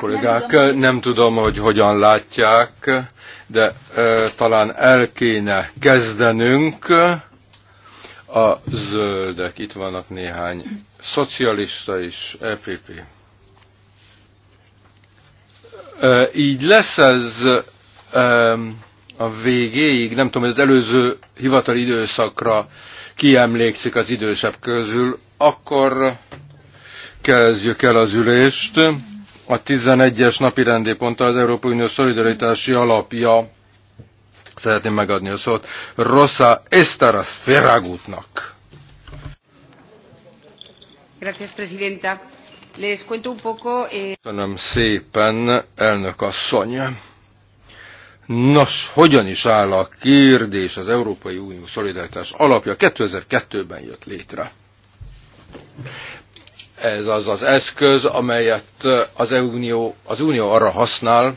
Kollégák, nem tudom, hogy hogyan látják, de e, talán el kéne kezdenünk. A zöldek, itt vannak néhány szocialista is, EPP. E, így lesz ez e, a végéig, nem tudom, hogy az előző hivatali időszakra kiemlékszik az idősebb közül, akkor Kezdjük el az ülést. A 11-es napi rendi pont az Európai Unió szolidaritási alapja szeretném megadni a szót Rosa Estaras Ferragutnak. Gracias, Presidenta. Les cuento un poco... Eh, Köszönöm szépen, elnök asszony. Nos, hogyan is áll a kérdés az Európai Unió Szolidaritás alapja 2002-ben jött létre. Ez az az eszköz, amelyet eh, az, Unió, az Unió arra használ,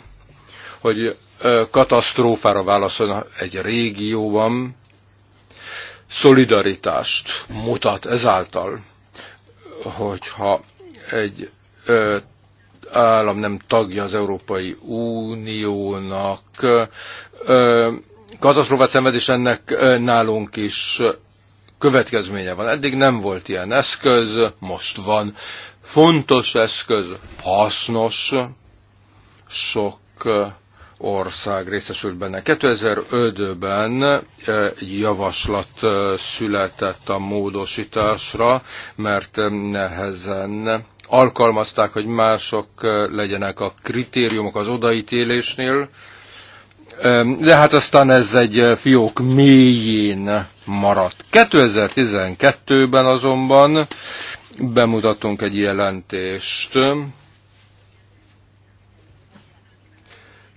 hogy eh, katasztrófára válaszol egy régióban, szolidaritást mutat ezáltal, hogyha egy ö, eh, állam nem tagja az Európai Uniónak, ö, katasztrófát szenved, és ennek nálunk is következménye van. Eddig nem volt ilyen eszköz, most van. Fontos eszköz, hasznos, sok ország részesült benne. 2005-ben javaslat született a módosításra, mert nehezen alkalmazták, hogy mások legyenek a kritériumok az odaítélésnél, de hát aztán ez egy fiók mélyén maradt. 2012-ben azonban bemutatunk egy jelentést.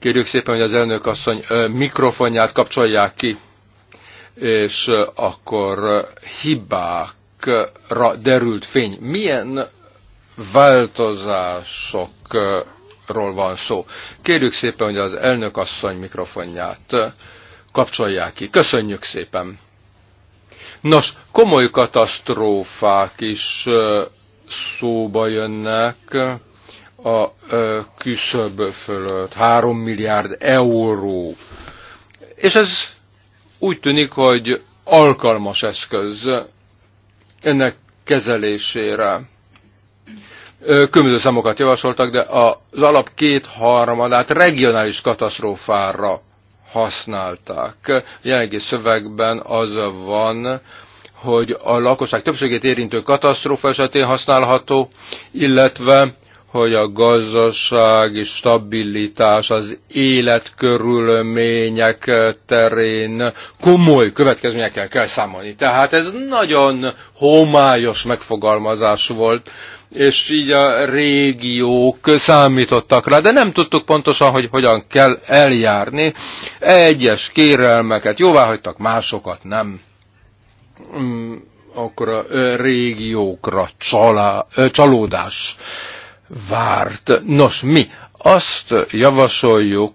Kérjük szépen, hogy az elnök asszony mikrofonját kapcsolják ki, és akkor hibákra derült fény. Milyen változások ról van szó. Kérjük szépen, hogy az elnök asszony mikrofonját kapcsolják ki. Köszönjük szépen! Nos, komoly katasztrófák is szóba jönnek a küszöb fölött. 3 milliárd euró. És ez úgy tűnik, hogy alkalmas eszköz ennek kezelésére különböző számokat javasoltak, de az alap kétharmadát regionális katasztrófára használták. A jelenlegi szövegben az van, hogy a lakosság többségét érintő katasztrófa esetén használható, illetve hogy a gazdasági stabilitás az életkörülmények terén komoly következményekkel kell számolni. Tehát ez nagyon homályos megfogalmazás volt, és így a régiók számítottak rá, de nem tudtuk pontosan, hogy hogyan kell eljárni. Egyes kérelmeket jóváhagytak, másokat nem mm, akkor a régiókra csalá, csalódás várt. Nos, mi azt javasoljuk,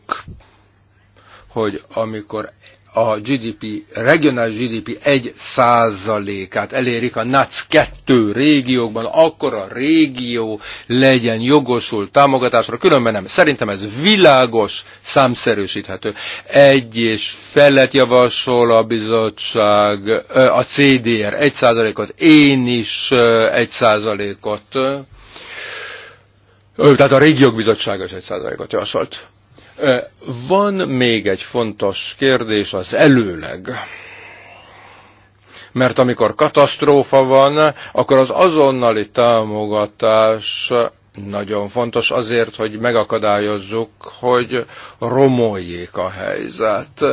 hogy amikor a GDP, regionális GDP 1%-át elérik a NAC 2 régiókban, akkor a régió legyen jogosult támogatásra, különben nem. Szerintem ez világos, számszerűsíthető. Egy és felett javasol a bizottság, a CDR 1%-ot, én is 1%-ot tehát a régiók bizottsága is egy ot javasolt. Van még egy fontos kérdés, az előleg. Mert amikor katasztrófa van, akkor az azonnali támogatás nagyon fontos azért, hogy megakadályozzuk, hogy romoljék a helyzet.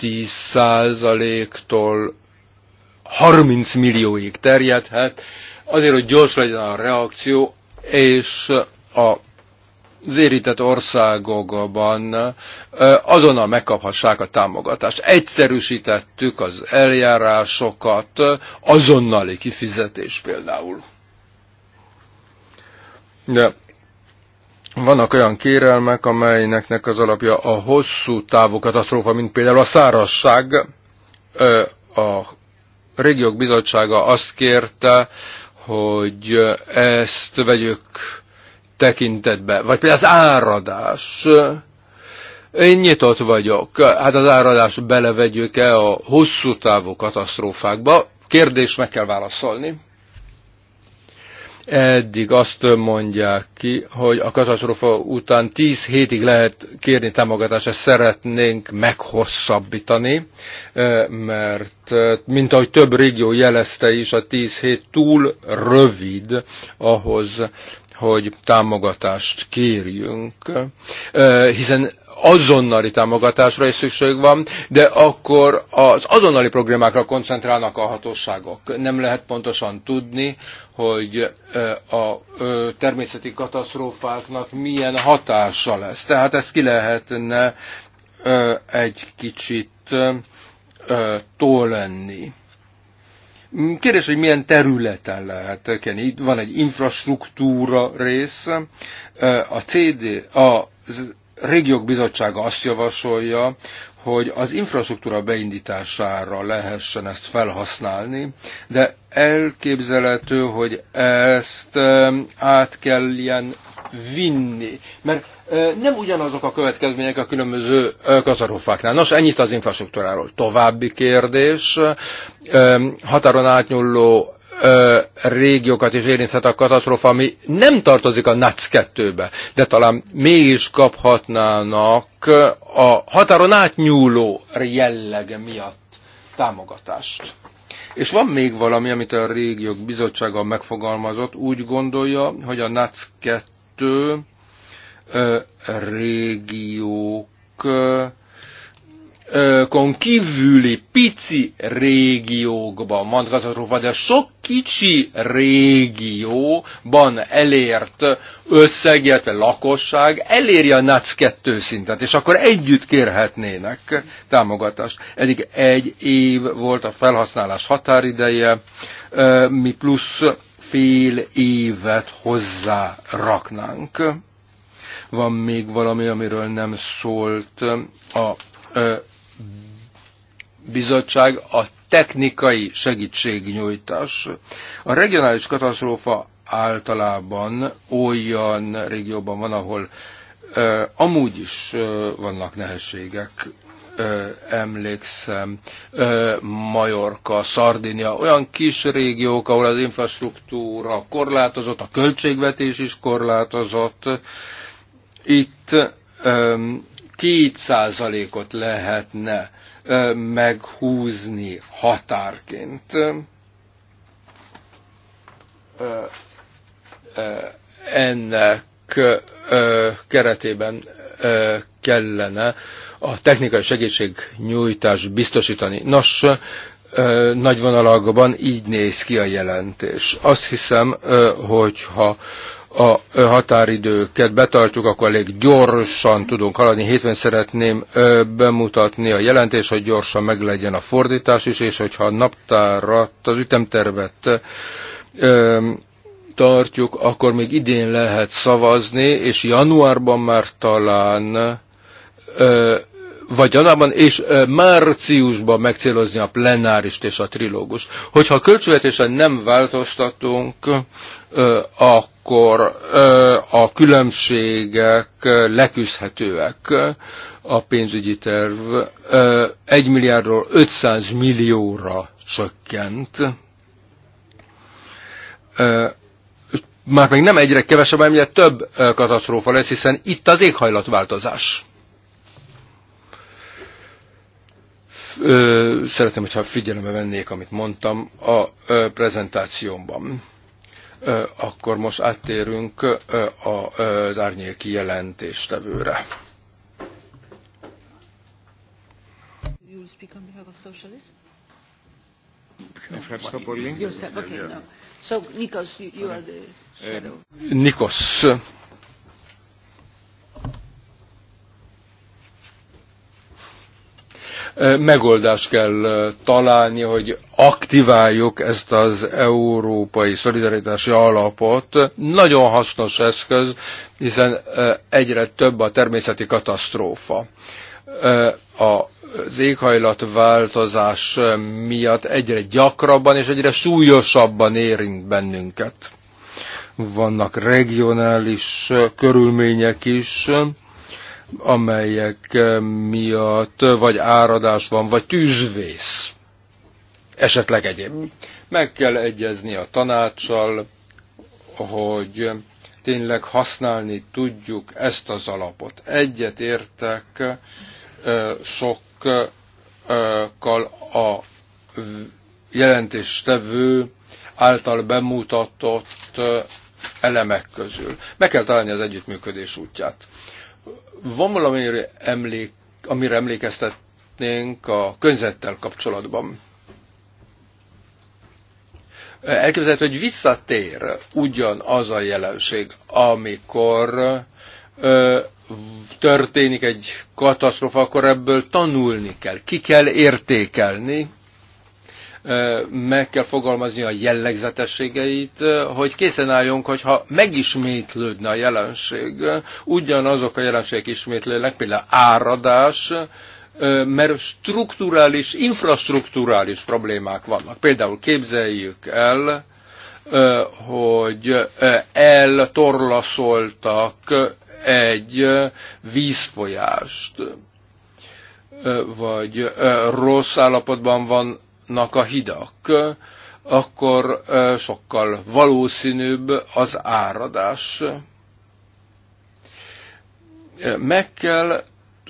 10%-tól 30 millióig terjedhet, azért, hogy gyors legyen a reakció, és a az érintett országokban azonnal megkaphassák a támogatást. Egyszerűsítettük az eljárásokat, azonnali kifizetés például. De vannak olyan kérelmek, amelyeknek az alapja a hosszú távú katasztrófa, mint például a szárasság. A régiók bizottsága azt kérte, hogy ezt vegyük tekintetbe, vagy például az áradás. Én nyitott vagyok. Hát az áradás belevegyük-e a hosszú távú katasztrófákba? Kérdés meg kell válaszolni. Eddig azt mondják ki, hogy a katasztrófa után 10 hétig lehet kérni támogatást, ezt szeretnénk meghosszabbítani, eh, mert eh, mint ahogy több régió jelezte is, a 10 hét túl rövid ahhoz, hogy támogatást kérjünk, hiszen azonnali támogatásra is szükség van, de akkor az azonnali problémákra koncentrálnak a hatóságok. Nem lehet pontosan tudni, hogy a természeti katasztrófáknak milyen hatása lesz. Tehát ezt ki lehetne egy kicsit tolni. Mm, kérdés, hogy milyen területen lehet kenni. Itt van egy infrastruktúra rész. A CD, a régiók bizottsága azt javasolja, hogy az infrastruktúra beindítására lehessen ezt felhasználni, de elképzelhető, hogy ezt át kelljen vinni. Mert nem ugyanazok a következmények a különböző katasztrófáknál. Nos, ennyit az infrastruktúráról. További kérdés, határon átnyúló e, régiókat is érinthet a katasztrófa, ami nem tartozik a NAC 2-be, de talán mégis kaphatnának a határon átnyúló jellege miatt támogatást. És van még valami, amit a régiók bizottsága megfogalmazott, úgy gondolja, hogy a NAC 2 különböző régiókon kívüli pici régiókban van katasztrófa, de sok kicsi régióban elért összeget, lakosság eléri a NAC 2 szintet, és akkor együtt kérhetnének támogatást. Eddig egy év volt a felhasználás határideje, mi plusz fél évet hozzá raknánk. Van még valami, amiről nem szólt a ö, bizottság, a technikai segítségnyújtás. A regionális katasztrófa általában olyan régióban van, ahol ö, amúgy is ö, vannak nehézségek ö, emlékszem, ö, Majorka, Szardinia, olyan kis régiók, ahol az infrastruktúra korlátozott, a költségvetés is korlátozott. Itt két százalékot lehetne ö, meghúzni határként. Ö, ennek keretében kellene a technikai segítségnyújtást biztosítani. Nos, nagy vonalakban így néz ki a jelentés. Azt hiszem, hogyha a határidőket betartjuk, akkor elég gyorsan tudunk haladni. Hétven szeretném bemutatni a jelentést, hogy gyorsan meglegyen a fordítás is, és hogyha a naptárat, az ütemtervet tartjuk, akkor még idén lehet szavazni, és januárban már talán, vagy januárban, és márciusban megcélozni a plenárist és a trilógust. Hogyha a költségvetésen nem változtatunk, akkor a különbségek leküzdhetőek a pénzügyi terv 1 milliárdról 500 millióra csökkent már még nem egyre kevesebb, hanem egyre több katasztrófa lesz, hiszen itt az éghajlatváltozás. Ö, szeretném, hogyha figyelembe vennék, amit mondtam a ö, prezentációmban. Ö, akkor most áttérünk ö, a, ö, az árnyéki jelentéstevőre. You speak on behalf of socialists? Okay, no. So, Nikos, you, you are the... Nikos. Eh, megoldást kell eh, találni, hogy aktiváljuk ezt az európai szolidaritási alapot. Nagyon hasznos eszköz, hiszen eh, egyre több a természeti katasztrófa az éghajlatváltozás miatt egyre gyakrabban és egyre súlyosabban érint bennünket vannak regionális körülmények is, amelyek miatt vagy áradás van, vagy tűzvész, esetleg egyéb. Meg kell egyezni a tanácssal, hogy tényleg használni tudjuk ezt az alapot. Egyet értek sokkal a jelentéstevő által bemutatott elemek közül. Meg kell találni az együttműködés útját. Van valami, emlék, amire emlékeztetnénk a könyzettel kapcsolatban. Elképzelhető, hogy visszatér ugyanaz a jelenség, amikor ö, történik egy katasztrofa, akkor ebből tanulni kell, ki kell értékelni, meg kell fogalmazni a jellegzetességeit, hogy készen álljunk, hogyha megismétlődne a jelenség, ugyanazok a jelenségek ismétlődnek, például áradás, mert strukturális, infrastruktúrális problémák vannak. Például képzeljük el, hogy eltorlaszoltak egy vízfolyást, vagy rossz állapotban van megmaradnak a hidak, akkor sokkal valószínűbb az áradás. Meg kell,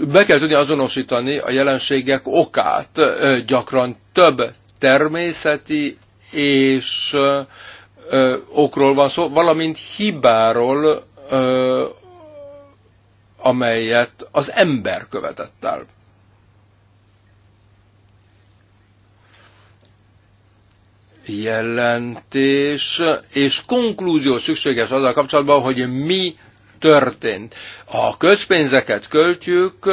be kell tudni azonosítani a jelenségek okát. Gyakran több természeti és okról van szó, valamint hibáról, amelyet az ember követett el. jelentés, és konklúzió szükséges azzal kapcsolatban, hogy mi történt. Ha a közpénzeket költjük,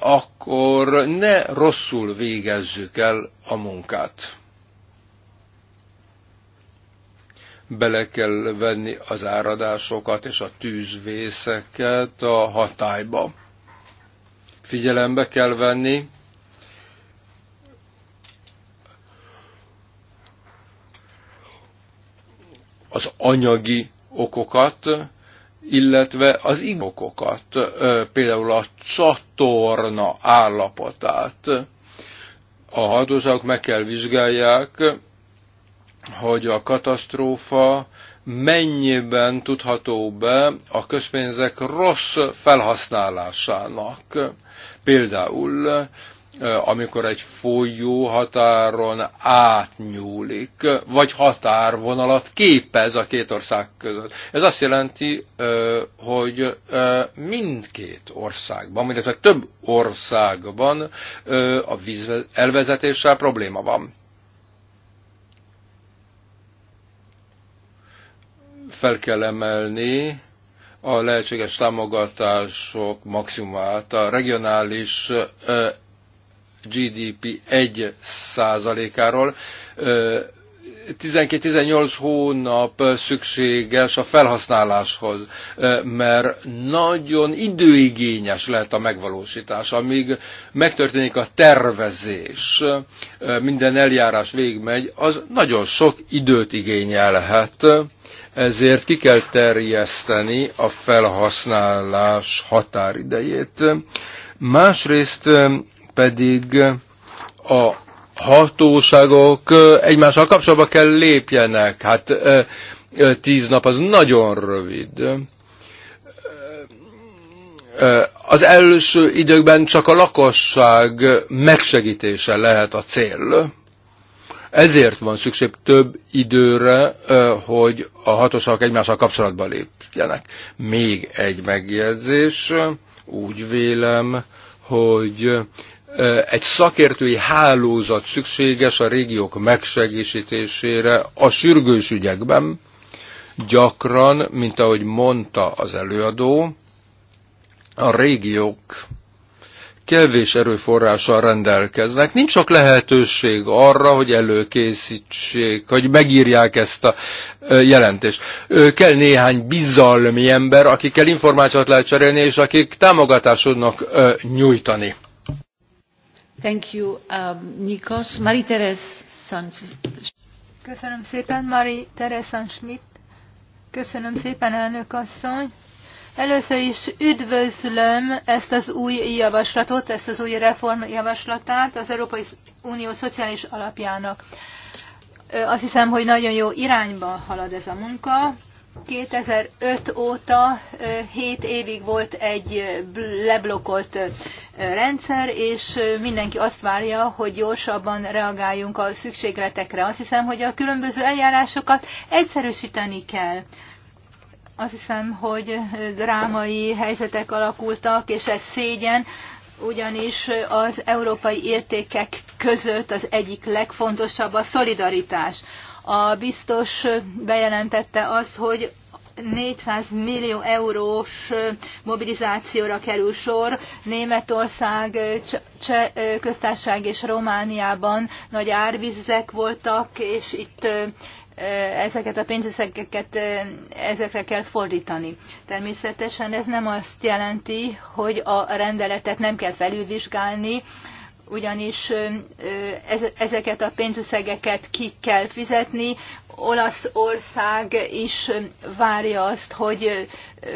akkor ne rosszul végezzük el a munkát. Bele kell venni az áradásokat és a tűzvészeket a hatályba. Figyelembe kell venni, az anyagi okokat, illetve az igokokat, például a csatorna állapotát. A hatóságok meg kell vizsgálják, hogy a katasztrófa mennyiben tudható be a közpénzek rossz felhasználásának. Például amikor egy folyó határon átnyúlik, vagy határvonalat képez a két ország között. Ez azt jelenti, hogy mindkét országban, illetve több országban a víz elvezetéssel probléma van. Fel kell emelni a lehetséges támogatások maximumát, a regionális GDP 1 százalékáról. 12-18 hónap szükséges a felhasználáshoz, mert nagyon időigényes lehet a megvalósítás, amíg megtörténik a tervezés, minden eljárás végigmegy, az nagyon sok időt igényelhet, ezért ki kell terjeszteni a felhasználás határidejét. Másrészt pedig a hatóságok egymással kapcsolatba kell lépjenek. Hát tíz nap az nagyon rövid. Az első időkben csak a lakosság megsegítése lehet a cél. Ezért van szükség több időre, hogy a hatóságok egymással kapcsolatba lépjenek. Még egy megjegyzés. Úgy vélem, hogy egy szakértői hálózat szükséges a régiók megsegítésére a sürgős ügyekben, gyakran, mint ahogy mondta az előadó, a régiók kevés erőforrással rendelkeznek. Nincs sok lehetőség arra, hogy előkészítsék, hogy megírják ezt a jelentést. Kell néhány bizalmi ember, akikkel információt lehet cserélni, és akik támogatásodnak nyújtani. Um, Köszönöm szépen, Marie-Thérèse Schmidt. Köszönöm szépen, elnök asszony. Először is üdvözlöm ezt az új javaslatot, ezt az új reform javaslatát az Európai Unió szociális alapjának. Azt hiszem, hogy nagyon jó irányba halad ez a munka. 2005 óta 7 évig volt egy leblokolt rendszer, és mindenki azt várja, hogy gyorsabban reagáljunk a szükségletekre. Azt hiszem, hogy a különböző eljárásokat egyszerűsíteni kell. Azt hiszem, hogy drámai helyzetek alakultak, és ez szégyen, ugyanis az európai értékek között az egyik legfontosabb a szolidaritás. A biztos bejelentette azt, hogy 400 millió eurós mobilizációra kerül sor. Németország, Cseh köztársaság és Romániában nagy árvizek voltak, és itt ezeket a pénzösszegeket ezekre kell fordítani. Természetesen ez nem azt jelenti, hogy a rendeletet nem kell felülvizsgálni, ugyanis ezeket a pénzösszegeket ki kell fizetni. Olaszország is várja azt, hogy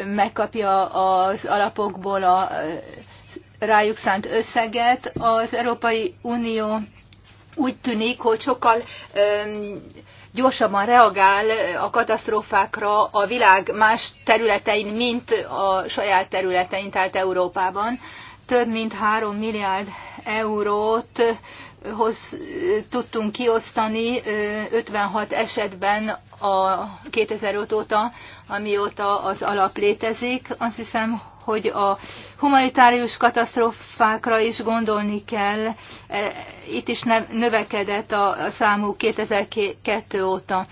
megkapja az alapokból a rájuk szánt összeget. Az Európai Unió úgy tűnik, hogy sokkal gyorsabban reagál a katasztrófákra a világ más területein, mint a saját területein, tehát Európában. Több mint három milliárd eurót hoz, tudtunk kiosztani 56 esetben a 2005 óta, amióta az alap létezik. Azt hiszem, hogy a humanitárius katasztrófákra is gondolni kell. E, itt is növekedett a számú 2002 óta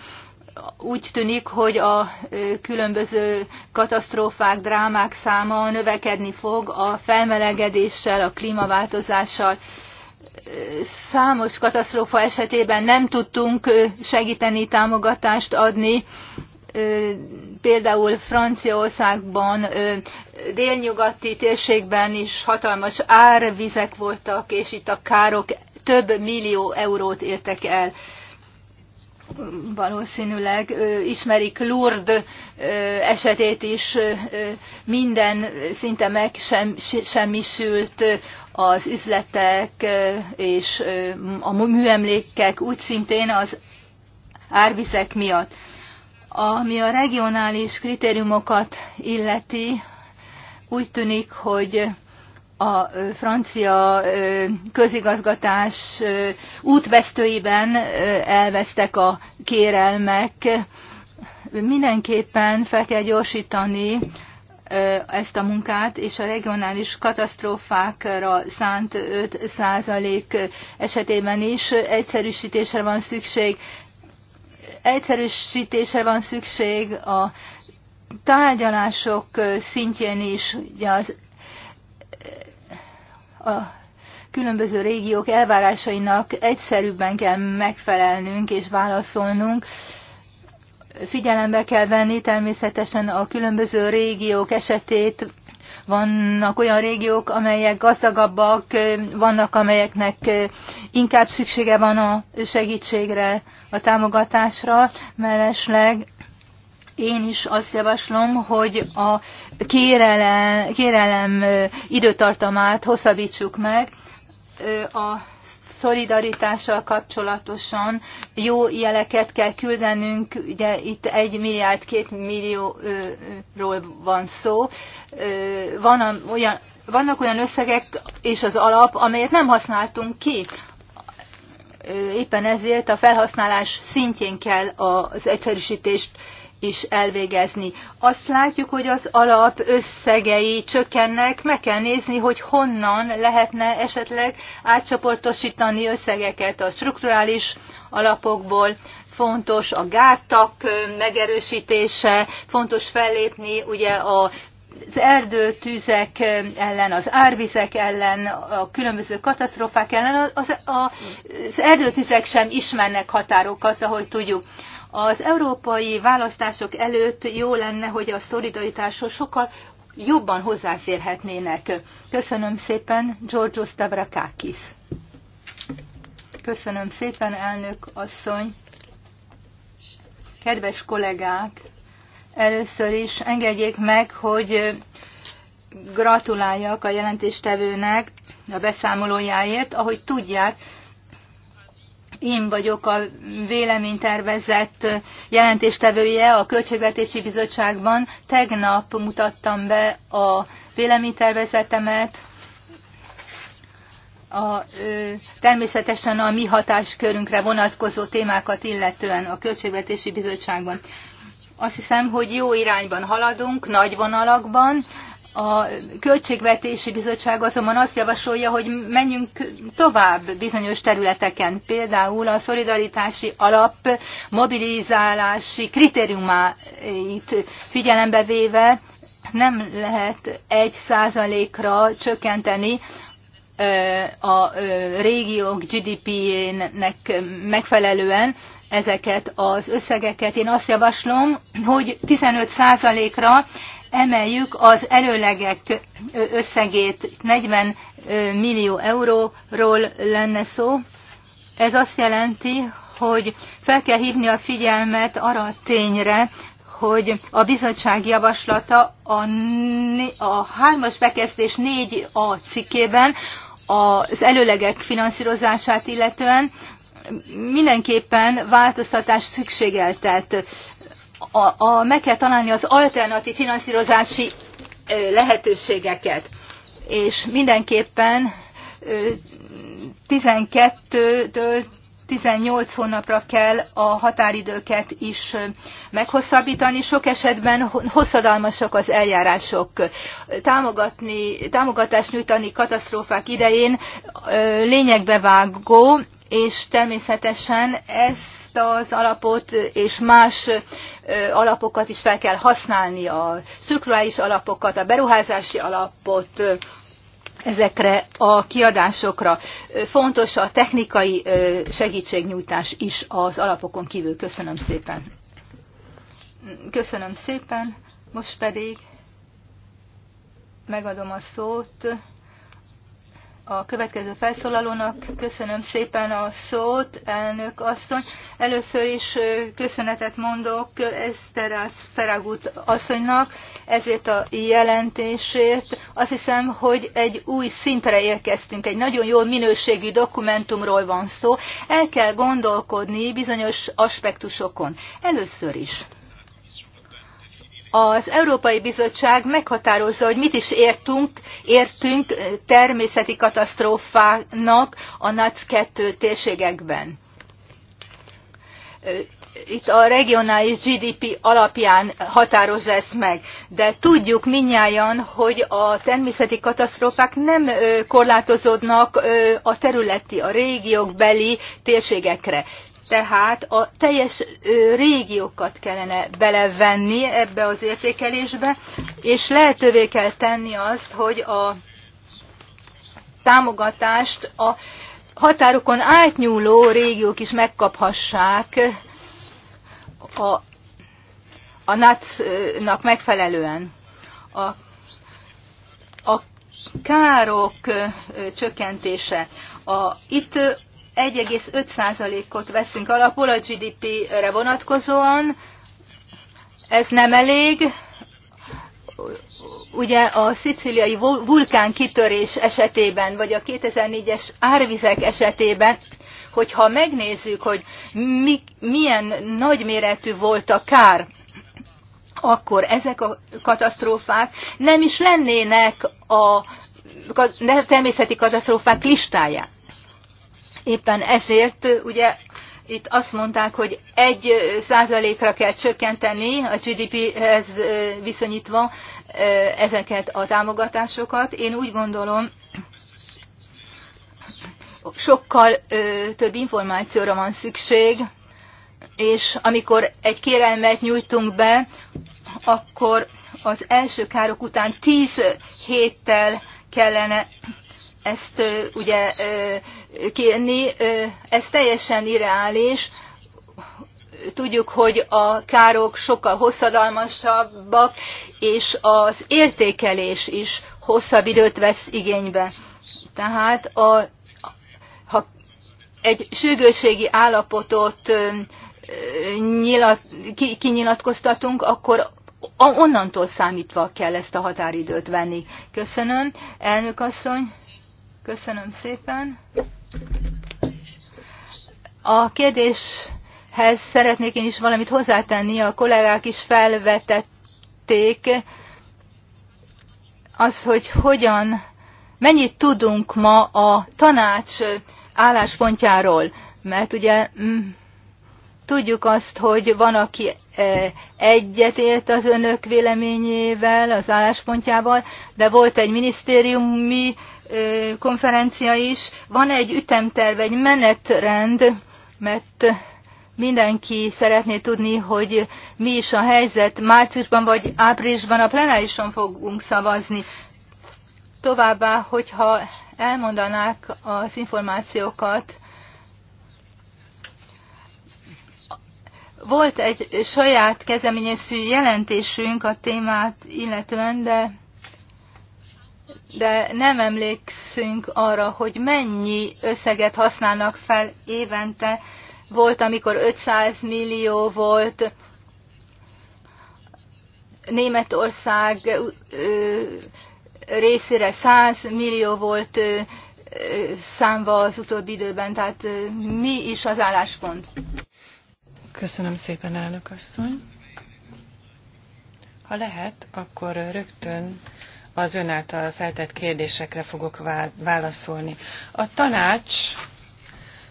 úgy tűnik, hogy a különböző katasztrófák, drámák száma növekedni fog a felmelegedéssel, a klímaváltozással. Számos katasztrófa esetében nem tudtunk segíteni, támogatást adni. Például Franciaországban, délnyugati térségben is hatalmas árvizek voltak, és itt a károk több millió eurót értek el valószínűleg ismerik Lourdes esetét is, minden szinte meg sem, semmisült az üzletek és a műemlékek úgy szintén az árvizek miatt. Ami a regionális kritériumokat illeti, úgy tűnik, hogy a francia közigazgatás útvesztőiben elvesztek a kérelmek. Mindenképpen fel kell gyorsítani ezt a munkát, és a regionális katasztrófákra szánt 5% esetében is egyszerűsítésre van szükség. Egyszerűsítésre van szükség a tárgyalások szintjén is, ugye az a különböző régiók elvárásainak egyszerűbben kell megfelelnünk és válaszolnunk. Figyelembe kell venni természetesen a különböző régiók esetét, vannak olyan régiók, amelyek gazdagabbak, vannak, amelyeknek inkább szüksége van a segítségre, a támogatásra, mellesleg én is azt javaslom, hogy a kérelem, kérelem időtartamát hosszabbítsuk meg. A szolidaritással kapcsolatosan jó jeleket kell küldenünk, ugye itt egy milliárd, két millióról van szó. Van olyan, vannak olyan összegek és az alap, amelyet nem használtunk ki. Éppen ezért a felhasználás szintjén kell az egyszerűsítést is elvégezni. Azt látjuk, hogy az alap összegei csökkennek, meg kell nézni, hogy honnan lehetne esetleg átcsoportosítani összegeket a strukturális alapokból, fontos a gátak megerősítése, fontos fellépni ugye a az erdőtűzek ellen, az árvizek ellen, a különböző katasztrófák ellen, az, az, az erdőtűzek sem ismernek határokat, ahogy tudjuk. Az európai választások előtt jó lenne, hogy a szolidaritáshoz sokkal jobban hozzáférhetnének. Köszönöm szépen, Giorgio Stavrakakis. Köszönöm szépen, elnök asszony. Kedves kollégák, először is engedjék meg, hogy gratuláljak a jelentéstevőnek a beszámolójáért. Ahogy tudják, én vagyok a véleménytervezett jelentéstevője a Költségvetési Bizottságban. Tegnap mutattam be a véleménytervezetemet. A, ö, természetesen a mi hatáskörünkre vonatkozó témákat illetően a Költségvetési Bizottságban. Azt hiszem, hogy jó irányban haladunk, nagy vonalakban. Ö, a Költségvetési Bizottság azonban azt javasolja, hogy menjünk tovább bizonyos területeken, például a szolidaritási alap mobilizálási kritériumáit figyelembe véve nem lehet egy százalékra csökkenteni a régiók gdp jének megfelelően ezeket az összegeket. Én azt javaslom, hogy 15%-ra emeljük az előlegek összegét 40 millió euróról lenne szó. Ez azt jelenti, hogy fel kell hívni a figyelmet arra a tényre, hogy a bizottság javaslata a, a hármas bekezdés 4A cikkében az előlegek finanszírozását illetően mindenképpen változtatás szükségeltet a, a, meg kell találni az alternatív finanszírozási lehetőségeket. És mindenképpen 12-től 18 hónapra kell a határidőket is meghosszabbítani. Sok esetben hosszadalmasok az eljárások. Támogatni, támogatást nyújtani katasztrófák idején vágó és természetesen ez ezt az alapot, és más alapokat is fel kell használni, a szürkulális alapokat, a beruházási alapot, ezekre a kiadásokra. Fontos a technikai segítségnyújtás is az alapokon kívül. Köszönöm szépen. Köszönöm szépen. Most pedig megadom a szót a következő felszólalónak. Köszönöm szépen a szót, elnök asszony. Először is köszönetet mondok Eszterász Feragut asszonynak ezért a jelentésért. Azt hiszem, hogy egy új szintre érkeztünk, egy nagyon jó minőségű dokumentumról van szó. El kell gondolkodni bizonyos aspektusokon. Először is az Európai Bizottság meghatározza, hogy mit is értünk, értünk természeti katasztrófának a NAC 2 térségekben. Itt a regionális GDP alapján határozza ezt meg, de tudjuk minnyáján, hogy a természeti katasztrófák nem korlátozódnak a területi, a régiók beli térségekre tehát a teljes régiókat kellene belevenni ebbe az értékelésbe, és lehetővé kell tenni azt, hogy a támogatást a határokon átnyúló régiók is megkaphassák a, a NAC-nak megfelelően. A, a károk csökkentése. A, itt 1,5%-ot veszünk alapul a GDP-re vonatkozóan. Ez nem elég. Ugye a szicíliai vulkán kitörés esetében, vagy a 2004-es árvizek esetében, hogyha megnézzük, hogy mi, milyen nagyméretű volt a kár, akkor ezek a katasztrófák nem is lennének a természeti katasztrófák listáján. Éppen ezért ugye itt azt mondták, hogy egy százalékra kell csökkenteni a GDP-hez viszonyítva ezeket a támogatásokat. Én úgy gondolom, sokkal több információra van szükség, és amikor egy kérelmet nyújtunk be, akkor az első károk után tíz héttel kellene ezt ugye kérni, ez teljesen irreális. Tudjuk, hogy a károk sokkal hosszadalmasabbak, és az értékelés is hosszabb időt vesz igénybe. Tehát a, ha egy sürgőségi állapotot nyilat, ki, kinyilatkoztatunk, akkor onnantól számítva kell ezt a határidőt venni. Köszönöm. Elnök asszony. Köszönöm szépen. A kérdéshez szeretnék én is valamit hozzátenni, a kollégák is felvetették az, hogy hogyan, mennyit tudunk ma a tanács álláspontjáról, mert ugye mm, Tudjuk azt, hogy van, aki e, egyetért az önök véleményével, az álláspontjával, de volt egy minisztériumi e, konferencia is. Van egy ütemterv, egy menetrend, mert mindenki szeretné tudni, hogy mi is a helyzet. Márciusban vagy áprilisban a plenárison fogunk szavazni. Továbbá, hogyha elmondanák az információkat Volt egy saját kezdeményező jelentésünk a témát illetően, de, de nem emlékszünk arra, hogy mennyi összeget használnak fel évente. Volt, amikor 500 millió volt, Németország részére 100 millió volt számva az utóbbi időben, tehát mi is az álláspont? Köszönöm szépen, elnök asszony. Ha lehet, akkor rögtön az ön által feltett kérdésekre fogok válaszolni. A tanács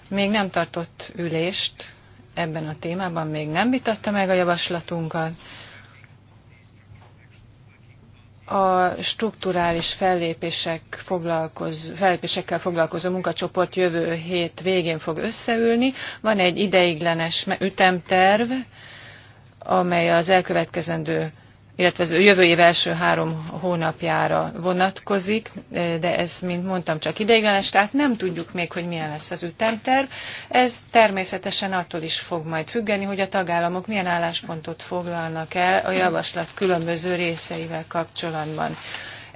még nem tartott ülést ebben a témában, még nem vitatta meg a javaslatunkat, a strukturális fellépések foglalkoz, fellépésekkel foglalkozó munkacsoport jövő hét végén fog összeülni. Van egy ideiglenes ütemterv, amely az elkövetkezendő illetve az jövő év első három hónapjára vonatkozik, e, de ez, mint mondtam, csak ideiglenes, tehát nem tudjuk még, hogy milyen lesz az ütemterv. Ez természetesen attól is fog majd függeni, hogy a tagállamok milyen álláspontot foglalnak el a javaslat különböző részeivel kapcsolatban.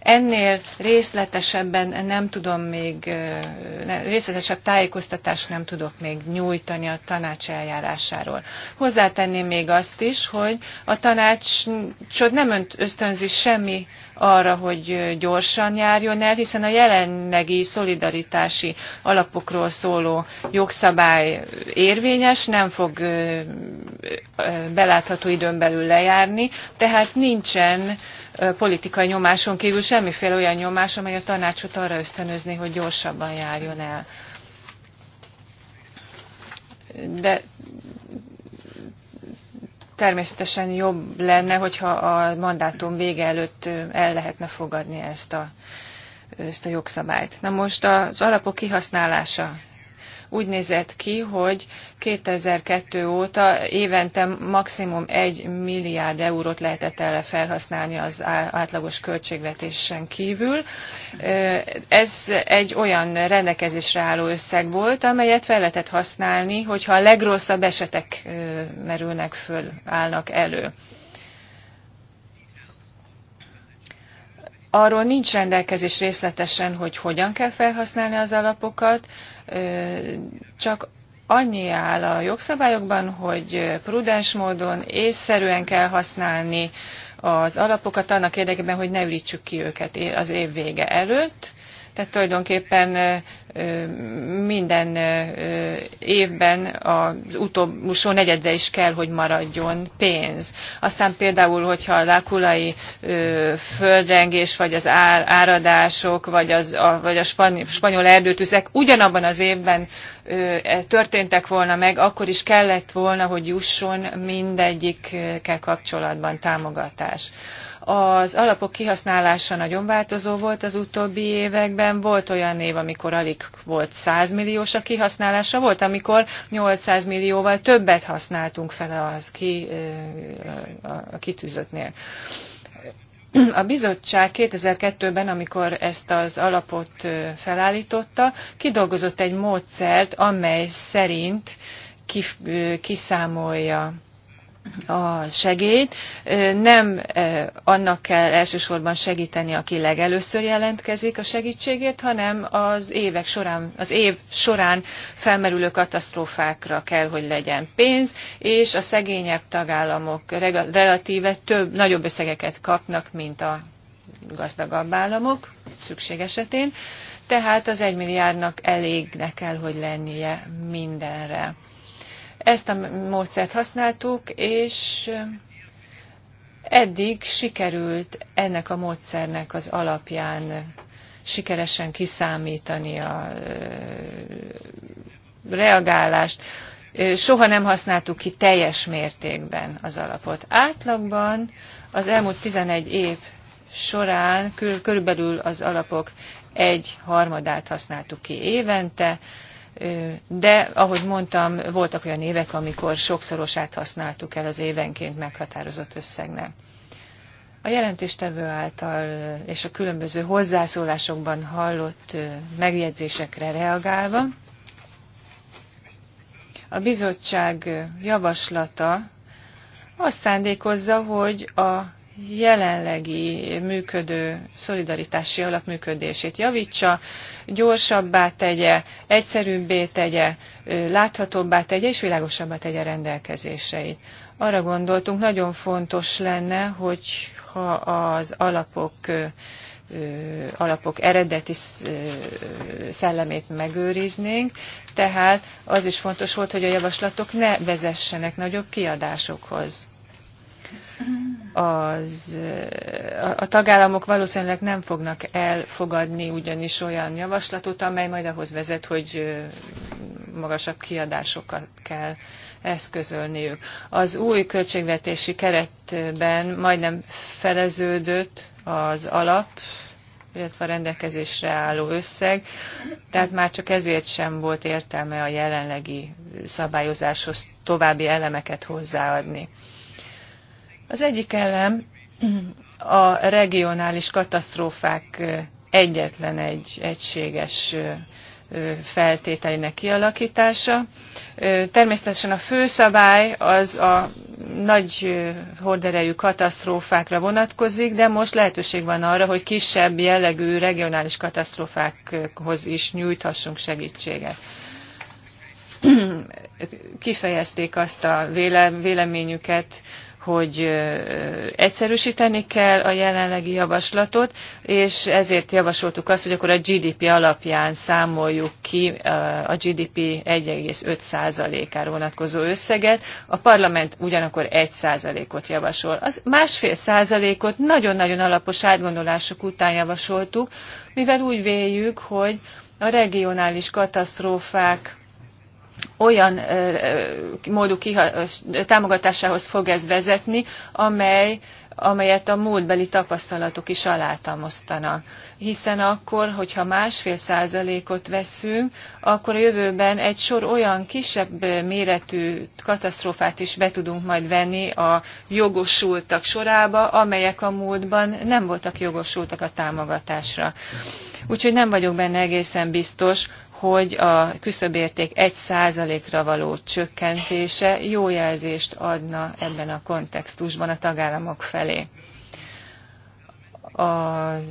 Ennél részletesebben nem tudom még, részletesebb tájékoztatást nem tudok még nyújtani a tanács eljárásáról. Hozzátenném még azt is, hogy a tanács nem ösztönzi semmi arra, hogy gyorsan járjon el, hiszen a jelenlegi szolidaritási alapokról szóló jogszabály érvényes, nem fog belátható időn belül lejárni, tehát nincsen politikai nyomáson kívül semmiféle olyan nyomás, amely a tanácsot arra ösztönözni, hogy gyorsabban járjon el. De természetesen jobb lenne, hogyha a mandátum vége előtt el lehetne fogadni ezt a, ezt a jogszabályt. Na most az alapok kihasználása úgy nézett ki, hogy 2002 óta évente maximum 1 milliárd eurót lehetett erre felhasználni az átlagos költségvetésen kívül. Ez egy olyan rendelkezésre álló összeg volt, amelyet fel lehetett használni, hogyha a legrosszabb esetek merülnek föl, állnak elő. arról nincs rendelkezés részletesen, hogy hogyan kell felhasználni az alapokat, csak annyi áll a jogszabályokban, hogy prudens módon észszerűen kell használni az alapokat annak érdekében, hogy ne ürítsük ki őket az év vége előtt, tehát tulajdonképpen minden évben az utolsó negyedre is kell, hogy maradjon pénz. Aztán például, hogyha a lákulai földrengés, vagy az áradások, vagy, az, a, vagy a spanyol erdőtüzek ugyanabban az évben e, történtek volna meg, akkor is kellett volna, hogy jusson mindegyikkel kapcsolatban támogatás. Az alapok kihasználása nagyon változó volt az utóbbi években. Volt olyan év, amikor alig volt 100 milliós a kihasználása, volt, amikor 800 millióval többet használtunk fel az ki, a kitűzöttnél. A bizottság 2002-ben, amikor ezt az alapot felállította, kidolgozott egy módszert, amely szerint kiszámolja a segélyt. Nem annak kell elsősorban segíteni, aki legelőször jelentkezik a segítségét, hanem az évek során, az év során felmerülő katasztrófákra kell, hogy legyen pénz, és a szegényebb tagállamok relatíve több, nagyobb összegeket kapnak, mint a gazdagabb államok szükség esetén. Tehát az egymilliárdnak elégnek kell, hogy lennie mindenre ezt a módszert használtuk, és eddig sikerült ennek a módszernek az alapján sikeresen kiszámítani a reagálást. Soha nem használtuk ki teljes mértékben az alapot. Átlagban az elmúlt 11 év során körülbelül az alapok egy harmadát használtuk ki évente, de ahogy mondtam, voltak olyan évek, amikor sokszorosát használtuk el az évenként meghatározott összegnek. A jelentéstevő által és a különböző hozzászólásokban hallott megjegyzésekre reagálva, a bizottság javaslata azt szándékozza, hogy a jelenlegi működő szolidaritási alap működését javítsa, gyorsabbá tegye, egyszerűbbé tegye, láthatóbbá tegye és világosabbá tegye rendelkezéseit. Arra gondoltunk, nagyon fontos lenne, hogy ha az alapok alapok eredeti szellemét megőriznénk, tehát az is fontos volt, hogy a javaslatok ne vezessenek nagyobb kiadásokhoz az, a, a tagállamok valószínűleg nem fognak elfogadni ugyanis olyan javaslatot, amely majd ahhoz vezet, hogy magasabb kiadásokat kell eszközölniük. Az új költségvetési keretben majdnem feleződött az alap, illetve a rendelkezésre álló összeg, tehát már csak ezért sem volt értelme a jelenlegi szabályozáshoz további elemeket hozzáadni. Az egyik elem a regionális katasztrófák egyetlen egy egységes feltételének kialakítása. Természetesen a főszabály az a nagy horderejű katasztrófákra vonatkozik, de most lehetőség van arra, hogy kisebb jellegű regionális katasztrófákhoz is nyújthassunk segítséget. Kifejezték azt a véleményüket, hogy egyszerűsíteni kell a jelenlegi javaslatot, és ezért javasoltuk azt, hogy akkor a GDP alapján számoljuk ki a GDP 1,5%-ára vonatkozó összeget. A parlament ugyanakkor 1%-ot javasol. Az másfél százalékot nagyon-nagyon alapos átgondolások után javasoltuk, mivel úgy véljük, hogy a regionális katasztrófák olyan módú támogatásához fog ez vezetni, amely amelyet a múltbeli tapasztalatok is alátámasztanak, Hiszen akkor, hogyha másfél százalékot veszünk, akkor a jövőben egy sor olyan kisebb méretű katasztrófát is be tudunk majd venni a jogosultak sorába, amelyek a múltban nem voltak jogosultak a támogatásra. Úgyhogy nem vagyok benne egészen biztos, hogy a küszöbérték 1%-ra való csökkentése jó jelzést adna ebben a kontextusban a tagállamok felé. Az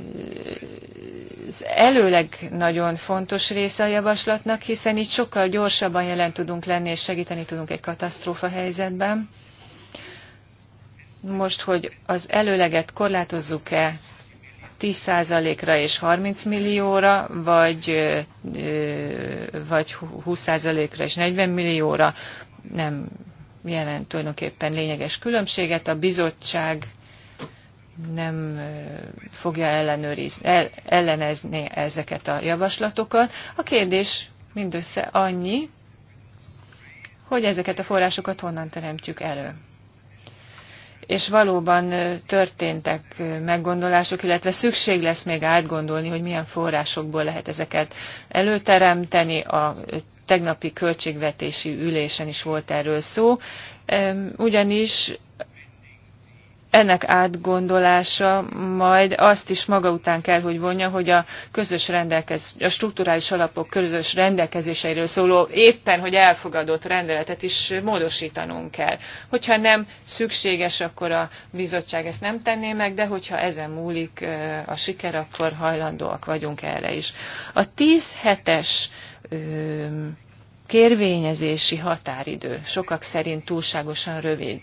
előleg nagyon fontos része a javaslatnak, hiszen így sokkal gyorsabban jelen tudunk lenni és segíteni tudunk egy katasztrófa helyzetben. Most, hogy az előleget korlátozzuk-e 10%-ra és 30 millióra, vagy, vagy 20%-ra és 40 millióra nem jelent tulajdonképpen lényeges különbséget. A bizottság nem fogja ellenőrizni, el, ellenezni ezeket a javaslatokat. A kérdés mindössze annyi, hogy ezeket a forrásokat honnan teremtjük elő és valóban történtek meggondolások, illetve szükség lesz még átgondolni, hogy milyen forrásokból lehet ezeket előteremteni. A tegnapi költségvetési ülésen is volt erről szó, ugyanis ennek átgondolása majd azt is maga után kell, hogy vonja, hogy a közös rendelkez, a strukturális alapok közös rendelkezéseiről szóló éppen, hogy elfogadott rendeletet is módosítanunk kell. Hogyha nem szükséges, akkor a bizottság ezt nem tenné meg, de hogyha ezen múlik a siker, akkor hajlandóak vagyunk erre is. A 10 hetes kérvényezési határidő sokak szerint túlságosan rövid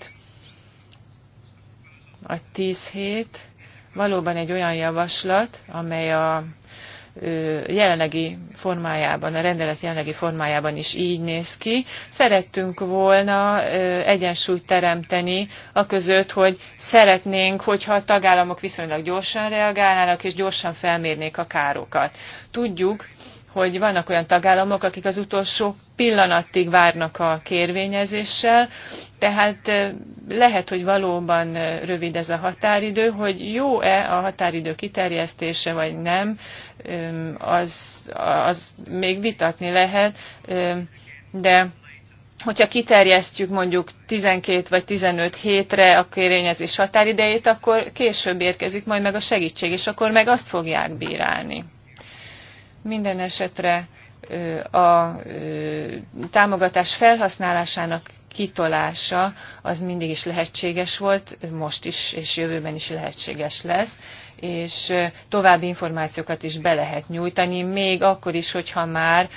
a 10 hét valóban egy olyan javaslat, amely a jelenlegi formájában, a rendelet jelenlegi formájában is így néz ki. Szerettünk volna egyensúlyt teremteni a között, hogy szeretnénk, hogyha a tagállamok viszonylag gyorsan reagálnának és gyorsan felmérnék a károkat. Tudjuk, hogy vannak olyan tagállamok, akik az utolsó pillanatig várnak a kérvényezéssel, tehát lehet, hogy valóban rövid ez a határidő, hogy jó-e a határidő kiterjesztése vagy nem, az, az még vitatni lehet, de hogyha kiterjesztjük mondjuk 12 vagy 15 hétre a kérvényezés határidejét, akkor később érkezik majd meg a segítség, és akkor meg azt fogják bírálni. Minden esetre a támogatás felhasználásának kitolása az mindig is lehetséges volt, most is és jövőben is lehetséges lesz, és további információkat is be lehet nyújtani, még akkor is, hogyha már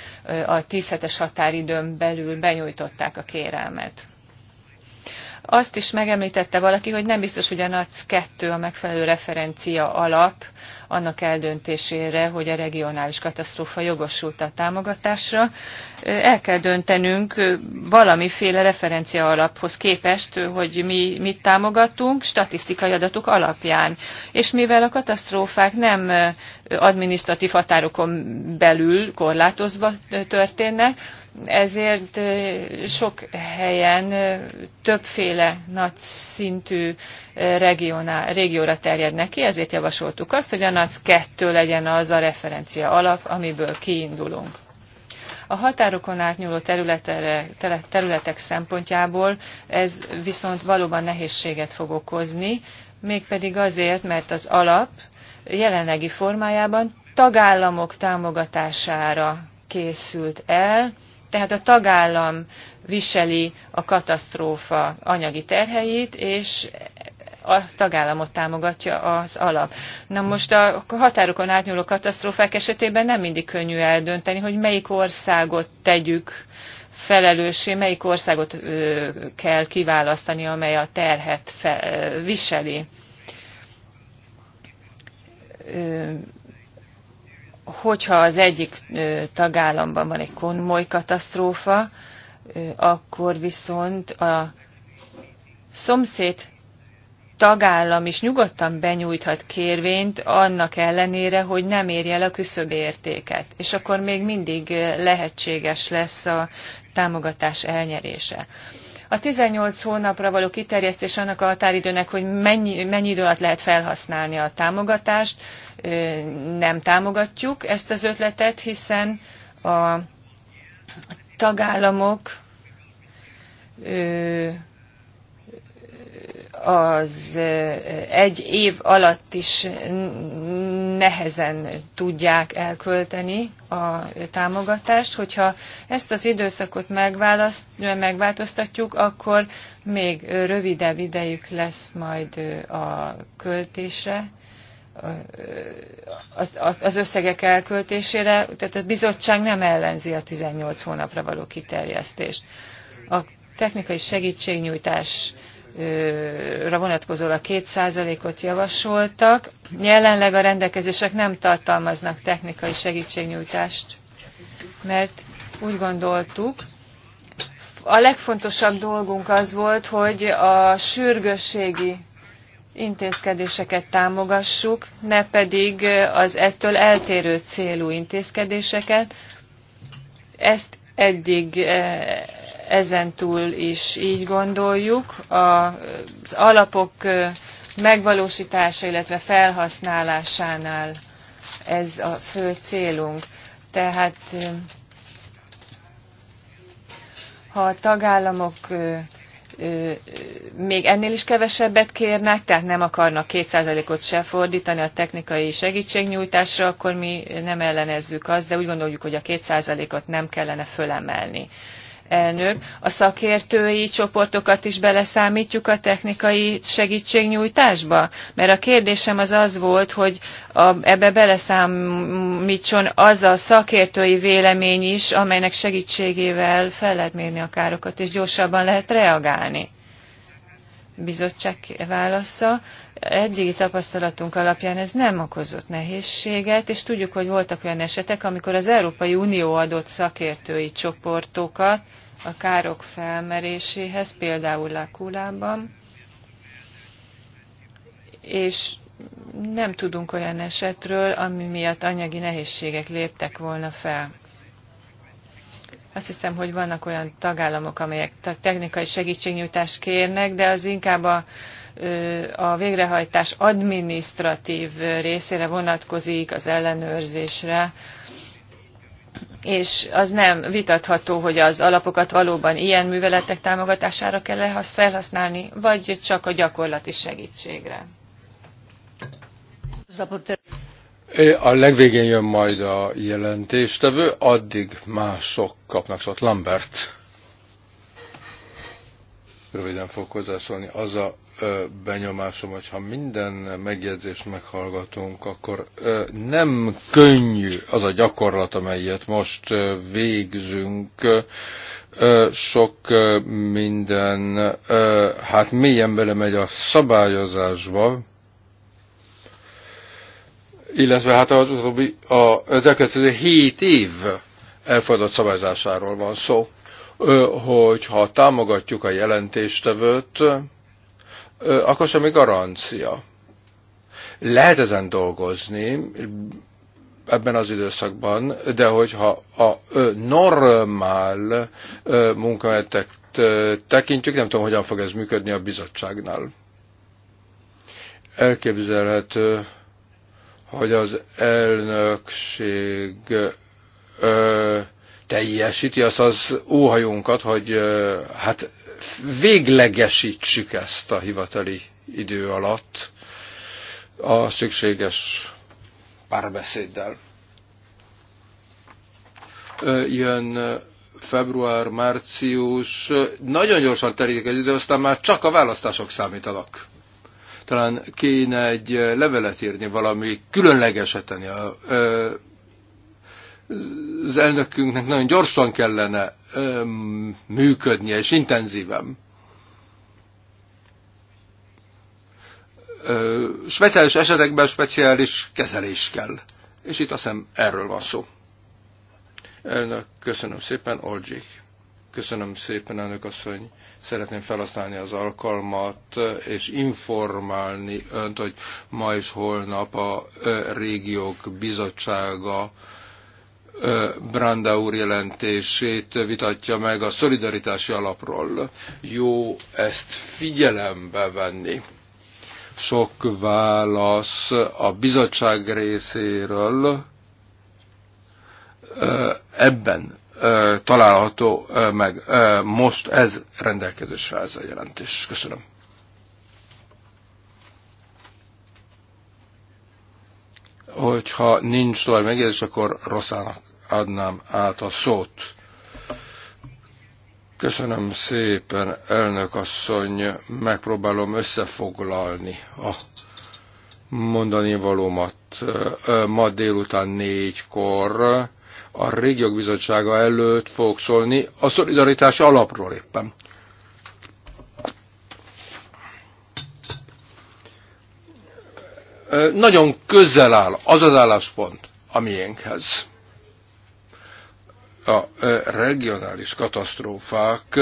a 10 hetes határidőn belül benyújtották a kérelmet. Azt is megemlítette valaki, hogy nem biztos, hogy a NAC 2 a megfelelő referencia alap annak eldöntésére, hogy a regionális katasztrófa jogosult a támogatásra. El kell döntenünk valamiféle referencia alaphoz képest, hogy mi mit támogatunk statisztikai adatok alapján. És mivel a katasztrófák nem adminisztratív határokon belül korlátozva történnek, ezért sok helyen többféle nagy szintű regionál, régióra terjednek neki, ezért javasoltuk azt, hogy a NAC 2 legyen az a referencia alap, amiből kiindulunk. A határokon átnyúló területek szempontjából ez viszont valóban nehézséget fog okozni, mégpedig azért, mert az alap jelenlegi formájában tagállamok támogatására készült el, tehát a tagállam viseli a katasztrófa anyagi terheit, és a tagállamot támogatja az alap. Na most a határokon átnyúló katasztrófák esetében nem mindig könnyű eldönteni, hogy melyik országot tegyük felelőssé, melyik országot ö, kell kiválasztani, amely a terhet fel, viseli. Ö, hogyha az egyik tagállamban van egy konmoly katasztrófa, akkor viszont a szomszéd tagállam is nyugodtan benyújthat kérvényt annak ellenére, hogy nem érje el a küszöbértéket, és akkor még mindig lehetséges lesz a támogatás elnyerése. A 18 hónapra való kiterjesztés annak a határidőnek, hogy mennyi, mennyi idő alatt lehet felhasználni a támogatást, nem támogatjuk ezt az ötletet, hiszen a tagállamok az egy év alatt is nehezen tudják elkölteni a támogatást. Hogyha ezt az időszakot megváltoztatjuk, akkor még rövidebb idejük lesz majd a költésre, az, az összegek elköltésére, tehát a bizottság nem ellenzi a 18 hónapra való kiterjesztést. A technikai segítségnyújtás ra vonatkozóan két ot javasoltak. Jelenleg a rendelkezések nem tartalmaznak technikai segítségnyújtást, mert úgy gondoltuk, a legfontosabb dolgunk az volt, hogy a sürgősségi intézkedéseket támogassuk, ne pedig az ettől eltérő célú intézkedéseket. Ezt eddig ezentúl is így gondoljuk. Az alapok megvalósítása, illetve felhasználásánál ez a fő célunk. Tehát ha a tagállamok még ennél is kevesebbet kérnek, tehát nem akarnak 2%-ot se fordítani a technikai segítségnyújtásra, akkor mi nem ellenezzük azt, de úgy gondoljuk, hogy a 2%-ot nem kellene fölemelni elnök. A szakértői csoportokat is beleszámítjuk a technikai segítségnyújtásba? Mert a kérdésem az az volt, hogy a, ebbe beleszámítson az a szakértői vélemény is, amelynek segítségével fel lehet mérni a károkat, és gyorsabban lehet reagálni bizottság válasza. Eddigi tapasztalatunk alapján ez nem okozott nehézséget, és tudjuk, hogy voltak olyan esetek, amikor az Európai Unió adott szakértői csoportokat a károk felmeréséhez, például Lakulában, és nem tudunk olyan esetről, ami miatt anyagi nehézségek léptek volna fel. Azt hiszem, hogy vannak olyan tagállamok, amelyek technikai segítségnyújtást kérnek, de az inkább a, a végrehajtás adminisztratív részére vonatkozik, az ellenőrzésre, és az nem vitatható, hogy az alapokat valóban ilyen műveletek támogatására kell -e felhasználni, vagy csak a gyakorlati segítségre. A legvégén jön majd a jelentéstevő, addig mások kapnak szót. Lambert. Röviden fogok hozzászólni. Az a benyomásom, hogy ha minden megjegyzést meghallgatunk, akkor nem könnyű az a gyakorlat, amelyet most végzünk. Sok minden, hát mélyen belemegy a szabályozásba, illetve hát az utóbbi, a, az év elfogadott szabályzásáról van szó, hogyha támogatjuk a jelentéstevőt, akkor semmi garancia. Lehet ezen dolgozni ebben az időszakban, de hogyha a normál munkahetek tekintjük, nem tudom, hogyan fog ez működni a bizottságnál. Elképzelhető hogy az elnökség ö, teljesíti azt az óhajunkat, hogy ö, hát véglegesítsük ezt a hivatali idő alatt a szükséges párbeszéddel. Ö, jön február, március, nagyon gyorsan terjedik az idő, aztán már csak a választások számítanak. Talán kéne egy levelet írni valami különlegeseten. tenni. Az elnökünknek nagyon gyorsan kellene működnie, és intenzíven. Speciális esetekben speciális kezelés kell. És itt azt hiszem erről van szó. Elnök, köszönöm szépen, Olgyik. Köszönöm szépen, elnök asszony. Szeretném felhasználni az alkalmat és informálni önt, hogy ma és holnap a régiók bizottsága Branda úr jelentését vitatja meg a szolidaritási alapról. Jó ezt figyelembe venni. Sok válasz a bizottság részéről ebben található meg. Most ez rendelkezésre ez a jelentés. Köszönöm. Hogyha nincs tovább megjegyzés, akkor Rosszának adnám át a szót. Köszönöm szépen, elnök asszony, megpróbálom összefoglalni a mondani valómat. Ma délután négykor a régiók bizottsága előtt fogok szólni a szolidaritás alapról éppen. Nagyon közel áll az az álláspont a miénkhez. A regionális katasztrófák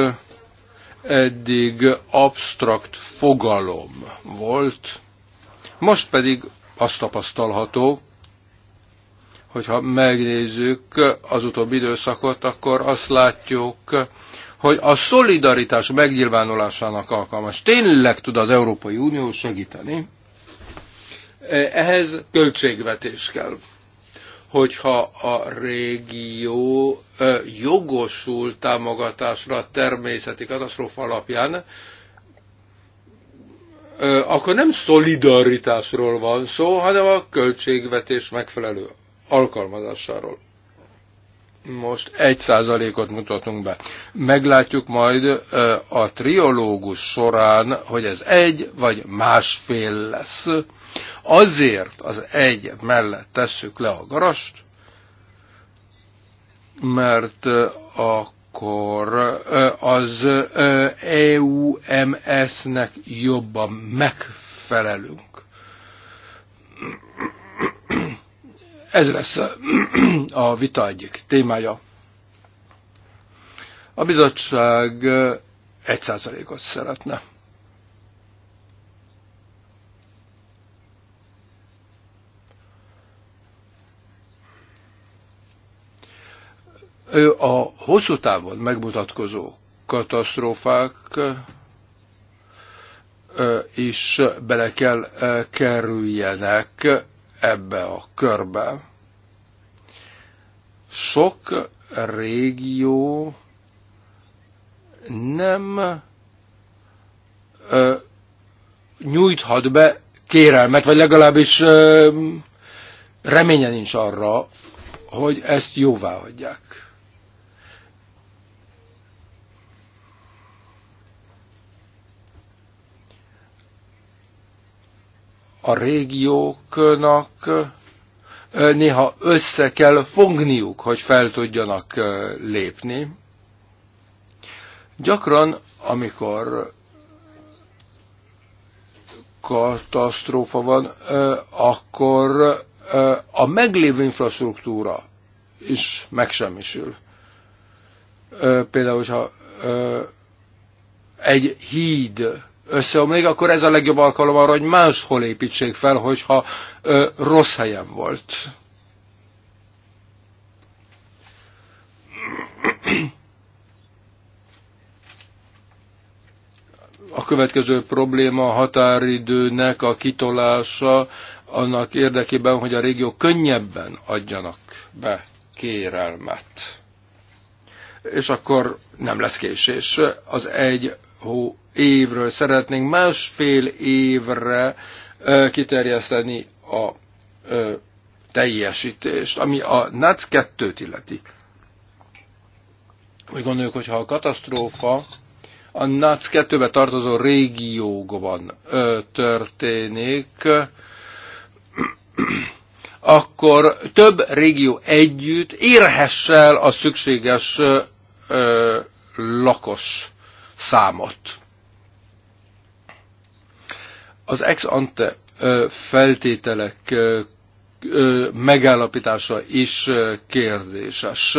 eddig absztrakt fogalom volt, most pedig azt tapasztalható, hogyha megnézzük az utóbbi időszakot, akkor azt látjuk, hogy a szolidaritás megnyilvánulásának alkalmas. Tényleg tud az Európai Unió segíteni? Ehhez költségvetés kell. Hogyha a régió jogosul támogatásra a természeti katasztrófa alapján, akkor nem szolidaritásról van szó, hanem a költségvetés megfelelő alkalmazásáról. Most egy százalékot mutatunk be. Meglátjuk majd a triológus során, hogy ez egy vagy másfél lesz. Azért az egy mellett tesszük le a garast, mert akkor az EUMS-nek jobban megfelelünk Ez lesz a vita egyik témája. A bizottság egy ot szeretne. A hosszú távon megmutatkozó katasztrófák is bele kell kerüljenek ebbe a körbe. Sok régió nem ö, nyújthat be kérelmet, vagy legalábbis ö, reménye nincs arra, hogy ezt jóvá hagyják. a régióknak néha össze kell fogniuk, hogy fel tudjanak lépni. Gyakran, amikor katasztrófa van, akkor a meglévő infrastruktúra is megsemmisül. Például, hogyha egy híd összeomlik, akkor ez a legjobb alkalom arra, hogy máshol építsék fel, hogyha ö, rossz helyen volt. A következő probléma a határidőnek a kitolása annak érdekében, hogy a régió könnyebben adjanak be kérelmet. És akkor nem lesz késés. Az egy hó évről szeretnénk másfél évre kiterjeszteni a teljesítést, ami a NAC 2-t illeti. Úgy gondoljuk, hogyha a katasztrófa a NAC 2-be tartozó régiókban ö, történik, akkor több régió együtt érhess el a szükséges ö, lakos számot. Az ex ante feltételek megállapítása is kérdéses.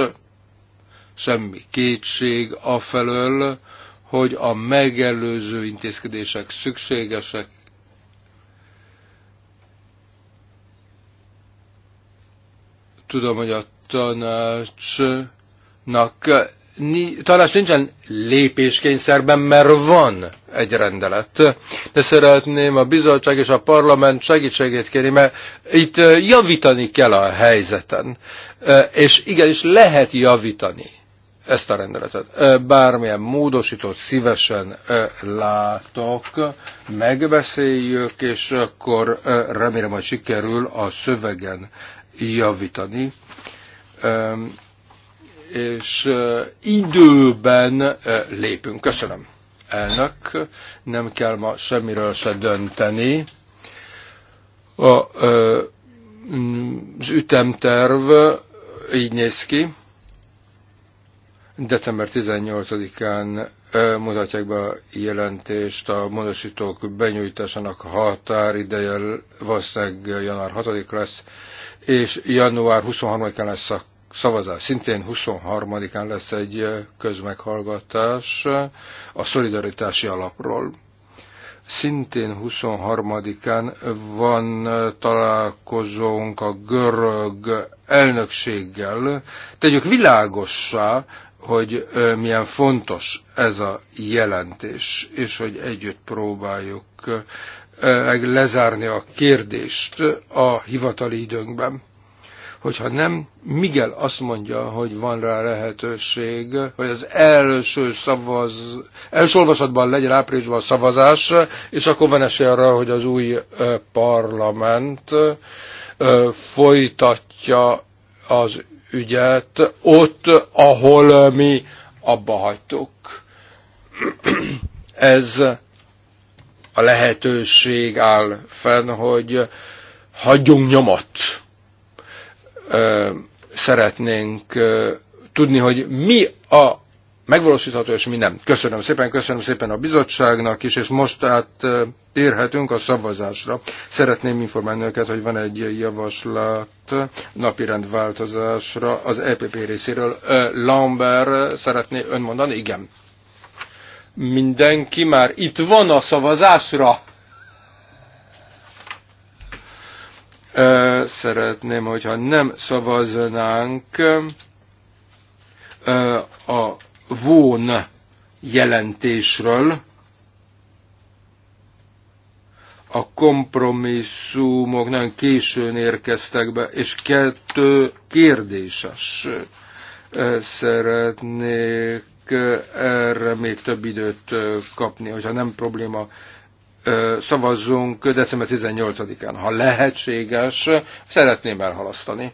Semmi kétség afelől, hogy a megelőző intézkedések szükségesek, Tudom, hogy a tanácsnak talán nincsen lépéskényszerben, mert van egy rendelet. De szeretném a bizottság és a parlament segítségét kérni, mert itt javítani kell a helyzeten. És igenis lehet javítani ezt a rendeletet. Bármilyen módosítót szívesen látok, megbeszéljük, és akkor remélem, hogy sikerül a szövegen javítani és időben lépünk. Köszönöm. Elnök, nem kell ma semmiről se dönteni. A, az ütemterv így néz ki. December 18-án mutatják be a jelentést, a módosítók benyújtásának határideje valószínűleg január 6 lesz, és január 23-án lesz a szavazás. Szintén 23-án lesz egy közmeghallgatás a szolidaritási alapról. Szintén 23-án van találkozónk a görög elnökséggel. Tegyük világossá, hogy milyen fontos ez a jelentés, és hogy együtt próbáljuk lezárni a kérdést a hivatali időnkben. Hogyha nem, Miguel azt mondja, hogy van rá lehetőség, hogy az első szavaz, első olvasatban legyen áprilisban a szavazás, és akkor van esély arra, hogy az új parlament folytatja az ügyet ott, ahol mi abba hagytuk. Ez a lehetőség áll fenn, hogy hagyjunk nyomot szeretnénk tudni, hogy mi a megvalósítható és mi nem. Köszönöm szépen, köszönöm szépen a bizottságnak is, és most át érhetünk a szavazásra. Szeretném informálni őket, hogy van egy javaslat rendváltozásra az EPP részéről. Lambert szeretné önmondani? Igen. Mindenki már itt van a szavazásra. Szeretném, hogyha nem szavaznánk a VÓN jelentésről, a kompromisszumok nagyon későn érkeztek be, és kettő kérdéses. Szeretnék erre még több időt kapni, hogyha nem probléma szavazzunk december 18-án. Ha lehetséges, szeretném elhalasztani.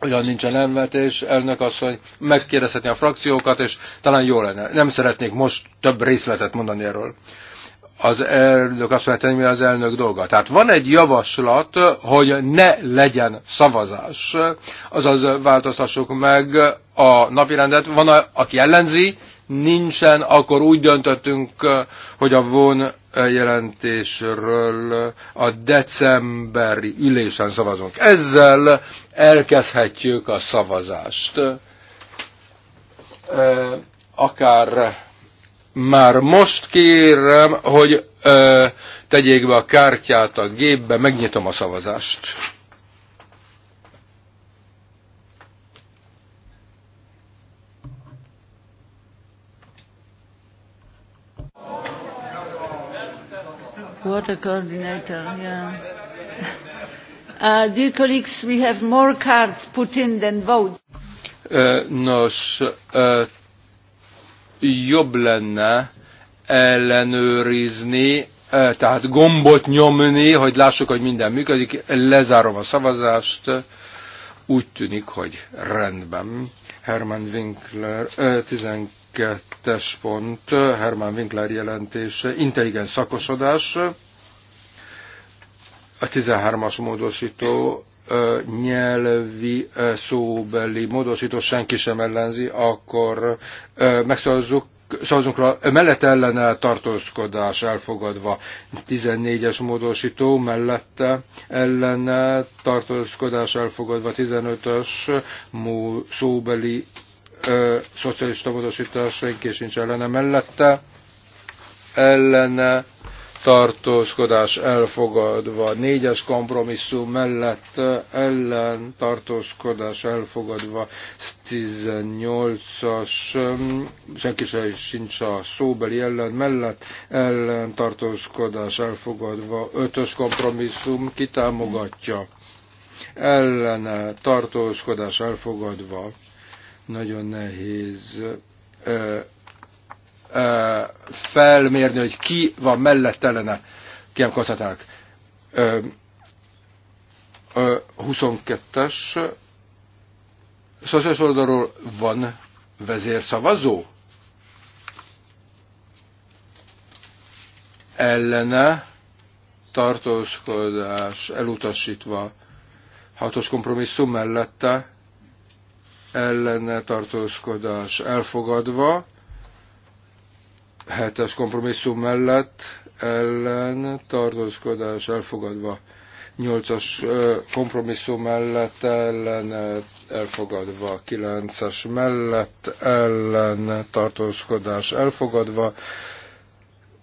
Ugyan nincsen elmetés, elnök asszony, megkérdezhetni a frakciókat, és talán jó lenne. Nem szeretnék most több részletet mondani erről. Az elnök azt mondja, hogy az elnök dolga. Tehát van egy javaslat, hogy ne legyen szavazás, azaz változtassuk meg a napirendet. Van, a, aki ellenzi, nincsen, akkor úgy döntöttünk, hogy a von jelentésről a decemberi ülésen szavazunk. Ezzel elkezdhetjük a szavazást. Akár már most kérem, hogy tegyék be a kártyát a gépbe, megnyitom a szavazást. water coordinator, yeah. Uh, dear colleagues, we have more cards put in than votes. Uh, nos, uh, jobb lenne ellenőrizni, uh, tehát gombot nyomni, hogy lássuk, hogy minden működik. Lezárom a szavazást. Úgy tűnik, hogy rendben. Herman Winkler, uh, 12 kettes pont, Hermann Winkler jelentése, intelligens szakosodás, a 13-as módosító nyelvi szóbeli módosító senki sem ellenzi, akkor megszavazzuk szavazunk rá, mellett ellene tartózkodás elfogadva, 14-es módosító mellette ellene tartózkodás elfogadva, 15-ös szóbeli szocialista módosítás, senki sincs ellene mellette, ellene tartózkodás elfogadva, négyes kompromisszum mellett ellen tartózkodás elfogadva, 18-as, senki sem sincs a szóbeli ellen mellett, ellen tartózkodás elfogadva, ötös kompromisszum kitámogatja, ellene tartózkodás elfogadva, nagyon nehéz ö, ö, felmérni, hogy ki van mellett ellene kiemkoztatnák. 22-es szociális oldalról van vezérszavazó? Ellene tartózkodás elutasítva hatos kompromisszum mellette ellene tartózkodás elfogadva, hetes kompromisszum mellett ellen tartózkodás elfogadva, nyolcas kompromisszum mellett ellen elfogadva, kilences mellett ellen tartózkodás elfogadva,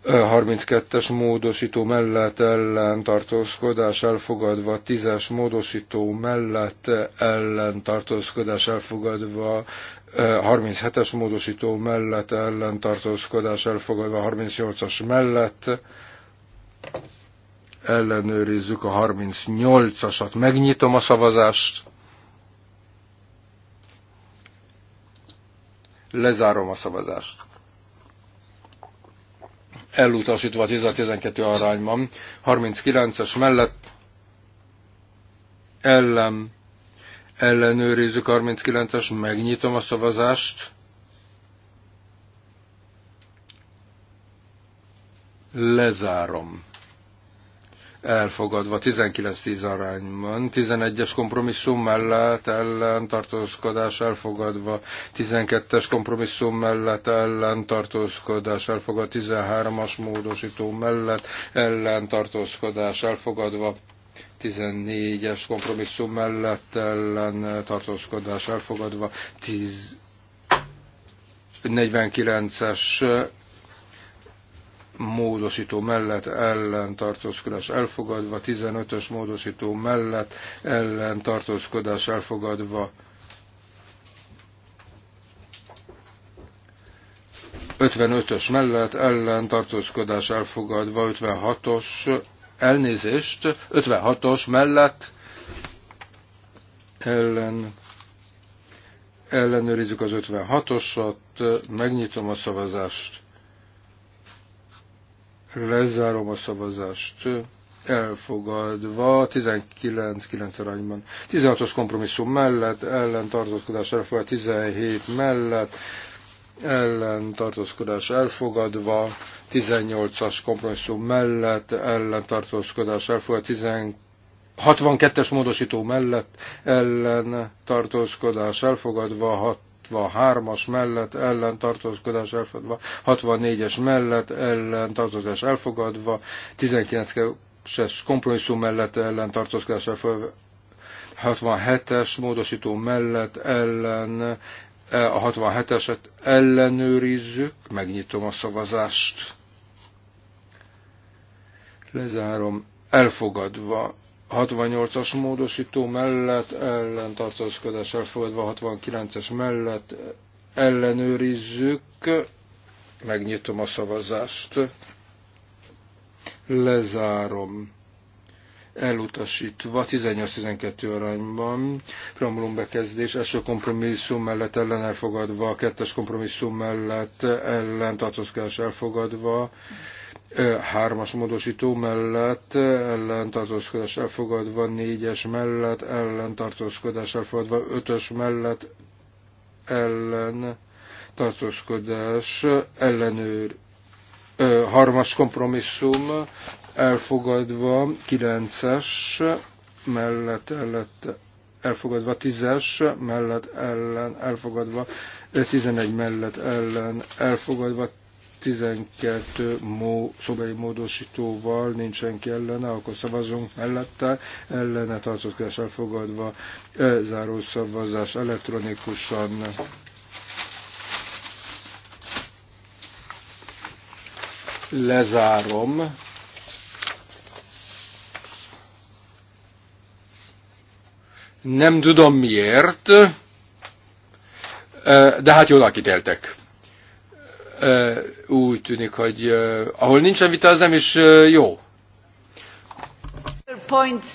32-es módosító mellett ellen tartózkodás elfogadva, 10-es módosító mellett ellen tartózkodás elfogadva, 37-es módosító mellett ellen tartózkodás elfogadva, 38-as mellett ellenőrizzük a 38-asat. Megnyitom a szavazást. Lezárom a szavazást elutasítva 10-12 arányban, 39-es mellett ellen, ellenőrizzük 39-es, megnyitom a szavazást, lezárom elfogadva 19-10 arányban, 11-es kompromisszum mellett ellen tartózkodás elfogadva, 12-es kompromisszum mellett ellen tartózkodás elfogadva, 13-as módosító mellett ellen tartózkodás elfogadva, 14-es kompromisszum mellett ellen tartózkodás elfogadva, 10 49-es módosító mellett ellen tartózkodás elfogadva, 15-ös módosító mellett tartózkodás elfogadva, 55-ös mellett tartózkodás elfogadva, 56-os elnézést, 56-os mellett ellen ellenőrizzük az 56-osat, megnyitom a szavazást. Lezárom a szavazást. Elfogadva 19-9 arányban. 16-os kompromisszum mellett, ellen tartózkodás elfogadva 17 mellett, ellen tartózkodás elfogadva, 18-as kompromisszum mellett, ellen tartózkodás elfogadva, 62-es módosító mellett, ellen tartózkodás elfogadva, 63-as mellett ellen tartózkodás elfogadva, 64-es mellett ellen tartózkodás elfogadva, 19-es kompromisszum mellett ellen tartózkodás elfogadva, 67-es módosító mellett ellen e, a 67-eset ellenőrizzük, megnyitom a szavazást. Lezárom, elfogadva 68-as módosító mellett ellen tartózkodás elfogadva, 69-es mellett ellenőrizzük, megnyitom a szavazást, lezárom elutasítva 18-12 arányban. Promulum bekezdés első kompromisszum mellett ellen elfogadva, kettes kompromisszum mellett ellen tartózkodás elfogadva, hármas módosító mellett ellentartózkodás elfogadva, négyes mellett ellentartózkodás elfogadva, ötös mellett ellen tartózkodás ellenőr ö, harmas kompromisszum elfogadva, kilences mellett ellett elfogadva, tízes mellett ellen elfogadva, tizenegy mellett ellen elfogadva, 12 mó, szobai módosítóval nincs senki ellene, akkor szavazunk mellette, ellene tartózkodás elfogadva, záró szavazás elektronikusan. Lezárom. Nem tudom miért, de hát jól éltek úgy tűnik, hogy ahol nincsen vita, az nem is jó. Points.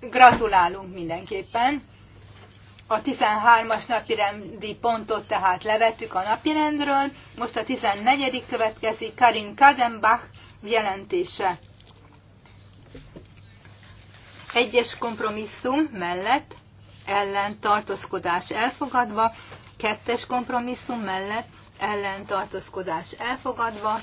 Gratulálunk mindenképpen. A 13-as napirendi pontot tehát levettük a napirendről, most a 14. következik Karin Kadenbach jelentése. Egyes kompromisszum mellett ellen tartózkodás elfogadva, kettes kompromisszum mellett ellentartózkodás elfogadva,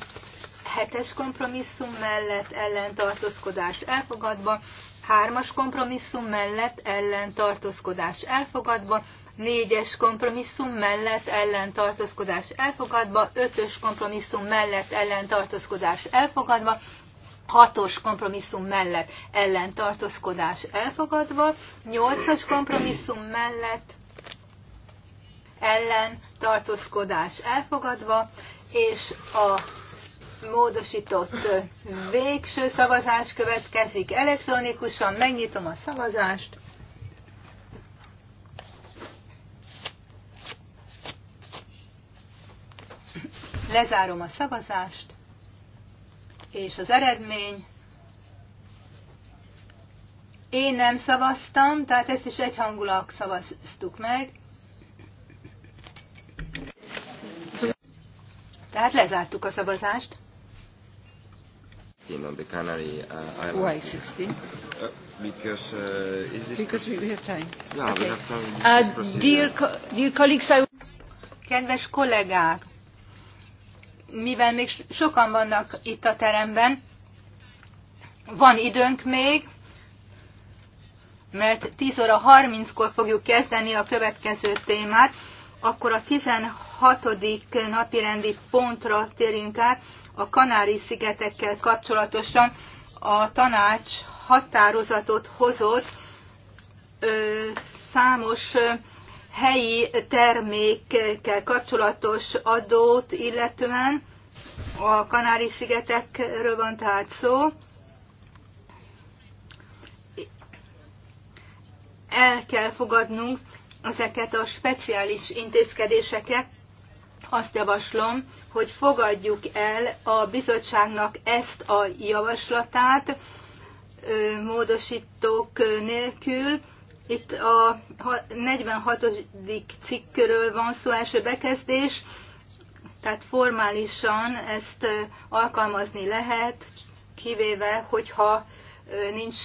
hetes kompromisszum mellett ellentartózkodás elfogadva, hármas kompromisszum mellett ellentartózkodás elfogadva, négyes kompromisszum mellett ellentartózkodás elfogadva, ötös kompromisszum mellett ellentartózkodás elfogadva, hatos kompromisszum mellett ellentartózkodás elfogadva, nyolcas kompromisszum mellett ellen tartózkodás elfogadva, és a módosított végső szavazás következik elektronikusan. Megnyitom a szavazást. Lezárom a szavazást, és az eredmény én nem szavaztam, tehát ezt is egyhangulag szavaztuk meg. Tehát lezártuk a szavazást. on the Canary uh, Why 16? Uh, uh, uh, Kedves kollégák, mivel még sokan vannak itt a teremben, van időnk még, mert 10 óra 30-kor fogjuk kezdeni a következő témát, akkor a 16 hatodik napi rendi pontra térjünk át, a Kanári-szigetekkel kapcsolatosan a tanács határozatot hozott ö, számos ö, helyi termékkel kapcsolatos adót, illetően a Kanári-szigetekről van tehát szó. El kell fogadnunk ezeket a speciális intézkedéseket, azt javaslom, hogy fogadjuk el a bizottságnak ezt a javaslatát módosítók nélkül. Itt a 46. cikkről van szó, első bekezdés, tehát formálisan ezt alkalmazni lehet, kivéve, hogyha nincs,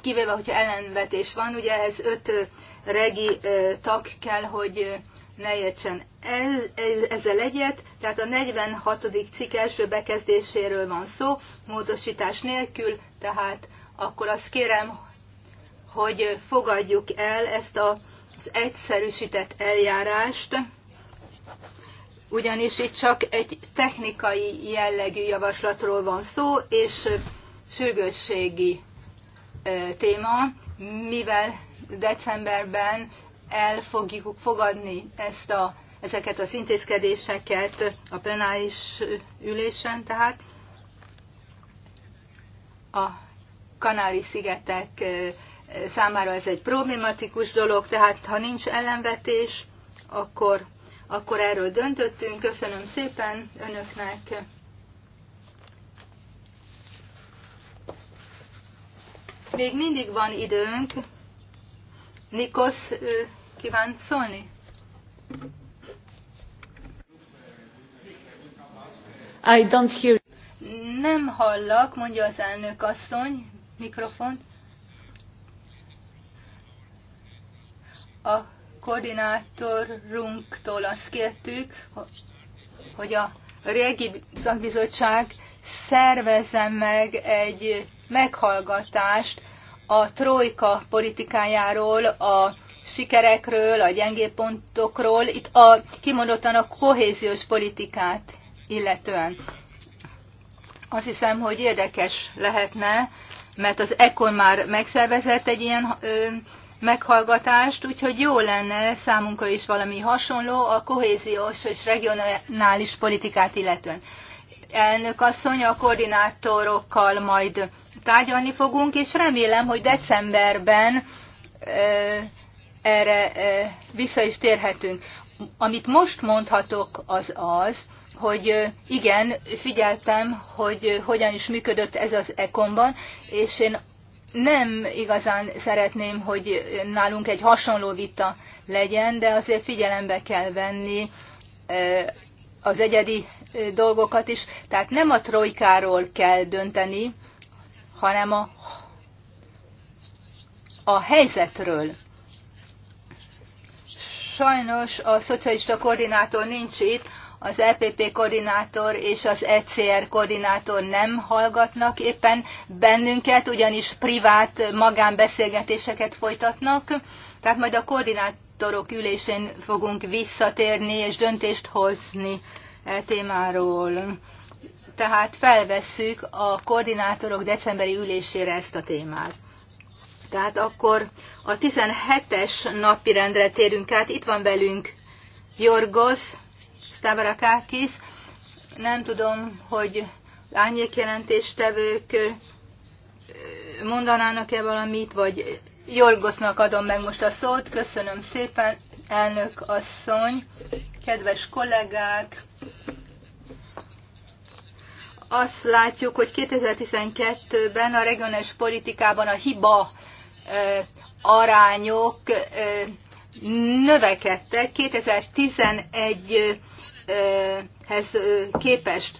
kivéve, hogyha ellenvetés van, ugye ez öt regi tag kell, hogy ne értsen el, ezzel egyet, tehát a 46. cikk első bekezdéséről van szó, módosítás nélkül, tehát akkor azt kérem, hogy fogadjuk el ezt az egyszerűsített eljárást, ugyanis itt csak egy technikai jellegű javaslatról van szó, és sürgősségi téma, mivel decemberben el fogjuk fogadni ezt a, ezeket az intézkedéseket a plenáris ülésen, tehát a Kanári-szigetek számára ez egy problematikus dolog, tehát ha nincs ellenvetés, akkor, akkor erről döntöttünk. Köszönöm szépen önöknek. Még mindig van időnk. Nikos Kívánt szólni? I don't hear. Nem hallak, mondja az elnök asszony, mikrofont. A koordinátorunktól azt kértük, hogy a régi szakbizottság szervezzen meg egy meghallgatást a trojka politikájáról, a sikerekről, a gyengébb pontokról, itt a, kimondottan a kohéziós politikát illetően. Azt hiszem, hogy érdekes lehetne, mert az ekkor már megszervezett egy ilyen ö, meghallgatást, úgyhogy jó lenne számunkra is valami hasonló a kohéziós és regionális politikát illetően. Elnök asszony, a koordinátorokkal majd tárgyalni fogunk, és remélem, hogy decemberben ö, erre e, vissza is térhetünk. Amit most mondhatok, az az, hogy e, igen, figyeltem, hogy e, hogyan is működött ez az ekonban, és én nem igazán szeretném, hogy nálunk egy hasonló vita legyen, de azért figyelembe kell venni az egyedi dolgokat is. Tehát nem a trojkáról kell dönteni, hanem a, a helyzetről. Sajnos a szocialista koordinátor nincs itt, az EPP koordinátor és az ECR koordinátor nem hallgatnak éppen bennünket, ugyanis privát magánbeszélgetéseket folytatnak. Tehát majd a koordinátorok ülésén fogunk visszatérni és döntést hozni e témáról. Tehát felvesszük a koordinátorok decemberi ülésére ezt a témát. Tehát akkor a 17-es napirendre térünk át. Itt van velünk Jorgos Stavrakakis. Nem tudom, hogy árnyékjelentéstevők mondanának-e valamit, vagy Jorgosznak adom meg most a szót. Köszönöm szépen, elnök asszony, kedves kollégák! Azt látjuk, hogy 2012-ben a regionális politikában a hiba arányok növekedtek 2011-hez képest.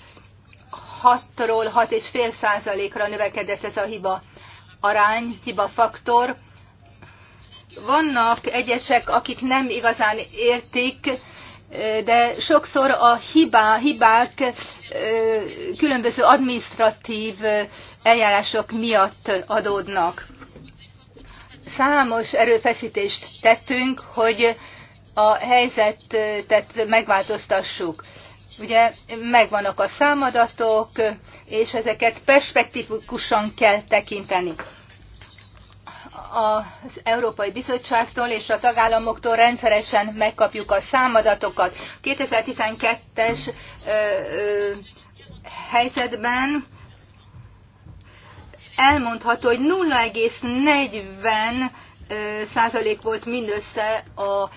6-ról 6,5 százalékra növekedett ez a hiba arány, hiba faktor. Vannak egyesek, akik nem igazán értik, de sokszor a hibá, hibák különböző administratív eljárások miatt adódnak. Számos erőfeszítést tettünk, hogy a helyzetet megváltoztassuk. Ugye megvannak a számadatok, és ezeket perspektívikusan kell tekinteni. Az Európai Bizottságtól és a tagállamoktól rendszeresen megkapjuk a számadatokat. 2012-es helyzetben elmondható, hogy 0,40 százalék volt mindössze a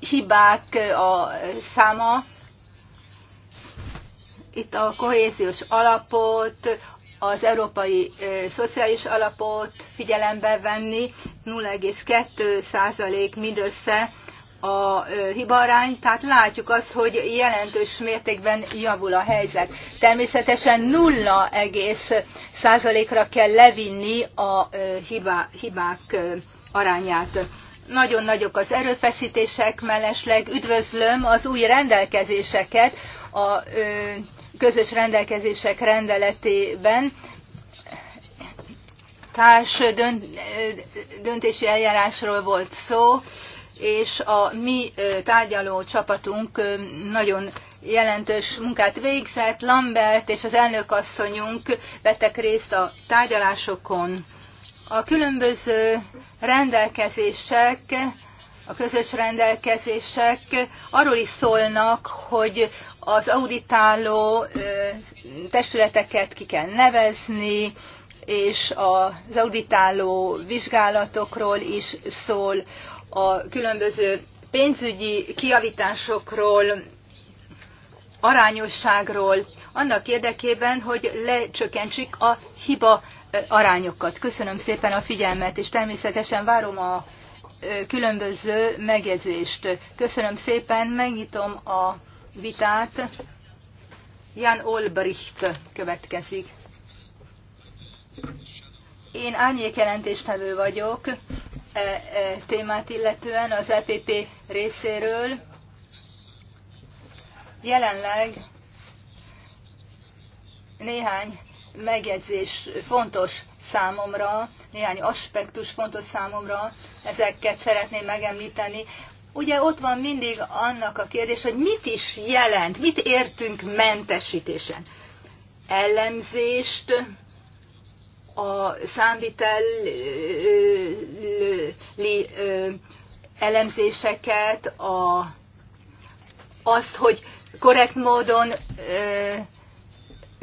hibák a száma. Itt a kohéziós alapot, az európai szociális alapot figyelembe venni, 0,2 százalék mindössze a hibarány, tehát látjuk azt, hogy jelentős mértékben javul a helyzet. Természetesen nulla egész százalékra kell levinni a hibá, hibák arányát. Nagyon nagyok az erőfeszítések, mellesleg üdvözlöm az új rendelkezéseket a közös rendelkezések rendeletében, társ döntési eljárásról volt szó, és a mi tárgyaló csapatunk nagyon jelentős munkát végzett. Lambert és az elnökasszonyunk vettek részt a tárgyalásokon. A különböző rendelkezések, a közös rendelkezések arról is szólnak, hogy az auditáló testületeket ki kell nevezni, és az auditáló vizsgálatokról is szól a különböző pénzügyi kiavításokról, arányosságról, annak érdekében, hogy lecsökkentsük a hiba arányokat. Köszönöm szépen a figyelmet, és természetesen várom a különböző megjegyzést. Köszönöm szépen, megnyitom a vitát. Jan Olbricht következik. Én árnyékjelentéstevő vagyok E, e, témát illetően az EPP részéről. Jelenleg néhány megjegyzés fontos számomra, néhány aspektus fontos számomra, ezeket szeretném megemlíteni. Ugye ott van mindig annak a kérdés, hogy mit is jelent, mit értünk mentesítésen. Ellenzést, a számviteli elemzéseket, a, azt, hogy korrekt módon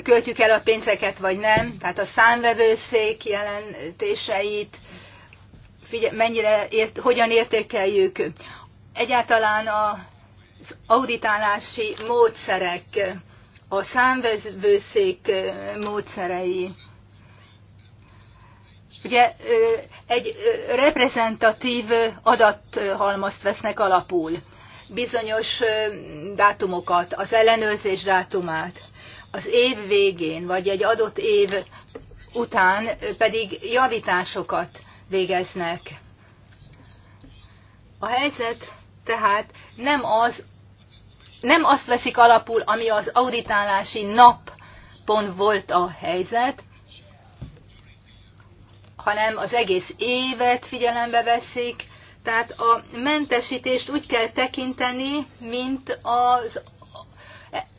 költjük el a pénzeket, vagy nem, tehát a számvevőszék jelentéseit, figyel, mennyire ért, hogyan értékeljük egyáltalán az auditálási módszerek, a számvevőszék módszerei. Ugye egy reprezentatív adathalmazt vesznek alapul, bizonyos dátumokat, az ellenőrzés dátumát, az év végén, vagy egy adott év után pedig javításokat végeznek. A helyzet tehát nem az, nem azt veszik alapul, ami az auditálási nap pont volt a helyzet, hanem az egész évet figyelembe veszik. Tehát a mentesítést úgy kell tekinteni, mint az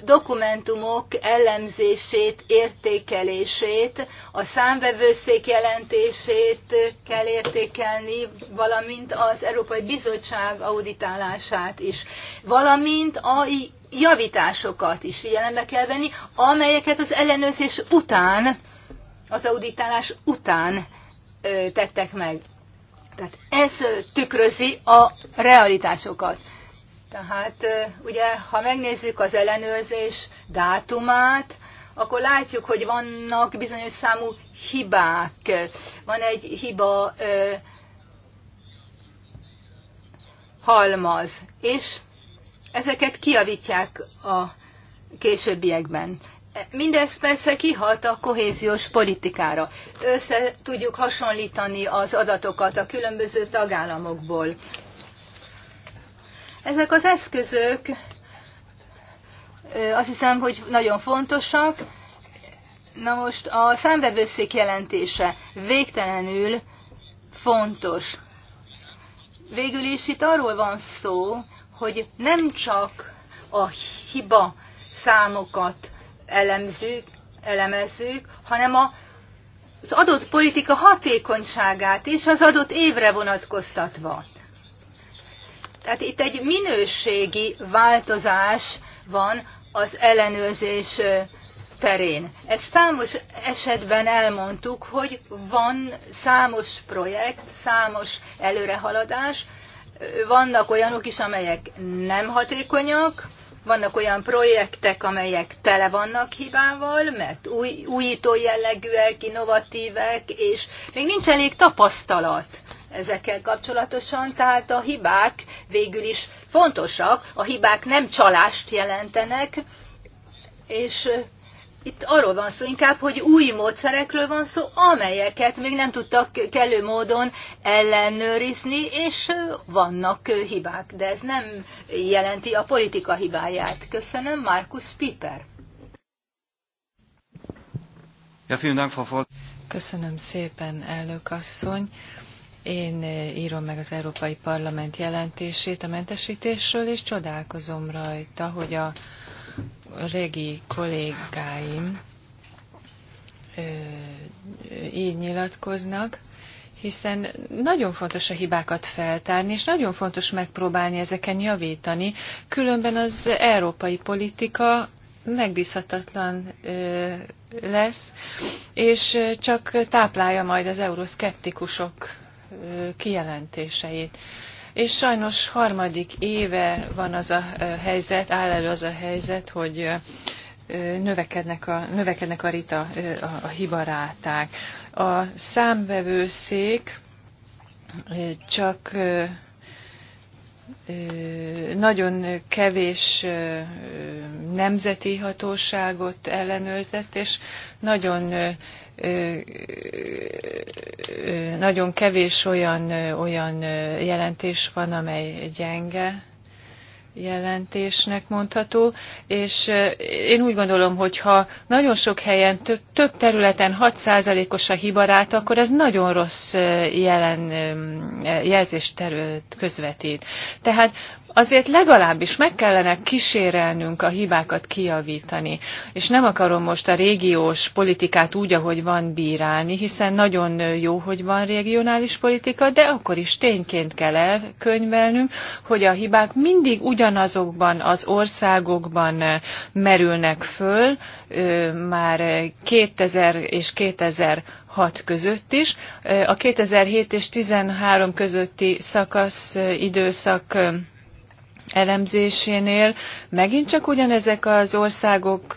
dokumentumok ellenzését, értékelését, a számvevőszék jelentését kell értékelni, valamint az Európai Bizottság auditálását is, valamint a javításokat is figyelembe kell venni, amelyeket az ellenőrzés után, az auditálás után tettek meg. Tehát ez tükrözi a realitásokat. Tehát ugye, ha megnézzük az ellenőrzés dátumát, akkor látjuk, hogy vannak bizonyos számú hibák. Van egy hiba ö, halmaz, és ezeket kiavítják a későbbiekben. Mindez persze kihat a kohéziós politikára. Össze tudjuk hasonlítani az adatokat a különböző tagállamokból. Ezek az eszközök azt hiszem, hogy nagyon fontosak. Na most a számvevőszék jelentése végtelenül fontos. Végül is itt arról van szó, hogy nem csak a hiba számokat elemzők elemezzük, hanem a, az adott politika hatékonyságát is az adott évre vonatkoztatva. Tehát itt egy minőségi változás van az ellenőrzés terén. Ezt számos esetben elmondtuk, hogy van számos projekt, számos előrehaladás, vannak olyanok is, amelyek nem hatékonyak, vannak olyan projektek, amelyek tele vannak hibával, mert új, újító jellegűek, innovatívek, és még nincs elég tapasztalat ezekkel kapcsolatosan, tehát a hibák végül is fontosak, a hibák nem csalást jelentenek, és itt arról van szó inkább, hogy új módszerekről van szó, amelyeket még nem tudtak kellő módon ellenőrizni, és vannak hibák, de ez nem jelenti a politika hibáját. Köszönöm, Markus Piper. Köszönöm szépen, elnök asszony. Én írom meg az Európai Parlament jelentését a mentesítésről, és csodálkozom rajta, hogy a a régi kollégáim így nyilatkoznak, hiszen nagyon fontos a hibákat feltárni, és nagyon fontos megpróbálni ezeken javítani, különben az európai politika megbízhatatlan lesz, és csak táplálja majd az euroszkeptikusok kijelentéseit. És sajnos harmadik éve van az a helyzet, áll elő az a helyzet, hogy növekednek a, növekednek a rita, a, a hibaráták. A számvevőszék csak nagyon kevés nemzeti hatóságot ellenőrzett, és nagyon nagyon kevés olyan, olyan jelentés van, amely gyenge jelentésnek mondható, és én úgy gondolom, hogy ha nagyon sok helyen, több területen 6%-os a hibarát, akkor ez nagyon rossz jelen jelzést közvetít. Tehát azért legalábbis meg kellene kísérelnünk a hibákat kijavítani. És nem akarom most a régiós politikát úgy, ahogy van bírálni, hiszen nagyon jó, hogy van regionális politika, de akkor is tényként kell elkönyvelnünk, hogy a hibák mindig ugyanazokban az országokban eh, merülnek föl, eh, már 2000 és 2000 6 között is. Eh, a 2007 és 13 közötti szakasz időszak elemzésénél megint csak ugyanezek az országok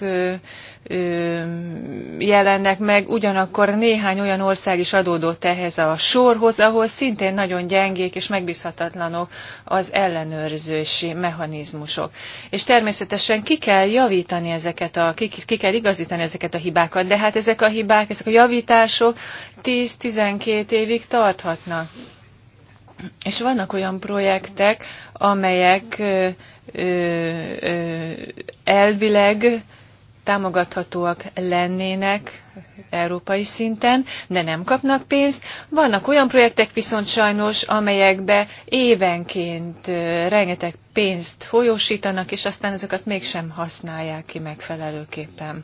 jelennek meg, ugyanakkor néhány olyan ország is adódott ehhez a sorhoz, ahol szintén nagyon gyengék és megbízhatatlanok az ellenőrzési mechanizmusok. És természetesen ki kell javítani ezeket a, ki, ki kell igazítani ezeket a hibákat, de hát ezek a hibák, ezek a javítások 10-12 évig tarthatnak. És vannak olyan projektek, amelyek elvileg támogathatóak lennének európai szinten, de nem kapnak pénzt. Vannak olyan projektek viszont sajnos, amelyekbe évenként rengeteg pénzt folyósítanak, és aztán ezeket mégsem használják ki megfelelőképpen.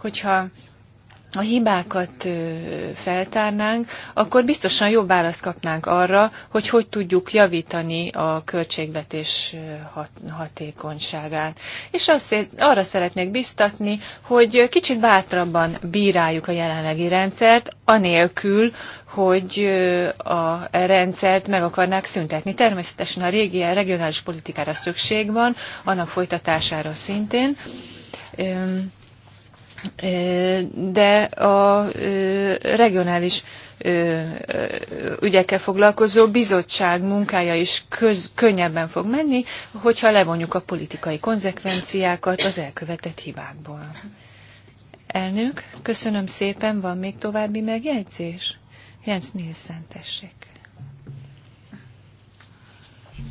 Hogyha a hibákat feltárnánk, akkor biztosan jobb választ kapnánk arra, hogy hogy tudjuk javítani a költségvetés hat, hatékonyságát. És azt, arra szeretnék biztatni, hogy kicsit bátrabban bíráljuk a jelenlegi rendszert, anélkül, hogy a rendszert meg akarnák szüntetni. Természetesen a régi a regionális politikára szükség van, annak folytatására szintén de a regionális ügyekkel foglalkozó bizottság munkája is köz, könnyebben fog menni, hogyha levonjuk a politikai konzekvenciákat az elkövetett hibákból. Elnök, köszönöm szépen, van még további megjegyzés? Jens Nielsen, tessék.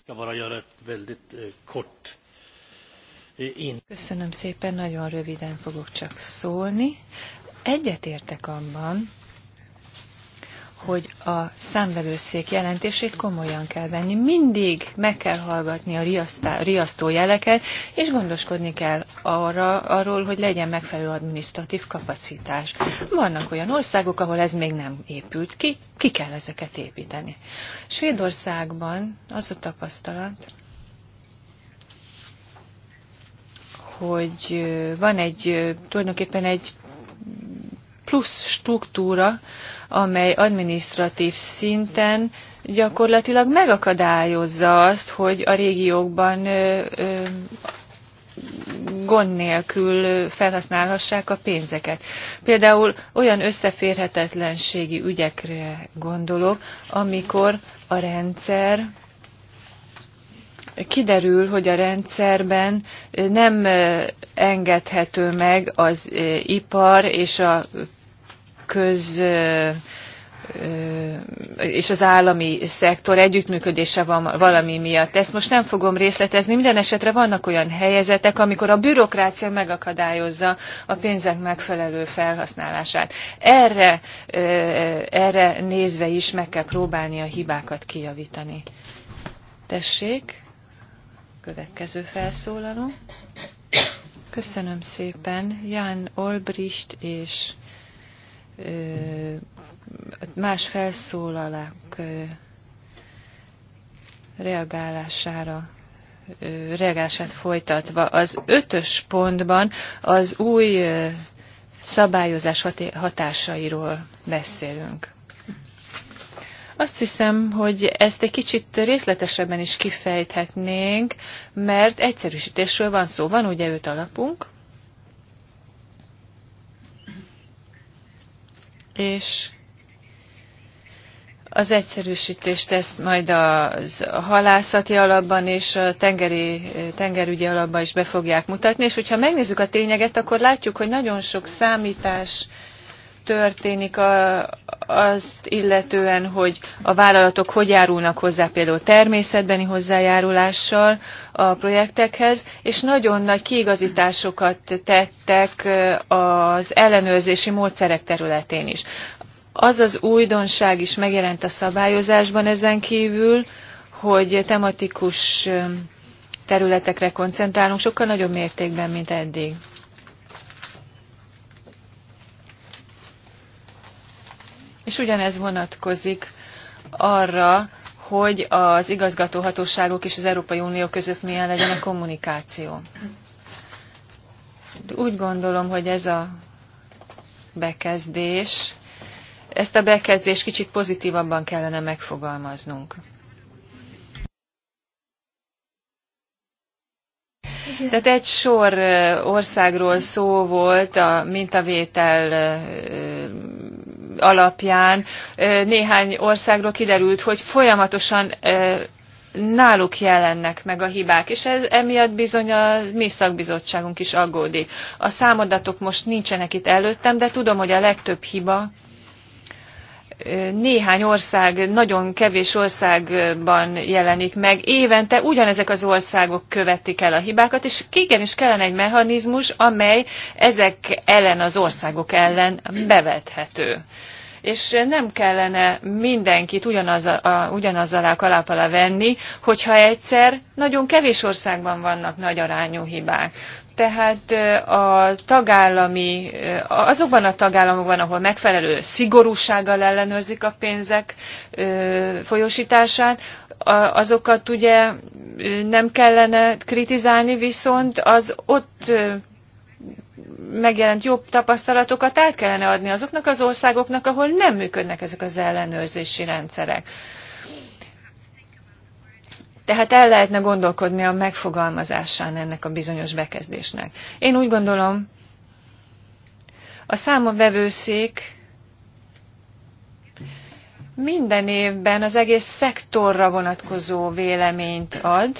Jag bara eh, kort én. Köszönöm szépen, nagyon röviden fogok csak szólni. Egyetértek abban, hogy a számvevőszék jelentését komolyan kell venni. Mindig meg kell hallgatni a riasztá, riasztó jeleket, és gondoskodni kell arra, arról, hogy legyen megfelelő administratív kapacitás. Vannak olyan országok, ahol ez még nem épült ki, ki kell ezeket építeni. Svédországban az a tapasztalat, hogy van egy, tulajdonképpen egy plusz struktúra, amely administratív szinten gyakorlatilag megakadályozza azt, hogy a régiókban gond nélkül felhasználhassák a pénzeket. Például olyan összeférhetetlenségi ügyekre gondolok, amikor a rendszer kiderül, hogy a rendszerben nem engedhető meg az ipar és a köz és az állami szektor együttműködése van valami miatt. Ezt most nem fogom részletezni, minden esetre vannak olyan helyzetek, amikor a bürokrácia megakadályozza a pénzek megfelelő felhasználását. Erre, erre nézve is meg kell próbálni a hibákat kijavítani. Tessék! Következő felszólaló. Köszönöm szépen. Jan Olbricht és ö, más felszólalák ö, reagálására reagálását folytatva. Az ötös pontban az új szabályozás hatásairól beszélünk. Azt hiszem, hogy ezt egy kicsit részletesebben is kifejthetnénk, mert egyszerűsítésről van szó. Van ugye öt alapunk, és az egyszerűsítést ezt majd a halászati alapban és a tengeri, tengerügyi alapban is be fogják mutatni, és hogyha megnézzük a tényeget, akkor látjuk, hogy nagyon sok számítás történik a, azt illetően, hogy a vállalatok hogy járulnak hozzá például természetbeni hozzájárulással a projektekhez, és nagyon nagy kiigazításokat tettek az ellenőrzési módszerek területén is. Az az újdonság is megjelent a szabályozásban ezen kívül, hogy tematikus területekre koncentrálunk sokkal nagyobb mértékben, mint eddig. és ugyanez vonatkozik arra, hogy az igazgatóhatóságok és az Európai Unió között milyen legyen a kommunikáció. Úgy gondolom, hogy ez a bekezdés, ezt a bekezdést kicsit pozitívabban kellene megfogalmaznunk. Tehát egy sor országról szó volt a mintavétel alapján néhány országról kiderült, hogy folyamatosan náluk jelennek meg a hibák, és ez, emiatt bizony a mi szakbizottságunk is aggódik. A számadatok most nincsenek itt előttem, de tudom, hogy a legtöbb hiba néhány ország, nagyon kevés országban jelenik meg. Évente ugyanezek az országok követik el a hibákat, és igenis kellene egy mechanizmus, amely ezek ellen az országok ellen bevethető. És nem kellene mindenkit ugyanaz, a, ugyanaz alá kalap alá venni, hogyha egyszer nagyon kevés országban vannak nagy arányú hibák tehát a tagállami, azokban a tagállamokban, ahol megfelelő szigorúsággal ellenőrzik a pénzek folyosítását, azokat ugye nem kellene kritizálni, viszont az ott megjelent jobb tapasztalatokat át kellene adni azoknak az országoknak, ahol nem működnek ezek az ellenőrzési rendszerek. Tehát el lehetne gondolkodni a megfogalmazásán ennek a bizonyos bekezdésnek. Én úgy gondolom, a vevőszék minden évben az egész szektorra vonatkozó véleményt ad,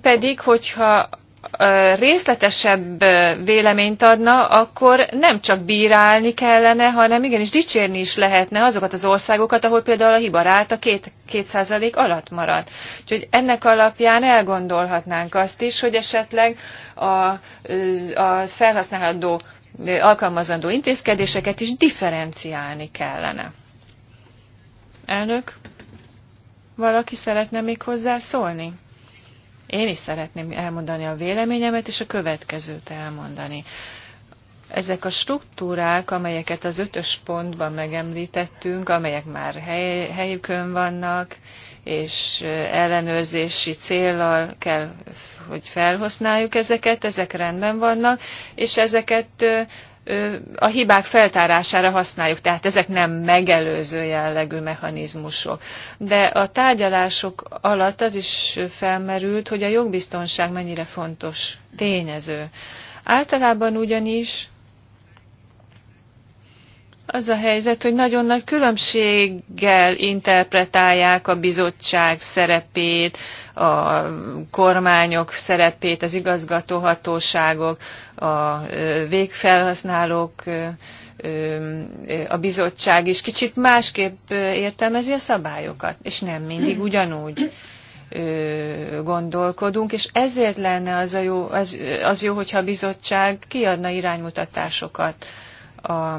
pedig, hogyha részletesebb véleményt adna, akkor nem csak bírálni kellene, hanem igenis dicsérni is lehetne azokat az országokat, ahol például a hiba a két, két százalék alatt marad. Úgyhogy ennek alapján elgondolhatnánk azt is, hogy esetleg a, a felhasználandó alkalmazandó intézkedéseket is differenciálni kellene. Elnök, valaki szeretne még hozzászólni? Én is szeretném elmondani a véleményemet, és a következőt elmondani. Ezek a struktúrák, amelyeket az ötös pontban megemlítettünk, amelyek már hely, helyükön vannak, és ellenőrzési célral kell, hogy felhasználjuk ezeket, ezek rendben vannak, és ezeket a hibák feltárására használjuk, tehát ezek nem megelőző jellegű mechanizmusok. De a tárgyalások alatt az is felmerült, hogy a jogbiztonság mennyire fontos tényező. Általában ugyanis az a helyzet, hogy nagyon nagy különbséggel interpretálják a bizottság szerepét, a kormányok szerepét, az igazgatóhatóságok, a végfelhasználók, a bizottság is kicsit másképp értelmezi a szabályokat, és nem mindig ugyanúgy gondolkodunk, és ezért lenne az, a jó, az, az jó, hogyha a bizottság kiadna iránymutatásokat a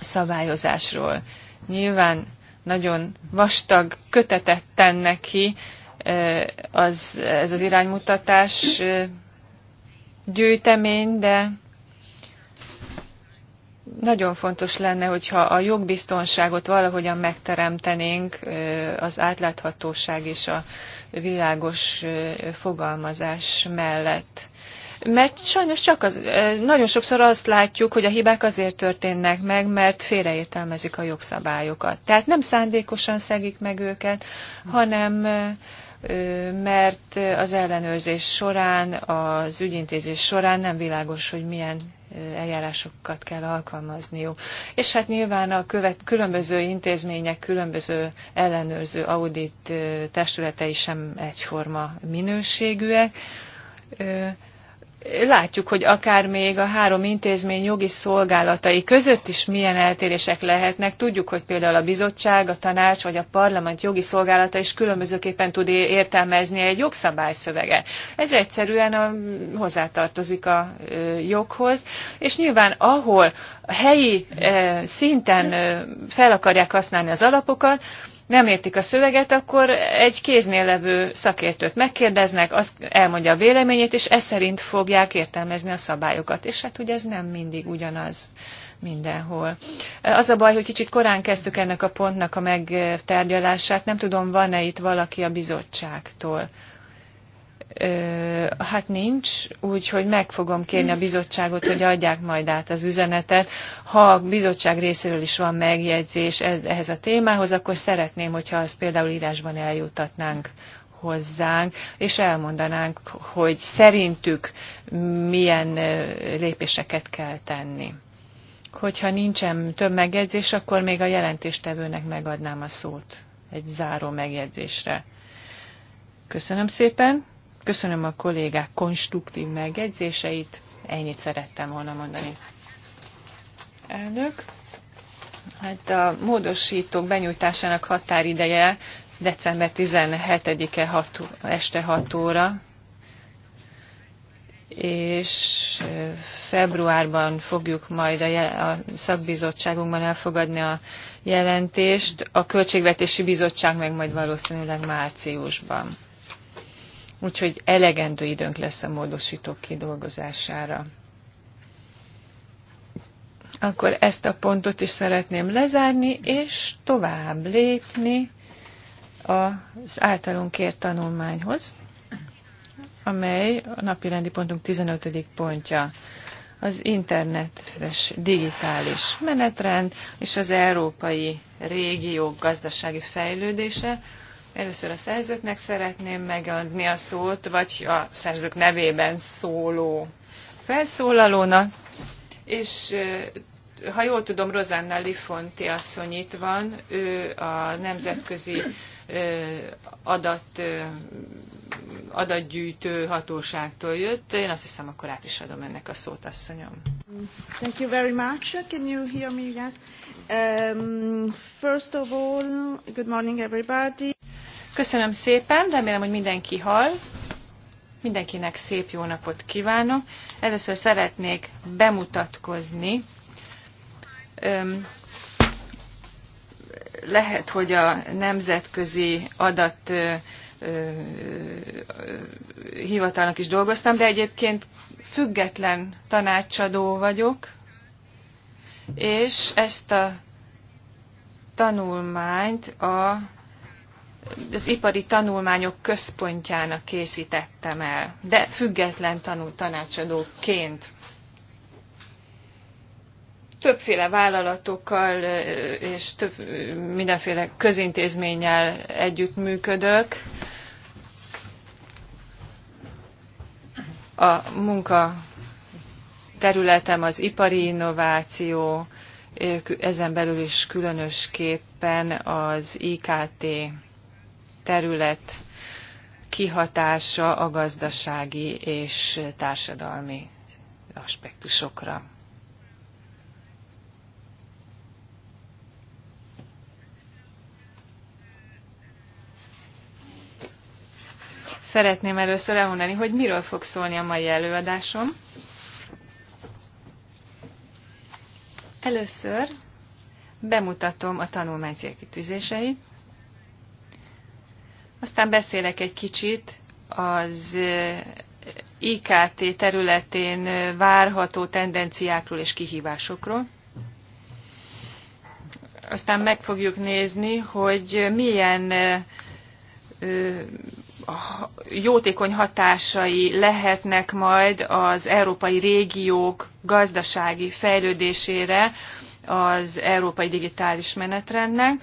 szabályozásról. Nyilván nagyon vastag kötetet tenne ki, az, ez az iránymutatás gyűjtemény, de nagyon fontos lenne, hogyha a jogbiztonságot valahogyan megteremtenénk az átláthatóság és a világos fogalmazás mellett. Mert sajnos csak az, nagyon sokszor azt látjuk, hogy a hibák azért történnek meg, mert félreértelmezik a jogszabályokat. Tehát nem szándékosan szegik meg őket, hanem mert az ellenőrzés során, az ügyintézés során nem világos, hogy milyen eljárásokat kell alkalmazniuk. És hát nyilván a követ, különböző intézmények, különböző ellenőrző audit testületei sem egyforma minőségűek, látjuk, hogy akár még a három intézmény jogi szolgálatai között is milyen eltérések lehetnek. Tudjuk, hogy például a bizottság, a tanács vagy a parlament jogi szolgálata is különbözőképpen tud értelmezni egy jogszabályszöveget. Ez egyszerűen a, hozzátartozik a joghoz, és nyilván ahol helyi szinten fel akarják használni az alapokat, nem értik a szöveget, akkor egy kéznél levő szakértőt megkérdeznek, az elmondja a véleményét, és ez szerint fogják értelmezni a szabályokat. És hát ugye ez nem mindig ugyanaz mindenhol. Az a baj, hogy kicsit korán kezdtük ennek a pontnak a megtárgyalását. Nem tudom, van-e itt valaki a bizottságtól hát nincs, úgyhogy meg fogom kérni a bizottságot, hogy adják majd át az üzenetet. Ha a bizottság részéről is van megjegyzés e-, ehhez a témához, akkor szeretném, hogyha azt például írásban eljutatnánk hozzánk, és elmondanánk, hogy szerintük milyen lépéseket kell tenni. Hogyha nincsen több megjegyzés, akkor még a jelentéstevőnek megadnám a szót egy záró megjegyzésre. Köszönöm szépen! Köszönöm a kollégák konstruktív megjegyzéseit. Ennyit szerettem volna mondani. Elnök. Hát a módosítók benyújtásának határideje december 17-e este 6 óra, és februárban fogjuk majd a, a szakbizottságunkban elfogadni a jelentést, a Költségvetési Bizottság meg majd valószínűleg márciusban úgyhogy elegendő időnk lesz a módosítók kidolgozására. Akkor ezt a pontot is szeretném lezárni, és tovább lépni az általunk kért tanulmányhoz, amely a napi rendi pontunk 15. pontja az internetes digitális menetrend és az európai régiók gazdasági fejlődése, Először a szerzőknek szeretném megadni a szót, vagy a szerzők nevében szóló felszólalónak, és ha jól tudom, Rosanna Lifonti asszony itt van, ő a nemzetközi adat, adatgyűjtő hatóságtól jött. Én azt hiszem, akkor át is adom ennek a szót, asszonyom. Thank you very much. Can you hear me, yes? Um, first of all, good morning everybody. Köszönöm szépen, remélem, hogy mindenki hall. Mindenkinek szép jó napot kívánok. Először szeretnék bemutatkozni. Öm, lehet, hogy a nemzetközi adat ö, ö, hivatalnak is dolgoztam, de egyébként független tanácsadó vagyok, és ezt a tanulmányt a az ipari tanulmányok központjának készítettem el, de független tanul tanácsadóként. Többféle vállalatokkal és több, mindenféle közintézménnyel együttműködök. A munka területem az ipari innováció, ezen belül is különösképpen az IKT terület kihatása a gazdasági és társadalmi aspektusokra. Szeretném először elmondani, hogy miről fog szólni a mai előadásom. Először bemutatom a tanulmány célkitűzéseit, aztán beszélek egy kicsit az IKT területén várható tendenciákról és kihívásokról. Aztán meg fogjuk nézni, hogy milyen jótékony hatásai lehetnek majd az európai régiók gazdasági fejlődésére az európai digitális menetrendnek.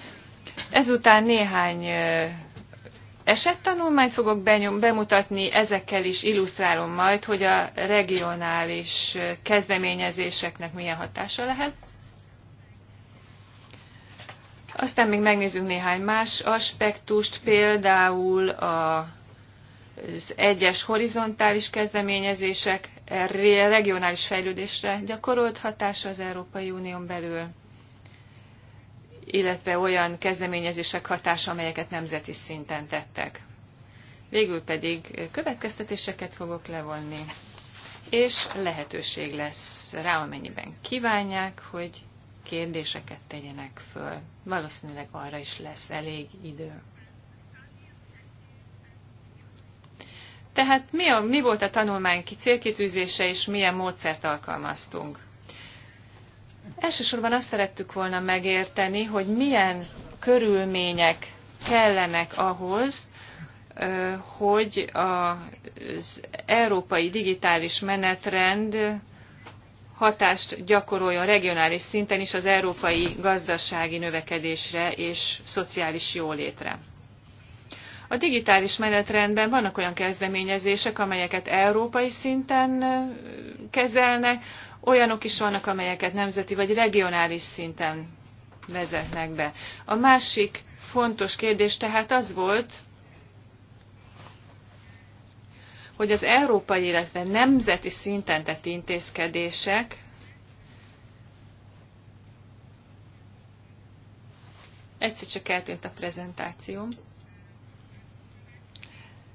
Ezután néhány esettanulmányt fogok benyom, bemutatni, ezekkel is illusztrálom majd, hogy a regionális kezdeményezéseknek milyen hatása lehet. Aztán még megnézzünk néhány más aspektust, például a az egyes horizontális kezdeményezések regionális fejlődésre gyakorolt hatása az Európai Unión belül illetve olyan kezdeményezések hatása, amelyeket nemzeti szinten tettek. Végül pedig következtetéseket fogok levonni, és lehetőség lesz rá, amennyiben kívánják, hogy kérdéseket tegyenek föl. Valószínűleg arra is lesz elég idő. Tehát mi, a, mi volt a tanulmány célkitűzése, és milyen módszert alkalmaztunk? Elsősorban azt szerettük volna megérteni, hogy milyen körülmények kellenek ahhoz, hogy az európai digitális menetrend hatást gyakoroljon regionális szinten is az európai gazdasági növekedésre és szociális jólétre. A digitális menetrendben vannak olyan kezdeményezések, amelyeket európai szinten kezelnek, olyanok is vannak, amelyeket nemzeti vagy regionális szinten vezetnek be. A másik fontos kérdés tehát az volt, hogy az európai, illetve nemzeti szinten tett intézkedések egyszer csak eltűnt a prezentációm.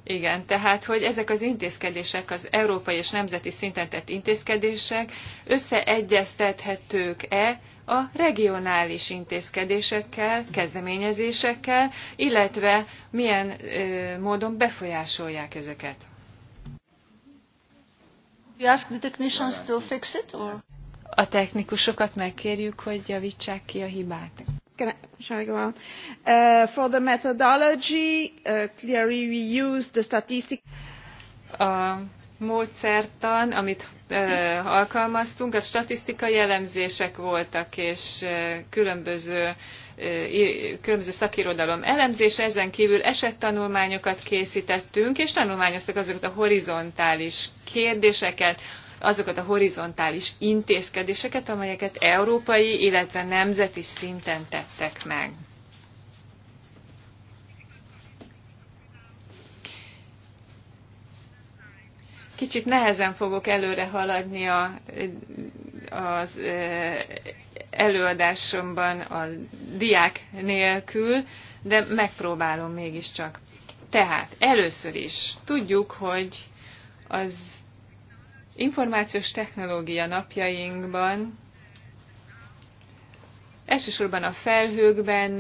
Igen, tehát, hogy ezek az intézkedések, az európai és nemzeti szinten tett intézkedések összeegyeztethetők-e a regionális intézkedésekkel, kezdeményezésekkel, illetve milyen ö, módon befolyásolják ezeket. A technikusokat megkérjük, hogy javítsák ki a hibát. Can I, shall I go on? Uh, for the methodology, uh, clearly we use the statistic. A módszertan, amit ö, uh, alkalmaztunk, az statisztikai elemzések voltak, és ö, uh, különböző uh, különböző szakirodalom elemzése, ezen kívül esettanulmányokat készítettünk, és tanulmányoztak azokat a horizontális kérdéseket, azokat a horizontális intézkedéseket, amelyeket európai, illetve nemzeti szinten tettek meg. Kicsit nehezen fogok előre haladni a, az előadásomban a diák nélkül, de megpróbálom mégiscsak. Tehát először is tudjuk, hogy az információs technológia napjainkban elsősorban a felhőkben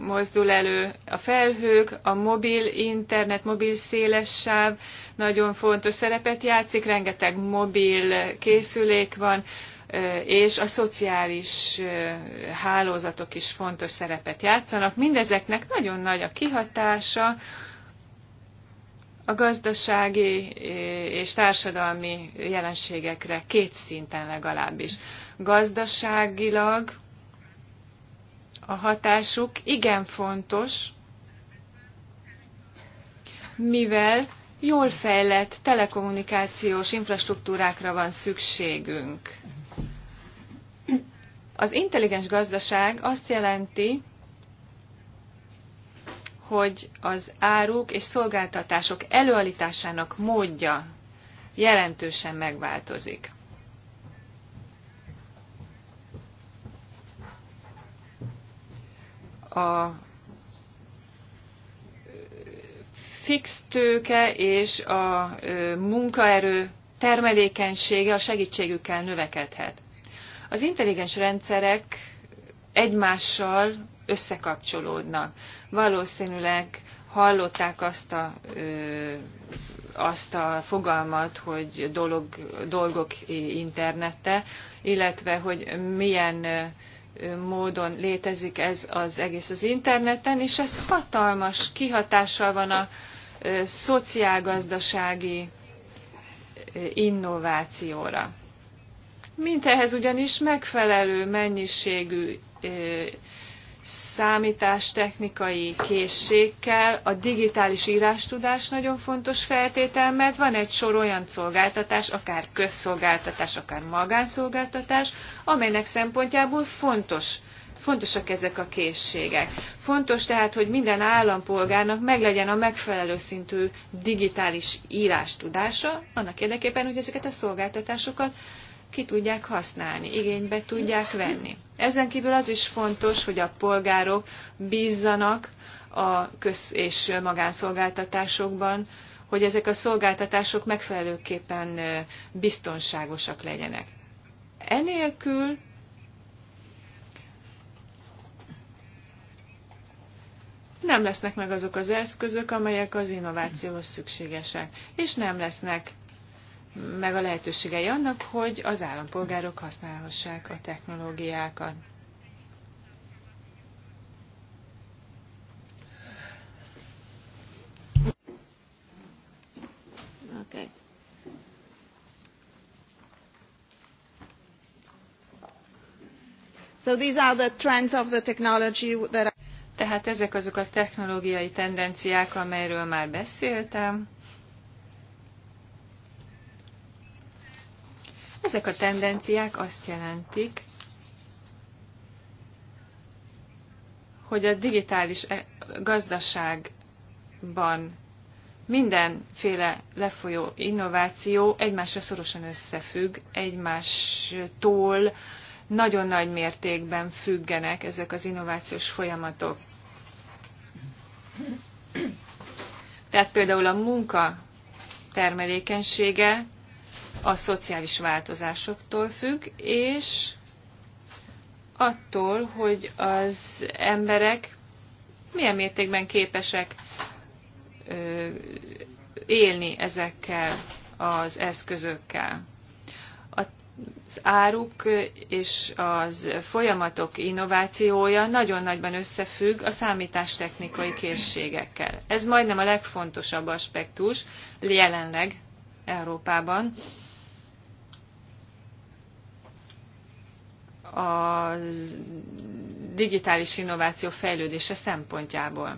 mozdul elő. A felhők, a mobil internet, mobil széles sáv nagyon fontos szerepet játszik, rengeteg mobil készülék van, és a szociális hálózatok is fontos szerepet játszanak. Mindezeknek nagyon nagy a kihatása, a gazdasági és társadalmi jelenségekre két szinten legalábbis. Gazdaságilag a hatásuk igen fontos, mivel jól fejlett telekommunikációs infrastruktúrákra van szükségünk. Az intelligens gazdaság azt jelenti, hogy az áruk és szolgáltatások előállításának módja jelentősen megváltozik. A fix tőke és a munkaerő termelékenysége a segítségükkel növekedhet. Az intelligens rendszerek egymással összekapcsolódnak. Valószínűleg hallották azt a, ö, azt a fogalmat, hogy dolog, dolgok internete, illetve hogy milyen ö, módon létezik ez az egész az interneten, és ez hatalmas kihatással van a ö, szociálgazdasági ö, innovációra. ehhez ugyanis megfelelő mennyiségű számítástechnikai készségkel, a digitális írástudás nagyon fontos feltétel, mert van egy sor olyan szolgáltatás, akár közszolgáltatás, akár magánszolgáltatás, amelynek szempontjából fontos Fontosak ezek a készségek. Fontos tehát, hogy minden állampolgárnak meglegyen a megfelelő szintű digitális írás tudása, annak érdekében, hogy ezeket a szolgáltatásokat ki tudják használni, igénybe tudják venni. Ezen kívül az is fontos, hogy a polgárok bízzanak a köz- és magánszolgáltatásokban, hogy ezek a szolgáltatások megfelelőképpen biztonságosak legyenek. Enélkül nem lesznek meg azok az eszközök, amelyek az innovációhoz szükségesek, és nem lesznek meg a lehetőségei annak, hogy az állampolgárok használhassák a technológiákat. Okay. So these are the trends of the technology that I... Tehát ezek azok a technológiai tendenciák, amelyről már beszéltem Ezek a tendenciák azt jelentik, hogy a digitális eh, gazdaságban mindenféle lefolyó innováció egymásra szorosan összefügg, egymástól nagyon nagy mértékben függenek ezek az innovációs folyamatok. Tehát például a munka termelékenysége a szociális változásoktól függ, és attól, hogy az emberek milyen mértékben képesek élni ezekkel az eszközökkel. Az áruk és az folyamatok innovációja nagyon nagyban összefügg a számítástechnikai készségekkel. Ez majdnem a legfontosabb aspektus jelenleg Európában. a digitális innováció fejlődése szempontjából.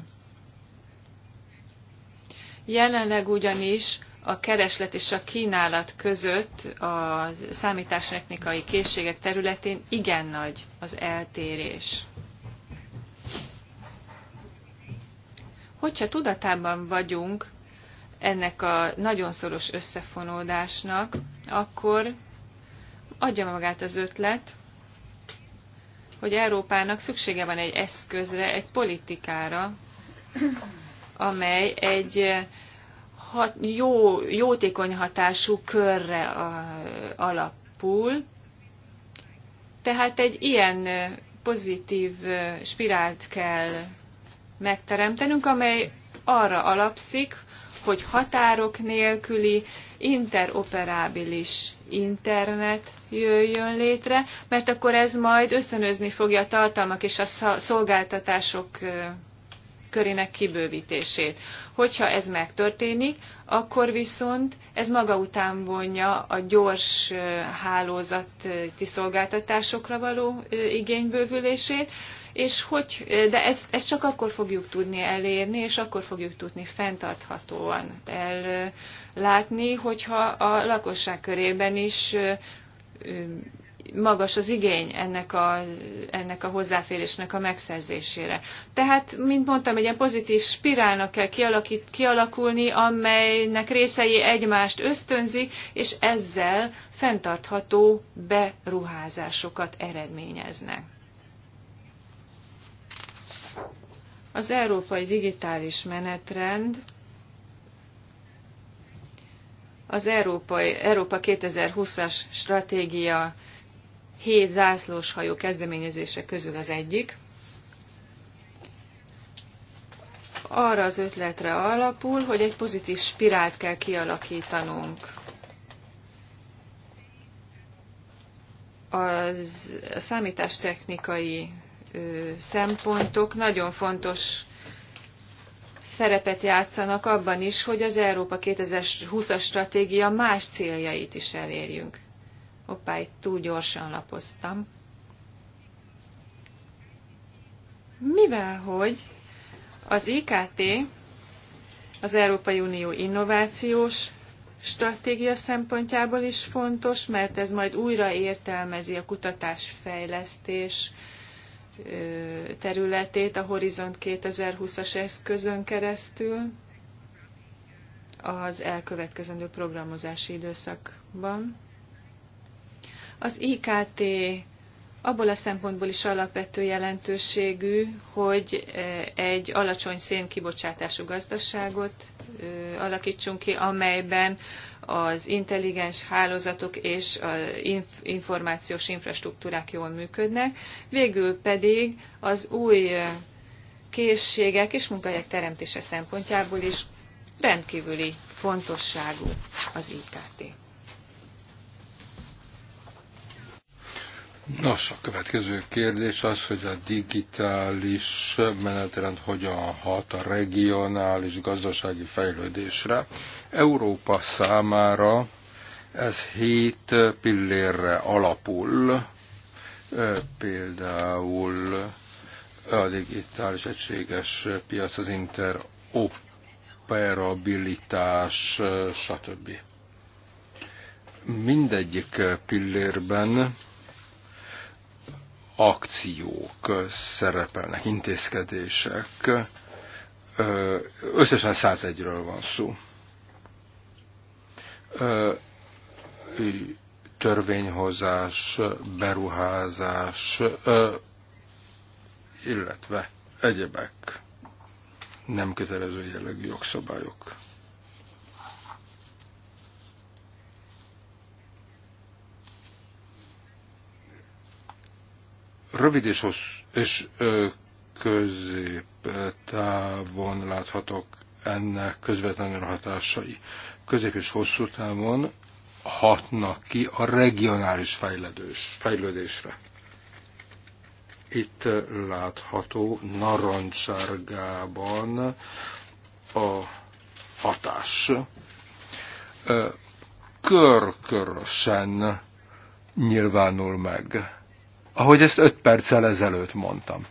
Jelenleg ugyanis a kereslet és a kínálat között a számítástechnikai készségek területén igen nagy az eltérés. Hogyha tudatában vagyunk ennek a nagyon szoros összefonódásnak, akkor adja magát az ötlet, hogy Európának szüksége van egy eszközre, egy politikára, amely egy eh, hat, jó, jótékony hatású körre alapul. Tehát egy ilyen eh, pozitív eh, spirált kell megteremtenünk, amely arra alapszik, hogy határok nélküli interoperábilis internet jöjjön létre, mert akkor ez majd ösztönözni fogja a tartalmak és a szolgáltatások körének kibővítését. Hogyha ez megtörténik, akkor viszont ez maga után vonja a gyors hálózati szolgáltatásokra való igénybővülését, és hogy, de ezt, ezt csak akkor fogjuk tudni elérni, és akkor fogjuk tudni fenntarthatóan el látni, hogyha a lakosság körében is magas az igény ennek a, ennek a hozzáférésnek a megszerzésére. Tehát, mint mondtam, egy ilyen pozitív spirálnak kell kialakít, kialakulni, amelynek részei egymást ösztönzi, és ezzel fenntartható beruházásokat eredményeznek. Az Európai Digitális Menetrend az Európai, Európa 2020-as stratégia hét zászlós hajó kezdeményezése közül az egyik. Arra az ötletre alapul, hogy egy pozitív spirált kell kialakítanunk. Az, a számítástechnikai ö, szempontok nagyon fontos szerepet játszanak abban is, hogy az Európa 2020-as stratégia más céljait is elérjünk. Hoppá, itt túl gyorsan lapoztam. Mivel hogy az IKT, az Európai Unió innovációs stratégia szempontjából is fontos, mert ez majd újra értelmezi a kutatásfejlesztés, fejlesztés területét a Horizont 2020-as eszközön keresztül az elkövetkezendő programozási időszakban. Az IKT abból a szempontból is alapvető jelentőségű, hogy e, egy alacsony szénkibocsátású gazdaságot e, alakítsunk ki, amelyben az intelligens hálózatok és az információs infrastruktúrák jól működnek, végül pedig az új e, készségek és munkahelyek teremtése szempontjából is rendkívüli fontosságú az IKT. Nos, a következő kérdés az, hogy a digitális menetrend hogyan hat a regionális gazdasági fejlődésre. Európa számára ez hét pillérre alapul, például a digitális egységes piac, az interoperabilitás, stb. Mindegyik pillérben akciók szerepelnek, intézkedések. Összesen 101-ről van szó. Törvényhozás, beruházás, illetve egyebek nem kötelező jellegű jogszabályok. rövid és, hossz, és középtávon láthatok ennek közvetlenül hatásai. Közép és hosszú távon hatnak ki a regionális fejlődés, fejlődésre. Itt látható narancsárgában a hatás. Körkörösen nyilvánul meg ahogy ezt öt perccel ezelőtt mondtam.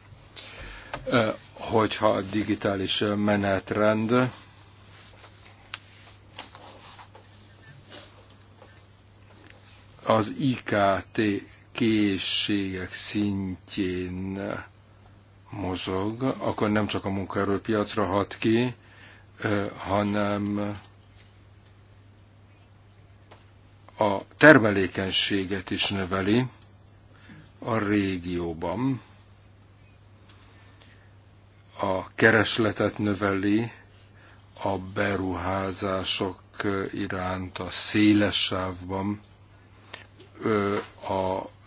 Hogyha a digitális menetrend az IKT készségek szintjén mozog, akkor nem csak a munkaerőpiacra hat ki, hanem a termelékenységet is növeli, a régióban a keresletet növeli, a beruházások iránt a széles sávban,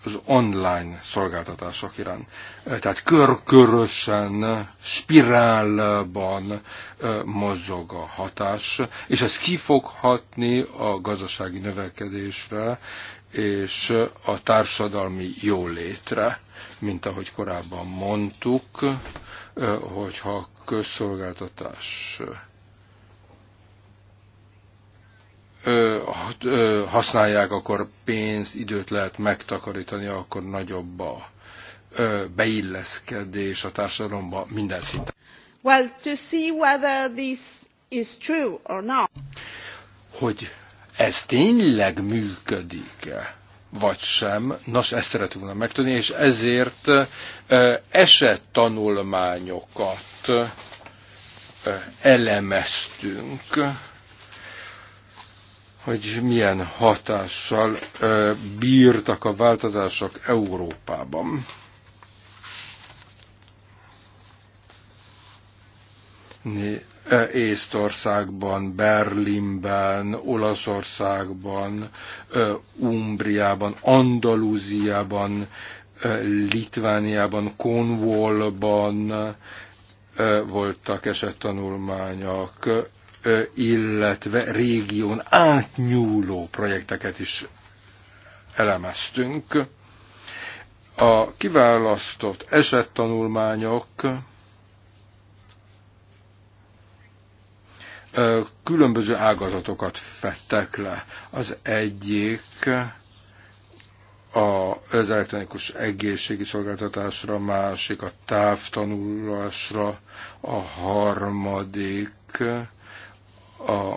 az online szolgáltatások iránt. Tehát körkörösen, spirálban mozog a hatás, és ez kifoghatni a gazdasági növekedésre és a társadalmi jólétre, mint ahogy korábban mondtuk, hogyha közszolgáltatás használják, akkor pénz, időt lehet megtakarítani, akkor nagyobb a beilleszkedés a társadalomba minden szinten. Well, to see whether this is true or not. Hogy ez tényleg működik-e, vagy sem. Nos, ezt szeretünk volna megtudni, és ezért esettanulmányokat elemeztünk, hogy milyen hatással bírtak a változások Európában. Né, Észtországban, Berlinben, Olaszországban, Umbriában, Andalúziában, Litvániában, Konvolban voltak esettanulmányok, illetve régión átnyúló projekteket is elemeztünk. A kiválasztott esettanulmányok különböző ágazatokat fettek le. Az egyik az elektronikus egészségi szolgáltatásra, másik a távtanulásra, a harmadik a,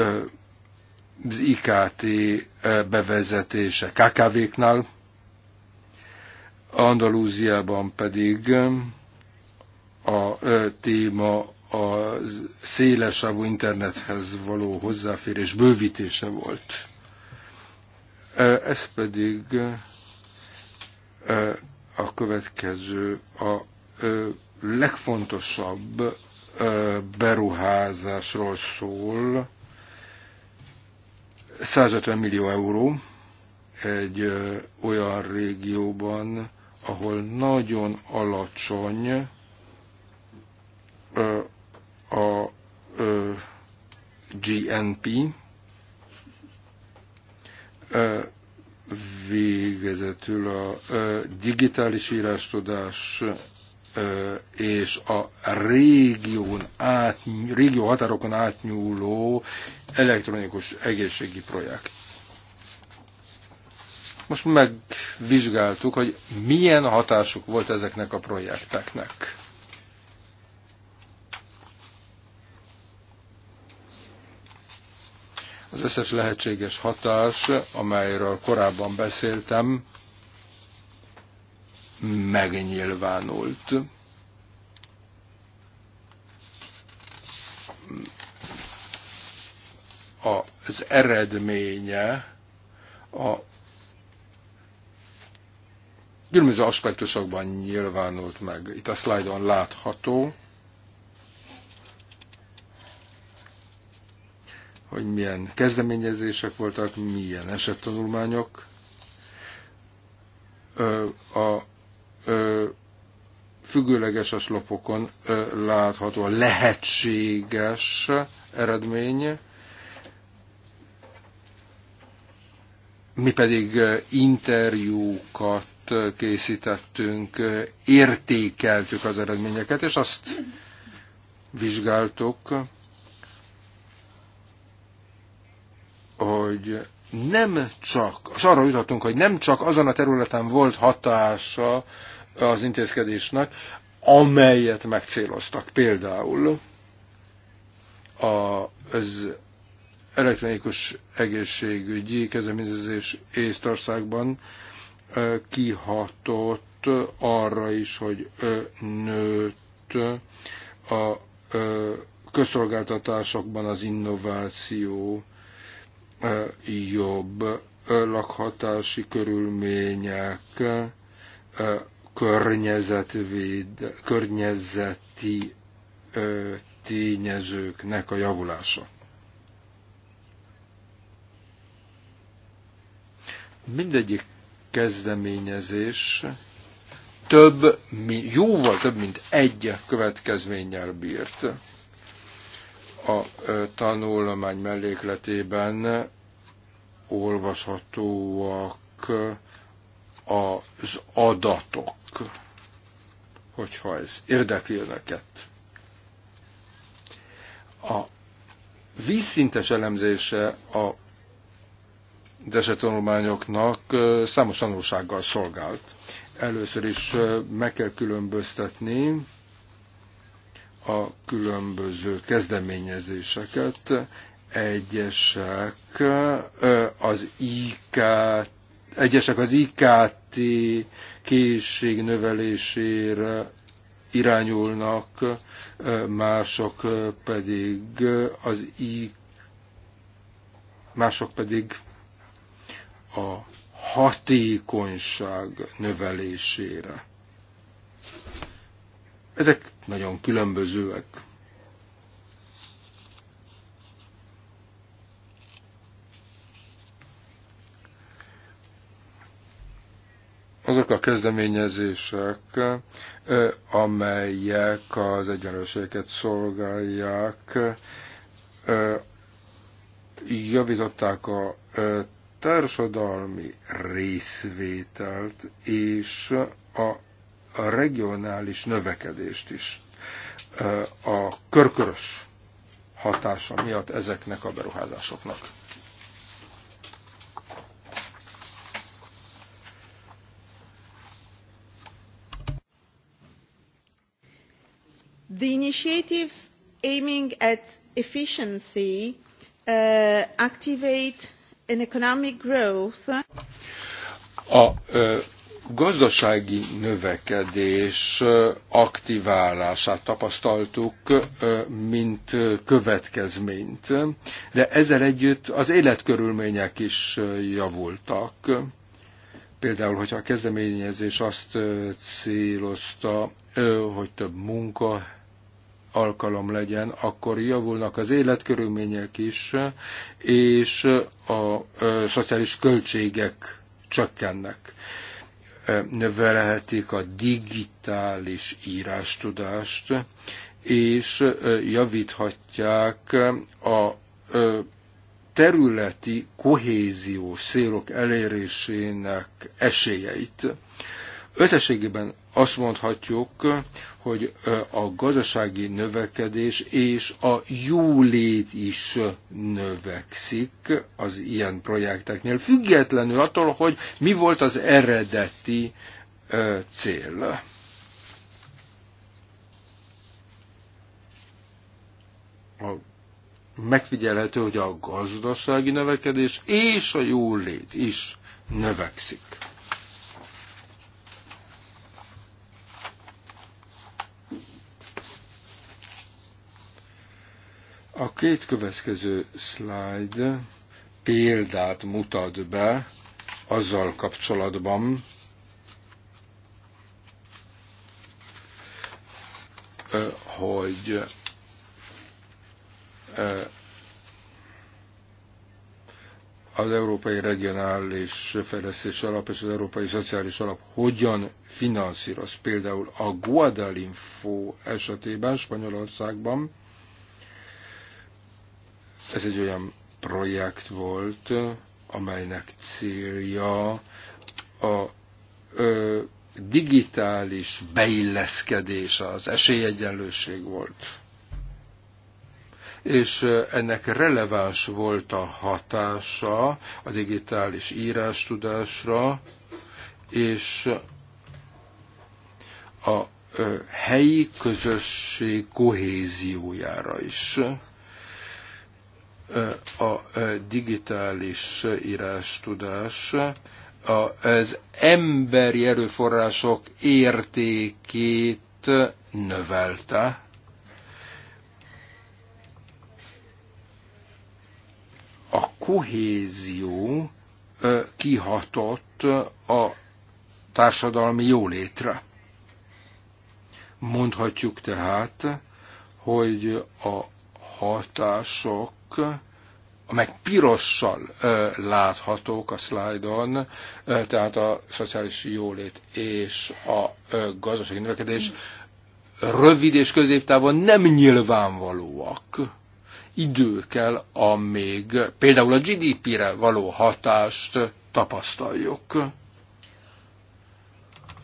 az IKT bevezetése KKV-knál, Andalúziában pedig a téma a szélesávú internethez való hozzáférés bővítése volt. E, ez pedig e, e, a következő, a legfontosabb beruházásról szól, 150 millió euró egy olyan régióban, ahol nagyon alacsony a ö, GNP ö, végezetül a ö, digitális írástudás ö, és a régión át, régió határokon átnyúló elektronikus egészségi projekt. Most megvizsgáltuk, hogy milyen hatásuk volt ezeknek a projekteknek Az összes lehetséges hatás, amelyről korábban beszéltem, megnyilvánult. Az eredménye a különböző aspektusokban nyilvánult meg. Itt a szlájdon látható, hogy milyen kezdeményezések voltak, milyen esettanulmányok. A függőleges oszlopokon látható a lehetséges eredmény, mi pedig interjúkat készítettünk, értékeltük az eredményeket, és azt vizsgáltuk, hogy nem csak, és arra jutottunk, hogy nem csak azon a területen volt hatása az intézkedésnek, amelyet megcéloztak. Például az elektronikus egészségügyi kezdeményezés Észtországban kihatott arra is, hogy nőtt a közszolgáltatásokban az innováció jobb lakhatási körülmények, környezetvéd, környezeti tényezőknek a javulása. Mindegyik kezdeményezés több, jóval több, mint egy következménnyel bírt. A tanulmány mellékletében olvashatóak az adatok, hogyha ez érdekli önöket. A vízszintes elemzése a desetanulmányoknak számos tanulsággal szolgált. Először is meg kell különböztetni a különböző kezdeményezéseket. Egyesek az IKT egyesek az IKT készség növelésére irányulnak, mások pedig az I, mások pedig a hatékonyság növelésére. Ezek nagyon különbözőek. azok a kezdeményezések, amelyek az egyenlőséget szolgálják, javították a társadalmi részvételt és a a regionális növekedést is a körkörös hatása miatt ezeknek a beruházásoknak. The initiatives aiming at efficiency uh, activate an economic growth. A, uh, gazdasági növekedés aktiválását tapasztaltuk, mint következményt. De ezzel együtt az életkörülmények is javultak. Például, hogyha a kezdeményezés azt célozta, hogy több munka alkalom legyen, akkor javulnak az életkörülmények is, és a szociális költségek csökkennek növelhetik a digitális írástudást, és javíthatják a területi kohéziós célok elérésének esélyeit. Összességében azt mondhatjuk, hogy a gazdasági növekedés és a jólét is növekszik az ilyen projekteknél, függetlenül attól, hogy mi volt az eredeti cél. A megfigyelhető, hogy a gazdasági növekedés és a jólét is növekszik. A két következő slide példát mutat be azzal kapcsolatban, hogy az Európai Regionális fejlesztés Alap és az Európai Szociális Alap hogyan finanszíroz például a Guadalinfo esetében Spanyolországban, ez egy olyan projekt volt, amelynek célja a ö, digitális beilleszkedés, az esélyegyenlőség volt. És ennek releváns volt a hatása a digitális írástudásra, és a helyi közösség kohéziójára is a digitális írástudás az emberi erőforrások értékét növelte, a kohézió kihatott a társadalmi jólétre. Mondhatjuk tehát, hogy a hatások amelyek pirossal ö, láthatók a szlájdon, ö, tehát a szociális jólét és a ö, gazdasági növekedés rövid és középtávon nem nyilvánvalóak. Idő kell, amíg például a GDP-re való hatást tapasztaljuk.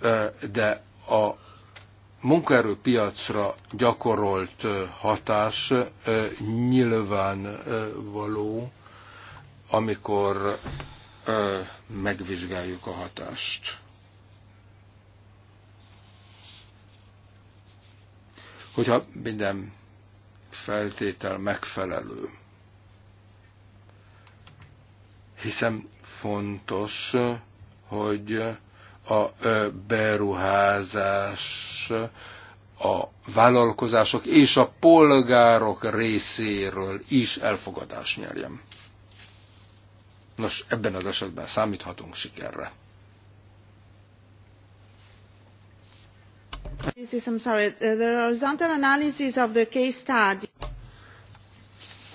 Ö, de a munkaerőpiacra gyakorolt hatás nyilvánvaló, amikor megvizsgáljuk a hatást. Hogyha minden feltétel megfelelő, hiszen fontos, hogy a beruházás a vállalkozások és a polgárok részéről is elfogadás nyerjem. Nos, ebben az esetben számíthatunk sikerre. Uh,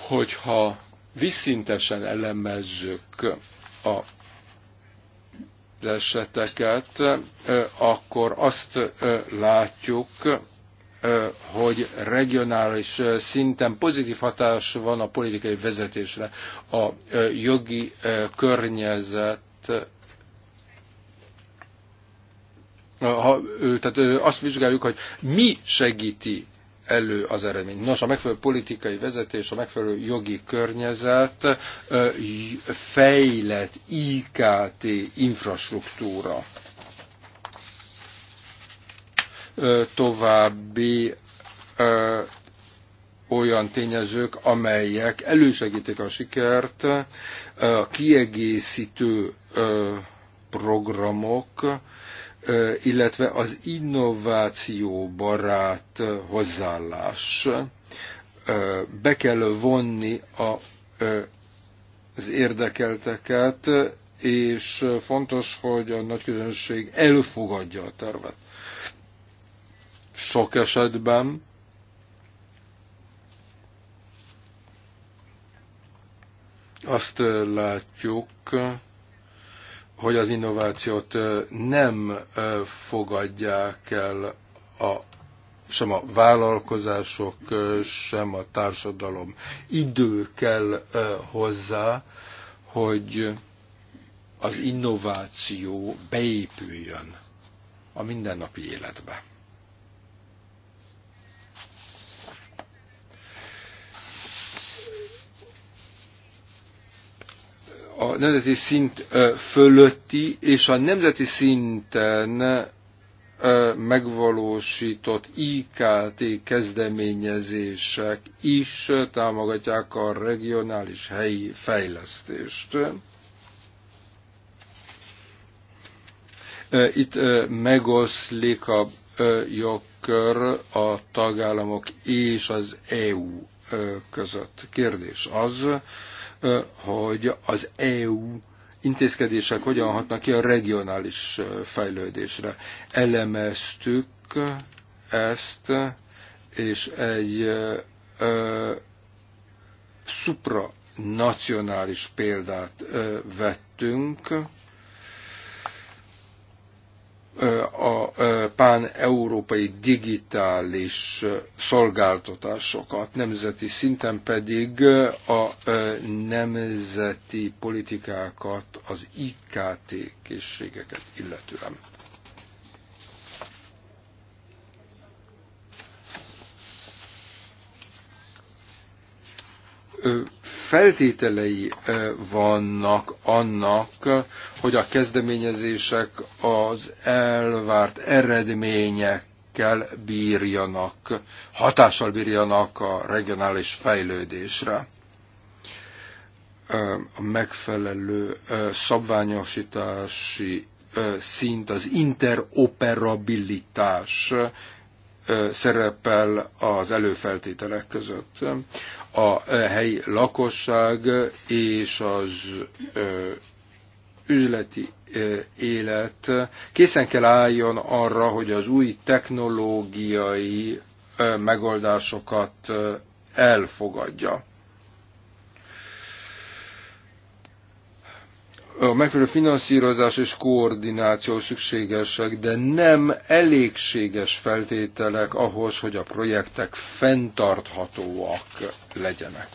Hogyha visszintesen elemezzük a eseteket, akkor azt látjuk, hogy regionális szinten pozitív hatás van a politikai vezetésre. A jogi környezet ha, tehát azt vizsgáljuk, hogy mi segíti elő az eredmény. Nos, a megfelelő politikai vezetés, a megfelelő jogi környezet, fejlett IKT infrastruktúra. További olyan tényezők, amelyek elősegítik a sikert, a kiegészítő programok, illetve az innováció barát hozzáállás. Be kell vonni a, az érdekelteket, és fontos, hogy a nagy közönség elfogadja a tervet. Sok esetben azt látjuk, hogy az innovációt nem fogadják el a, sem a vállalkozások, sem a társadalom. Idő kell hozzá, hogy az innováció beépüljön a mindennapi életbe. a nemzeti szint fölötti és a nemzeti szinten megvalósított IKT kezdeményezések is támogatják a regionális helyi fejlesztést. Itt megoszlik a jogkör a tagállamok és az EU között. Kérdés az, hogy az EU intézkedések hogyan hatnak ki a regionális fejlődésre. Elemeztük ezt, és egy supranacionális példát vettünk, a pán-európai digitális szolgáltatásokat, nemzeti szinten pedig a nemzeti politikákat, az IKT készségeket illetően. Ö, feltételei vannak annak, hogy a kezdeményezések az elvárt eredményekkel bírjanak, hatással bírjanak a regionális fejlődésre a megfelelő szabványosítási szint, az interoperabilitás szerepel az előfeltételek között. A helyi lakosság és az üzleti élet készen kell álljon arra, hogy az új technológiai megoldásokat elfogadja. a megfelelő finanszírozás és koordináció szükségesek, de nem elégséges feltételek ahhoz, hogy a projektek fenntarthatóak legyenek.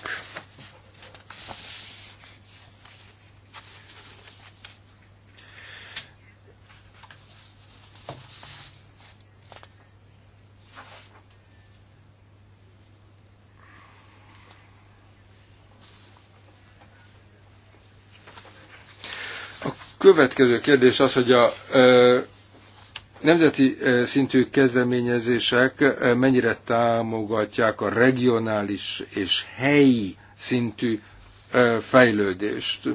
következő kérdés az, hogy a nemzeti szintű kezdeményezések mennyire támogatják a regionális és helyi szintű fejlődést.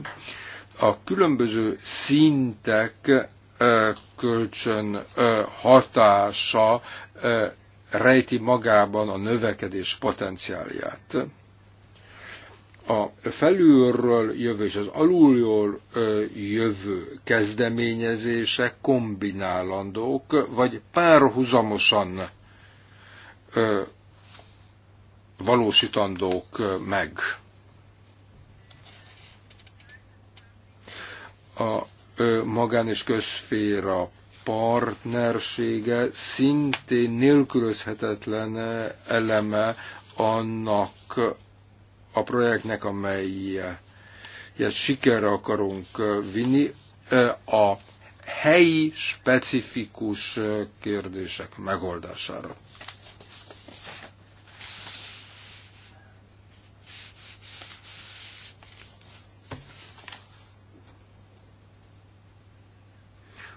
A különböző szintek kölcsön hatása rejti magában a növekedés potenciálját a felülről jövő és az alulról jövő kezdeményezések kombinálandók, vagy párhuzamosan valósítandók meg. A magán és közféra partnersége szintén nélkülözhetetlen eleme annak a projektnek, amelyet sikerre akarunk vinni, a helyi specifikus kérdések megoldására.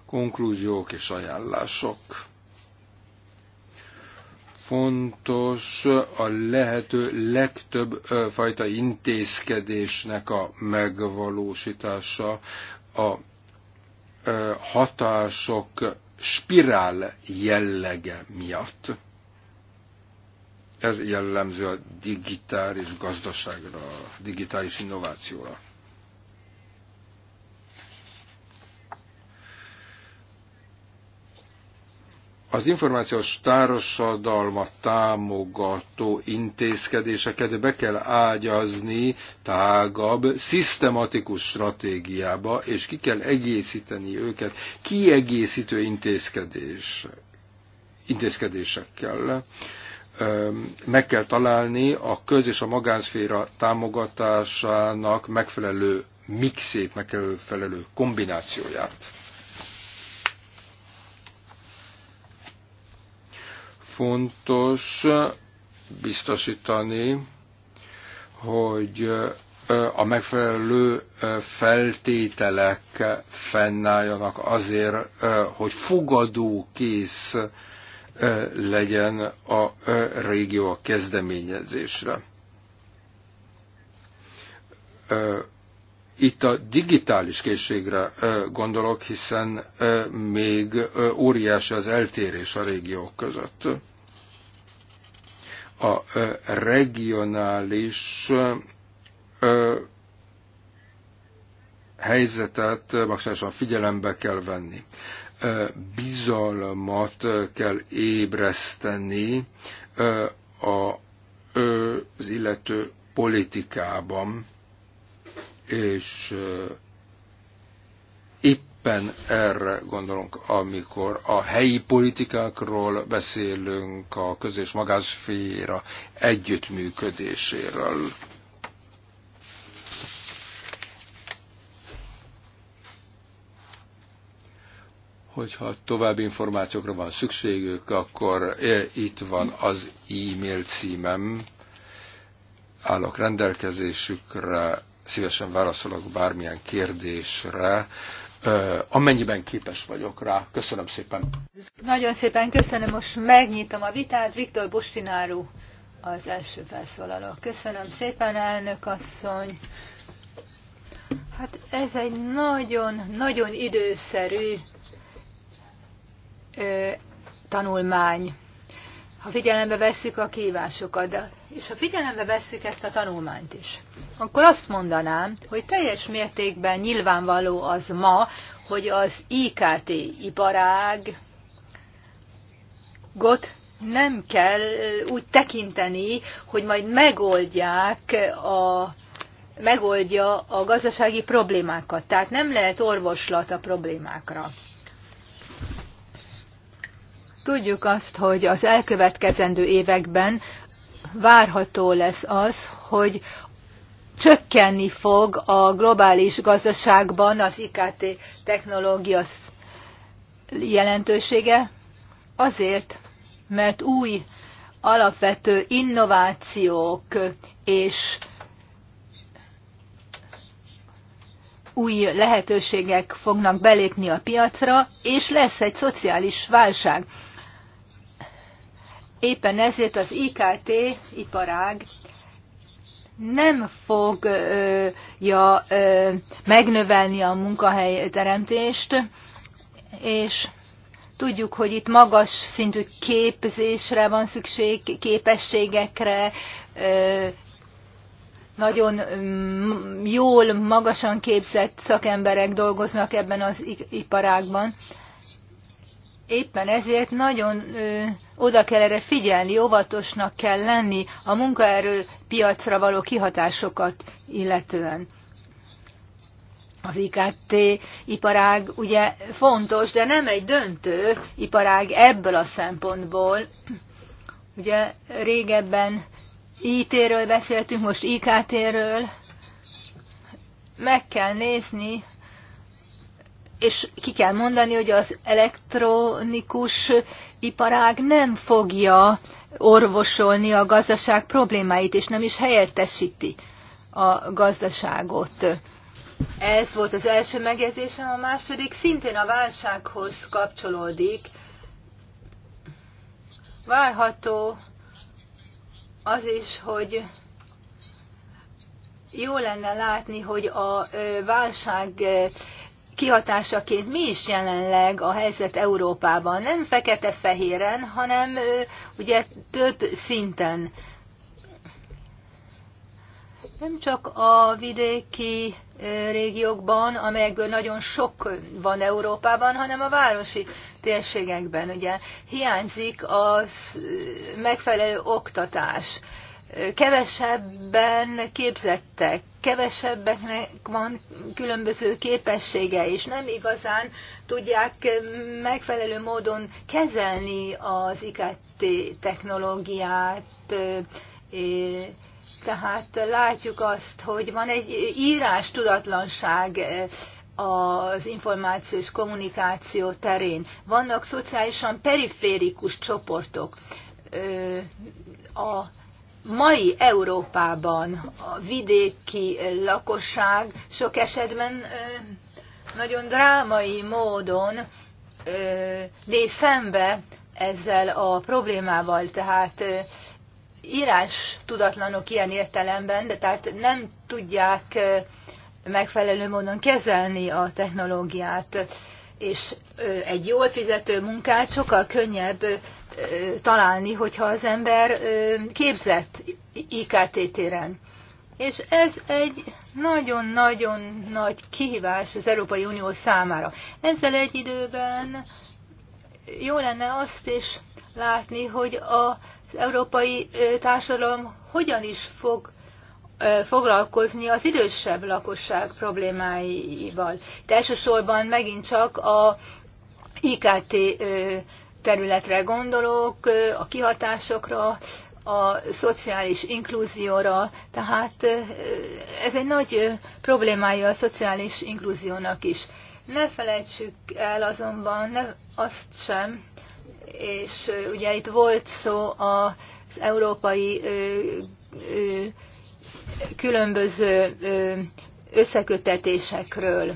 Konklúziók és ajánlások fontos a lehető legtöbb fajta intézkedésnek a megvalósítása, a hatások spirál jellege miatt. Ez jellemző a digitális gazdaságra, a digitális innovációra. az információs társadalmat támogató intézkedéseket be kell ágyazni tágabb, szisztematikus stratégiába, és ki kell egészíteni őket kiegészítő intézkedés, intézkedésekkel. Meg kell találni a köz- és a magánszféra támogatásának megfelelő mixét, megfelelő kombinációját fontos biztosítani, hogy a megfelelő feltételek fennálljanak azért, hogy fogadókész legyen a régió a kezdeményezésre itt a digitális készségre gondolok, hiszen még óriási az eltérés a régiók között. A regionális helyzetet maximálisan figyelembe kell venni. Bizalmat kell ébreszteni az illető politikában és éppen erre gondolunk, amikor a helyi politikákról beszélünk, a köz- és magánszféra együttműködéséről. hogyha további információkra van szükségük, akkor itt van az e-mail címem, állok rendelkezésükre, szívesen válaszolok bármilyen kérdésre, amennyiben képes vagyok rá. Köszönöm szépen. Nagyon szépen köszönöm. Most megnyitom a vitát. Viktor Bostináru az első felszólaló. Köszönöm szépen, elnök asszony. Hát ez egy nagyon-nagyon időszerű ö, tanulmány. Ha figyelembe vesszük a kívásokat, de és ha figyelembe vesszük ezt a tanulmányt is, akkor azt mondanám, hogy teljes mértékben nyilvánvaló az ma, hogy az IKT iparág got nem kell úgy tekinteni, hogy majd megoldják a, megoldja a gazdasági problémákat. Tehát nem lehet orvoslat a problémákra. Tudjuk azt, hogy az elkövetkezendő években várható lesz az, hogy csökkenni fog a globális gazdaságban az IKT technológia jelentősége, azért, mert új alapvető innovációk és új lehetőségek fognak belépni a piacra, és lesz egy szociális válság. Éppen ezért az IKT iparág nem fogja megnövelni a munkahely teremtést, és tudjuk, hogy itt magas szintű képzésre van szükség, képességekre, nagyon jól, magasan képzett szakemberek dolgoznak ebben az iparágban. Éppen ezért nagyon ö, oda kell erre figyelni, óvatosnak kell lenni a munkaerő piacra való kihatásokat illetően. Az IKT iparág ugye fontos, de nem egy döntő iparág ebből a szempontból. Ugye régebben IT-ről beszéltünk, most IKT-ről. Meg kell nézni, és ki kell mondani, hogy az elektronikus iparág nem fogja orvosolni a gazdaság problémáit, és nem is helyettesíti a gazdaságot. Ez volt az első megjegyzésem, a második szintén a válsághoz kapcsolódik. Várható az is, hogy jó lenne látni, hogy a válság kihatásaként mi is jelenleg a helyzet Európában. Nem fekete-fehéren, hanem ugye több szinten. Nem csak a vidéki régiókban, amelyekből nagyon sok van Európában, hanem a városi térségekben. Ugye hiányzik a megfelelő oktatás kevesebben képzettek, kevesebbeknek van különböző képessége, és nem igazán tudják megfelelő módon kezelni az IKT technológiát, tehát látjuk azt, hogy van egy írás tudatlanság az információs kommunikáció terén. Vannak szociálisan periférikus csoportok. A mai Európában a vidéki lakosság sok esetben nagyon drámai módon néz szembe ezzel a problémával. Tehát írás tudatlanok ilyen értelemben, de tehát nem tudják megfelelő módon kezelni a technológiát, és egy jól fizető munkát sokkal könnyebb találni, hogyha az ember képzett IKTT-ren. És ez egy nagyon-nagyon nagy kihívás az Európai Unió számára. Ezzel egy időben jó lenne azt is látni, hogy az európai társadalom hogyan is fog foglalkozni az idősebb lakosság problémáival. De elsősorban megint csak a IKT területre gondolok, a kihatásokra, a szociális inkluzióra, tehát ez egy nagy problémája a szociális inklúziónak is. Ne felejtsük el azonban ne azt sem, és ugye itt volt szó az európai ö, ö, különböző ö, összekötetésekről.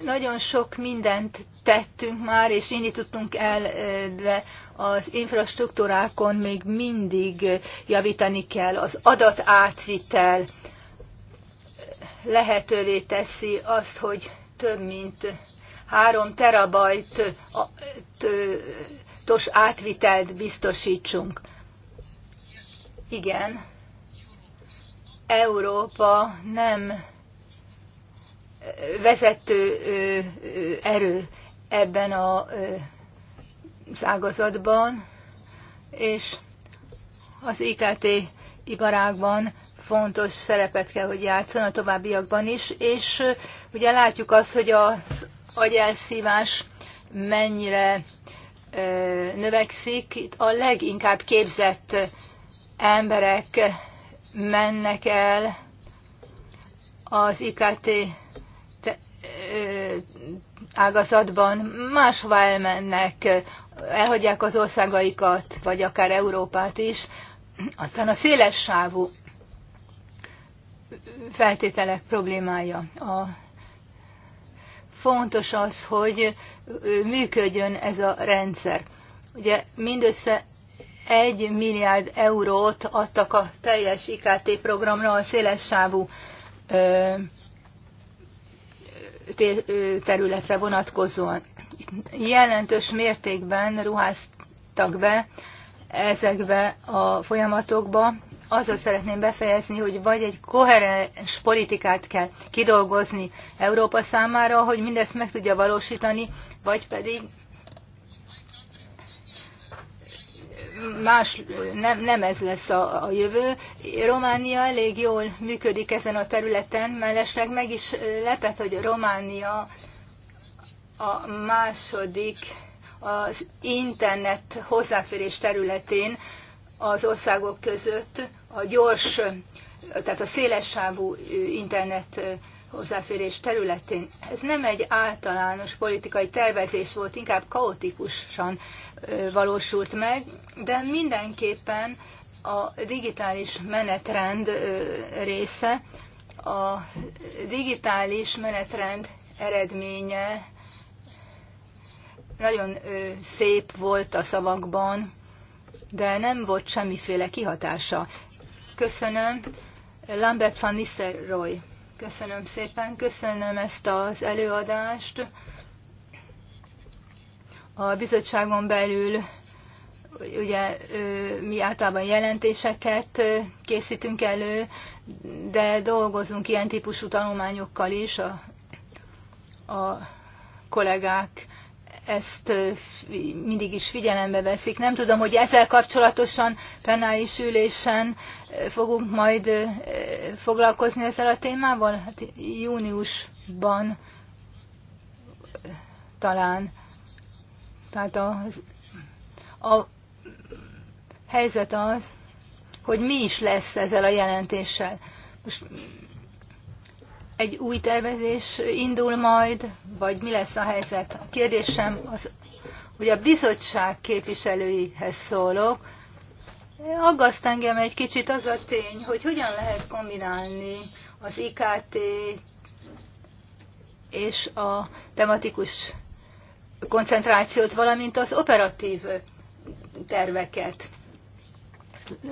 Nagyon sok mindent tettünk már, és indítottunk el, de az infrastruktúrákon még mindig javítani kell. Az adatátvitel lehetővé teszi azt, hogy több mint három terabajtos átvitelt biztosítsunk. Igen, Európa nem vezető erő ebben a, az ágazatban, és az IKT iparágban fontos szerepet kell, hogy játszon a továbbiakban is, és ugye látjuk azt, hogy az agyelszívás mennyire növekszik. Itt a leginkább képzett emberek mennek el az IKT ágazatban máshova elmennek, elhagyják az országaikat, vagy akár Európát is. Aztán a széles sávú feltételek problémája. A fontos az, hogy működjön ez a rendszer. Ugye mindössze egy milliárd eurót adtak a teljes IKT programra a széles sávú területre vonatkozóan. Jelentős mértékben ruháztak be ezekbe a folyamatokba. Azzal szeretném befejezni, hogy vagy egy koherens politikát kell kidolgozni Európa számára, hogy mindezt meg tudja valósítani, vagy pedig más, nem, nem ez lesz a, a jövő. Románia elég jól működik ezen a területen, mellesleg meg is lepet, hogy Románia a második az internet hozzáférés területén az országok között a gyors, tehát a szélessávú internet hozzáférés területén. Ez nem egy általános politikai tervezés volt, inkább kaotikusan valósult meg, de mindenképpen a digitális menetrend része, a digitális menetrend eredménye nagyon szép volt a szavakban, de nem volt semmiféle kihatása. Köszönöm. Lambert van Nisseroy. Köszönöm szépen, köszönöm ezt az előadást. A bizottságon belül ugye mi általában jelentéseket készítünk elő, de dolgozunk ilyen típusú tanulmányokkal is a, a kollégák ezt mindig is figyelembe veszik. Nem tudom, hogy ezzel kapcsolatosan penális ülésen fogunk majd foglalkozni ezzel a témával. Hát júniusban talán. Tehát a, a helyzet az, hogy mi is lesz ezzel a jelentéssel. Most egy új tervezés indul majd, vagy mi lesz a helyzet? A kérdésem az, hogy a bizottság képviselőihez szólok. Aggaszt engem egy kicsit az a tény, hogy hogyan lehet kombinálni az IKT és a tematikus koncentrációt, valamint az operatív terveket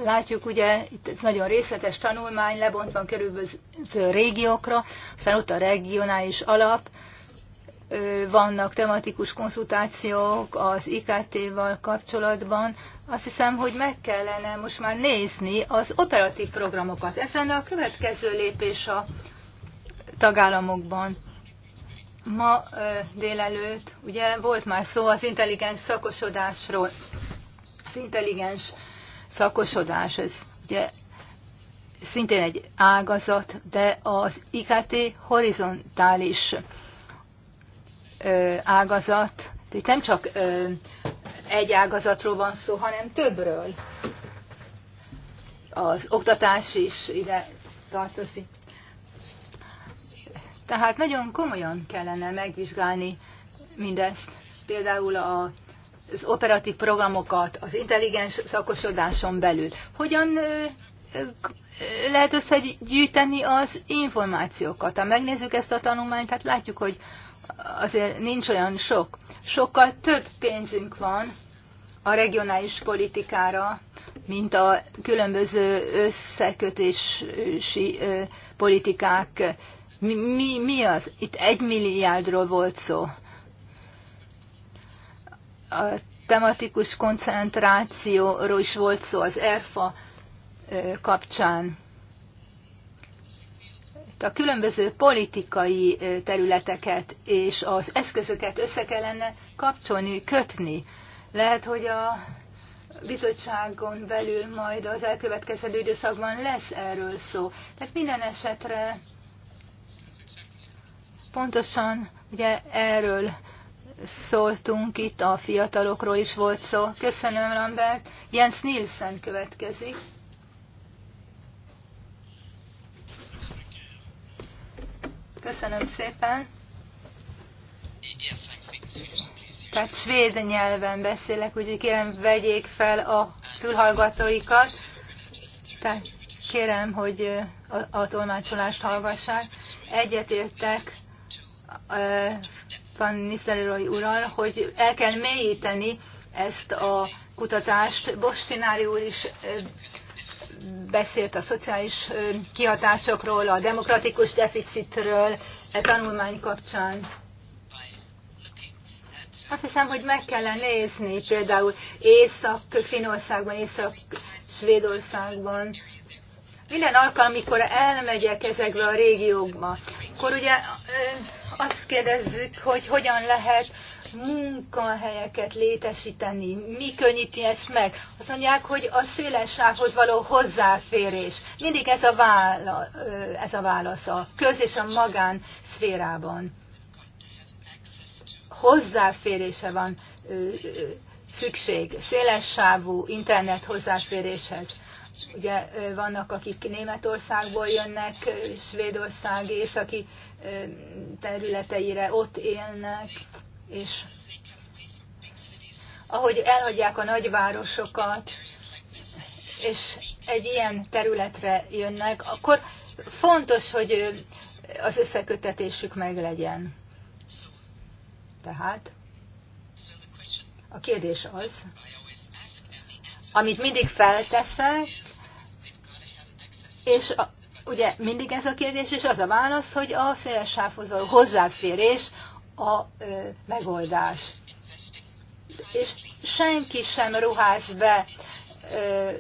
látjuk, ugye itt ez nagyon részletes tanulmány, lebontva körülbelül régiókra, aztán ott a regionális alap, vannak tematikus konzultációk az IKT-val kapcsolatban. Azt hiszem, hogy meg kellene most már nézni az operatív programokat. Ez lenne a következő lépés a tagállamokban. Ma délelőtt ugye volt már szó az intelligens szakosodásról, az intelligens szakosodás, ez ugye szintén egy ágazat, de az IKT horizontális ágazat, itt nem csak egy ágazatról van szó, hanem többről. Az oktatás is ide tartozik. Tehát nagyon komolyan kellene megvizsgálni mindezt. Például a az operatív programokat az intelligens szakosodáson belül. Hogyan lehet összegyűjteni az információkat? Ha megnézzük ezt a tanulmányt, hát látjuk, hogy azért nincs olyan sok. Sokkal több pénzünk van a regionális politikára, mint a különböző összekötési politikák. Mi, mi, mi az? Itt egy milliárdról volt szó a tematikus koncentrációról is volt szó az ERFA kapcsán. A különböző politikai területeket és az eszközöket össze kellene kapcsolni, kötni. Lehet, hogy a bizottságon belül majd az elkövetkező időszakban lesz erről szó. Tehát minden esetre pontosan ugye erről szóltunk itt, a fiatalokról is volt szó. Köszönöm, Lambert. Jens Nielsen következik. Köszönöm szépen. Tehát svéd nyelven beszélek, úgyhogy kérem, vegyék fel a fülhallgatóikat. Tehát kérem, hogy a, a tolmácsolást hallgassák. Egyetértek van Nisztelőrói ural, hogy el kell mélyíteni ezt a kutatást. Bostinári úr is beszélt a szociális kihatásokról, a demokratikus deficitről a e tanulmány kapcsán. Azt hiszem, hogy meg kellene nézni például Észak-Finországban, Észak-Svédországban. Minden alkalom, amikor elmegyek ezekbe a régiókba, akkor ugye azt kérdezzük, hogy hogyan lehet munkahelyeket létesíteni, mi könnyíti ezt meg. Azt mondják, hogy a széles sávhoz való hozzáférés. Mindig ez a, vála, ez a válasz a köz és a magán szférában. Hozzáférése van szükség, széles sávú internet hozzáféréshez. Ugye vannak, akik Németországból jönnek, Svédország északi területeire ott élnek, és ahogy elhagyják a nagyvárosokat, és egy ilyen területre jönnek, akkor fontos, hogy az összekötetésük meglegyen. Tehát a kérdés az, amit mindig felteszek, és a, ugye mindig ez a kérdés, és az a válasz, hogy a széles sávhoz való hozzáférés a ö, megoldás. És senki sem ruház be ö,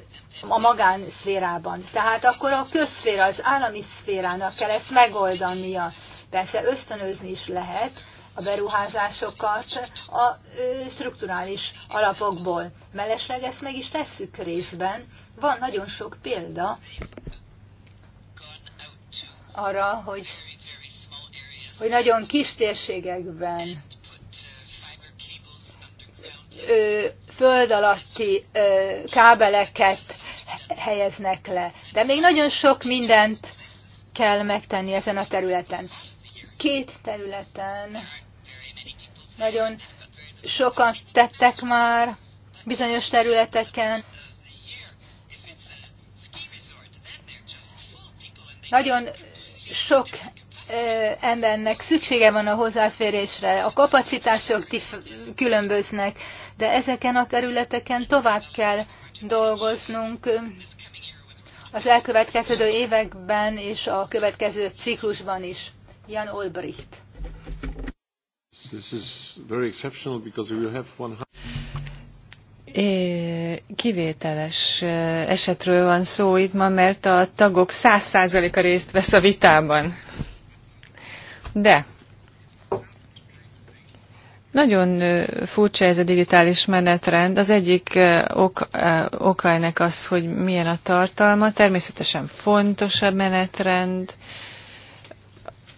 a magánszférában. Tehát akkor a közszféra, az állami szférának kell ezt megoldania. Persze ösztönözni is lehet a beruházásokat a strukturális alapokból. Mellesleg ezt meg is tesszük részben. Van nagyon sok példa arra, hogy, hogy nagyon kis térségekben föld alatti kábeleket helyeznek le. De még nagyon sok mindent kell megtenni ezen a területen. Két területen nagyon sokan tettek már bizonyos területeken. Nagyon sok embernek szüksége van a hozzáférésre, a kapacitások különböznek, de ezeken a területeken tovább kell dolgoznunk az elkövetkező években és a következő ciklusban is. Jan Olbricht. This is very exceptional because we will have one Kivételes esetről van szó itt ma, mert a tagok száz százaléka részt vesz a vitában. De nagyon furcsa ez a digitális menetrend. Az egyik ok, oka ennek az, hogy milyen a tartalma. Természetesen fontos a menetrend,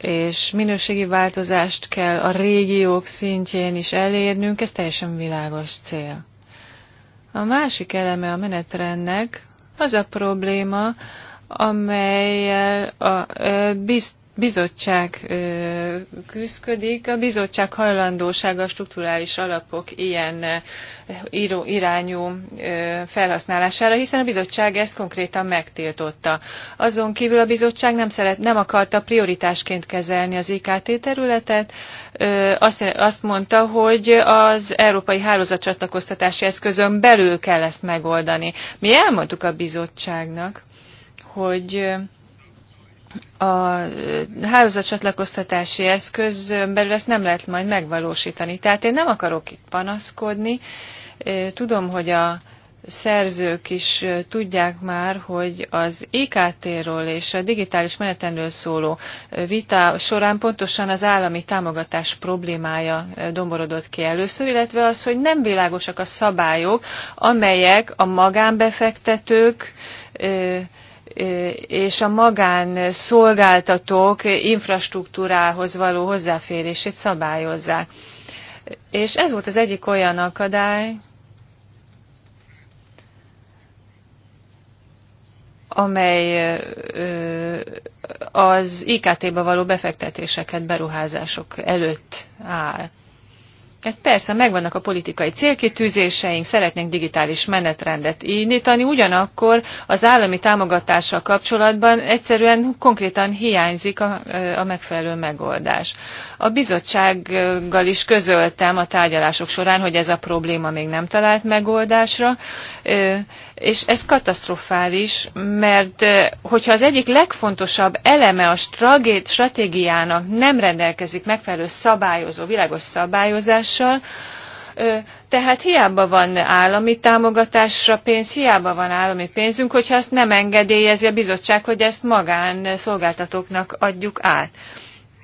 és minőségi változást kell a régiók szintjén is elérnünk. Ez teljesen világos cél. A másik eleme a menetrendnek az a probléma, amelyel a bizt, bizottság küzdködik. A bizottság hajlandósága a strukturális alapok ilyen irányú felhasználására, hiszen a bizottság ezt konkrétan megtiltotta. Azon kívül a bizottság nem, szeret, nem akarta prioritásként kezelni az IKT területet, azt mondta, hogy az európai hálózatcsatlakoztatási eszközön belül kell ezt megoldani. Mi elmondtuk a bizottságnak, hogy a hálózatcsatlakoztatási eszköz belül ezt nem lehet majd megvalósítani. Tehát én nem akarok itt panaszkodni. Tudom, hogy a szerzők is tudják már, hogy az ikt ről és a digitális menetenről szóló vita során pontosan az állami támogatás problémája domborodott ki először, illetve az, hogy nem világosak a szabályok, amelyek a magánbefektetők és a magán szolgáltatók infrastruktúrához való hozzáférését szabályozzák. És ez volt az egyik olyan akadály, amely az IKT-ba való befektetéseket, beruházások előtt áll. Hát persze, megvannak a politikai célkitűzéseink, szeretnénk digitális menetrendet indítani, ugyanakkor az állami támogatással kapcsolatban egyszerűen konkrétan hiányzik a, a megfelelő megoldás. A bizottsággal is közöltem a tárgyalások során, hogy ez a probléma még nem talált megoldásra és ez katasztrofális, mert hogyha az egyik legfontosabb eleme a stratégiának nem rendelkezik megfelelő szabályozó, világos szabályozással, tehát hiába van állami támogatásra pénz, hiába van állami pénzünk, hogyha ezt nem engedélyezi a bizottság, hogy ezt magán szolgáltatóknak adjuk át.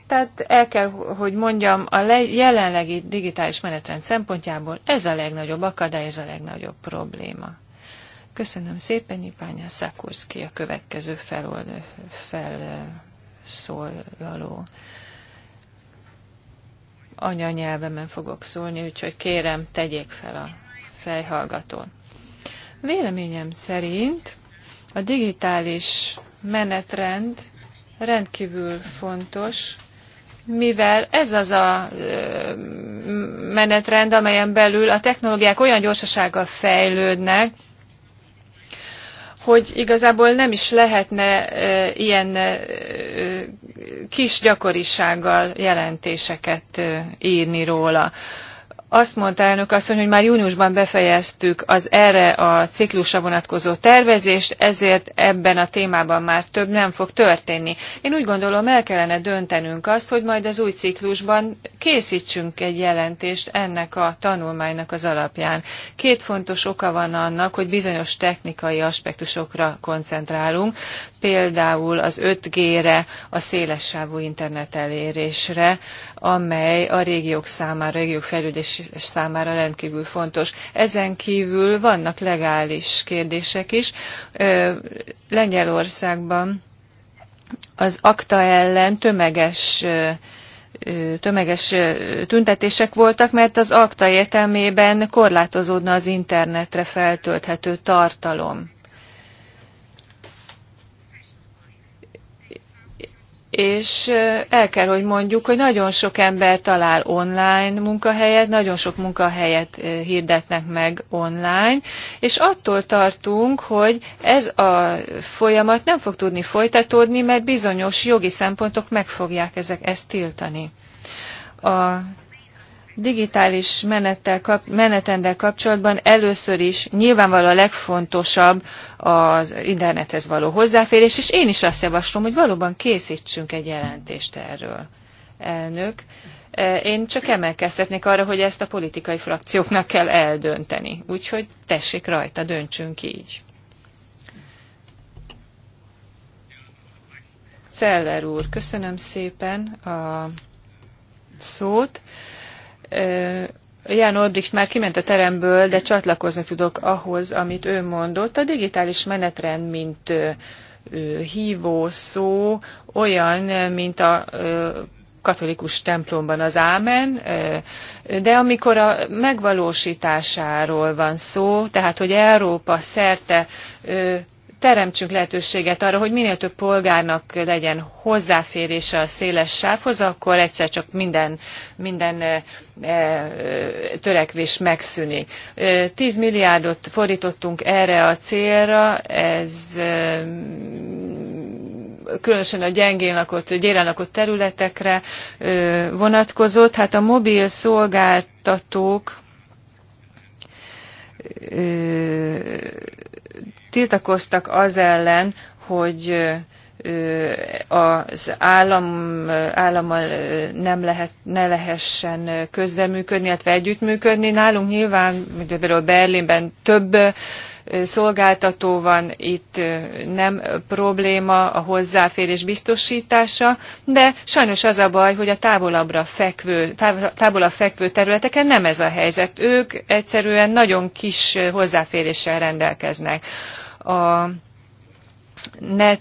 Tehát el kell, hogy mondjam, a jelenlegi digitális menetrend szempontjából ez a legnagyobb akadály, ez a legnagyobb probléma. Köszönöm szépen, Ipánya Szakurszki a következő felold, felszólaló anyanyelvemen fogok szólni, úgyhogy kérem, tegyék fel a fejhallgatót. Véleményem szerint a digitális menetrend rendkívül fontos, mivel ez az a menetrend, amelyen belül a technológiák olyan gyorsasággal fejlődnek, hogy igazából nem is lehetne ilyen kis gyakorisággal jelentéseket írni róla azt mondta elnök asszony, hogy már júniusban befejeztük az erre a ciklusra vonatkozó tervezést, ezért ebben a témában már több nem fog történni. Én úgy gondolom, el kellene döntenünk azt, hogy majd az új ciklusban készítsünk egy jelentést ennek a tanulmánynak az alapján. Két fontos oka van annak, hogy bizonyos technikai aspektusokra koncentrálunk például az 5G-re, a szélessávú internet elérésre, amely a régiók számára, a régiók fejlődés számára rendkívül fontos. Ezen kívül vannak legális kérdések is. Lengyelországban az akta ellen tömeges tömeges tüntetések voltak, mert az akta értelmében korlátozódna az internetre feltölthető tartalom. és el kell, hogy mondjuk, hogy nagyon sok ember talál online munkahelyet, nagyon sok munkahelyet hirdetnek meg online, és attól tartunk, hogy ez a folyamat nem fog tudni folytatódni, mert bizonyos jogi szempontok meg fogják ezek, ezt tiltani. A digitális menettel kap, menetendel kapcsolatban először is nyilvánvalóan a legfontosabb az internethez való hozzáférés, és én is azt javaslom, hogy valóban készítsünk egy jelentést erről. Elnök, e, én csak emelkeztetnék arra, hogy ezt a politikai frakcióknak kell eldönteni. Úgyhogy tessék rajta, döntsünk így. Celler úr, köszönöm szépen a szót. Ján Olbricht már kiment a teremből, de csatlakozni tudok ahhoz, amit ő mondott. A digitális menetrend, mint hívó szó, olyan, mint a katolikus templomban az ámen, de amikor a megvalósításáról van szó, tehát hogy Európa szerte teremtsünk lehetőséget arra, hogy minél több polgárnak legyen hozzáférése a széles sávhoz, akkor egyszer csak minden, minden eh, eh, törekvés megszűnik. 10 eh, milliárdot fordítottunk erre a célra, ez különösen a gyengén lakott, gyéren lakott területekre vonatkozott. Hát a mobil szolgáltatók tiltakoztak az ellen, hogy az állam, állammal nem lehet, ne lehessen közreműködni, illetve együttműködni. Nálunk nyilván, mint például Berlinben több szolgáltató van, itt nem probléma a hozzáférés biztosítása, de sajnos az a baj, hogy a távolabbra fekvő, távolabb fekvő területeken nem ez a helyzet. Ők egyszerűen nagyon kis hozzáféréssel rendelkeznek a net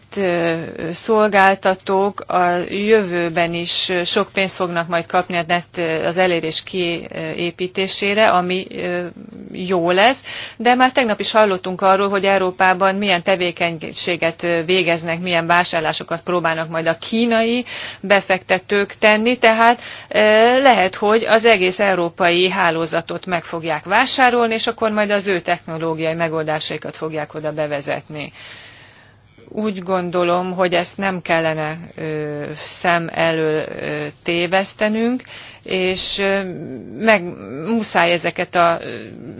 szolgáltatók a jövőben is sok pénzt fognak majd kapni a net az elérés kiépítésére, ami jó lesz, de már tegnap is hallottunk arról, hogy Európában milyen tevékenységet végeznek, milyen vásárlásokat próbálnak majd a kínai befektetők tenni, tehát lehet, hogy az egész európai hálózatot meg fogják vásárolni, és akkor majd az ő technológiai megoldásaikat fogják oda bevezetni úgy gondolom, hogy ezt nem kellene szem elől tévesztenünk, és meg, muszáj ezeket a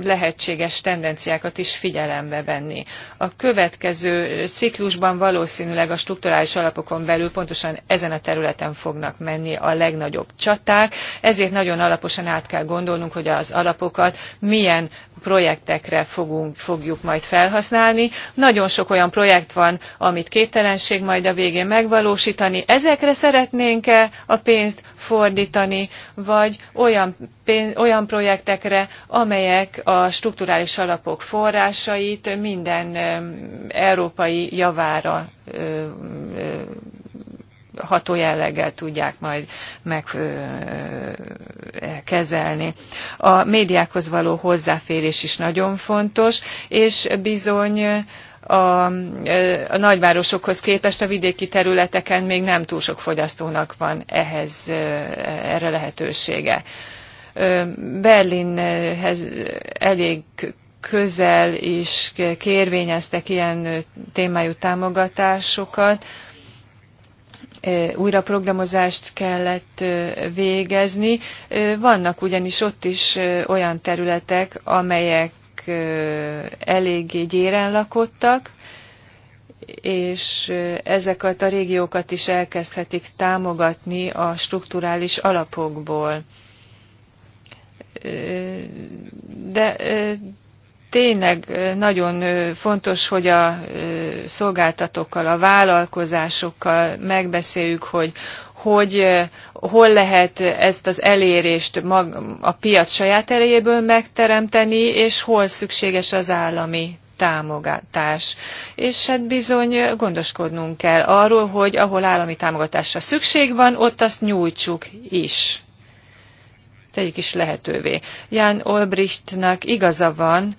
lehetséges tendenciákat is figyelembe venni. A következő ciklusban valószínűleg a strukturális alapokon belül pontosan ezen a területen fognak menni a legnagyobb csaták, ezért nagyon alaposan át kell gondolnunk, hogy az alapokat milyen projektekre fogunk, fogjuk majd felhasználni. Nagyon sok olyan projekt van, amit képtelenség majd a végén megvalósítani. Ezekre szeretnénk-e a pénzt, fordítani, vagy olyan, pénz, olyan projektekre, amelyek a strukturális alapok forrásait minden európai javára ható jelleggel tudják majd megkezelni. A médiákhoz való hozzáférés is nagyon fontos, és bizony a, a nagyvárosokhoz képest a vidéki területeken még nem túl sok fogyasztónak van ehhez erre lehetősége. Berlinhez elég közel is kérvényeztek ilyen témájú támogatásokat. Újra programozást kellett végezni. Vannak ugyanis ott is olyan területek, amelyek eléggé gyéren lakottak, és ezeket a régiókat is elkezdhetik támogatni a strukturális alapokból. De tényleg nagyon fontos, hogy a szolgáltatókkal, a vállalkozásokkal megbeszéljük, hogy hogy hol lehet ezt az elérést mag, a piac saját erejéből megteremteni, és hol szükséges az állami támogatás. És hát bizony gondoskodnunk kell arról, hogy ahol állami támogatásra szükség van, ott azt nyújtsuk is. Tegyük is lehetővé. Ján Olbrichtnak igaza van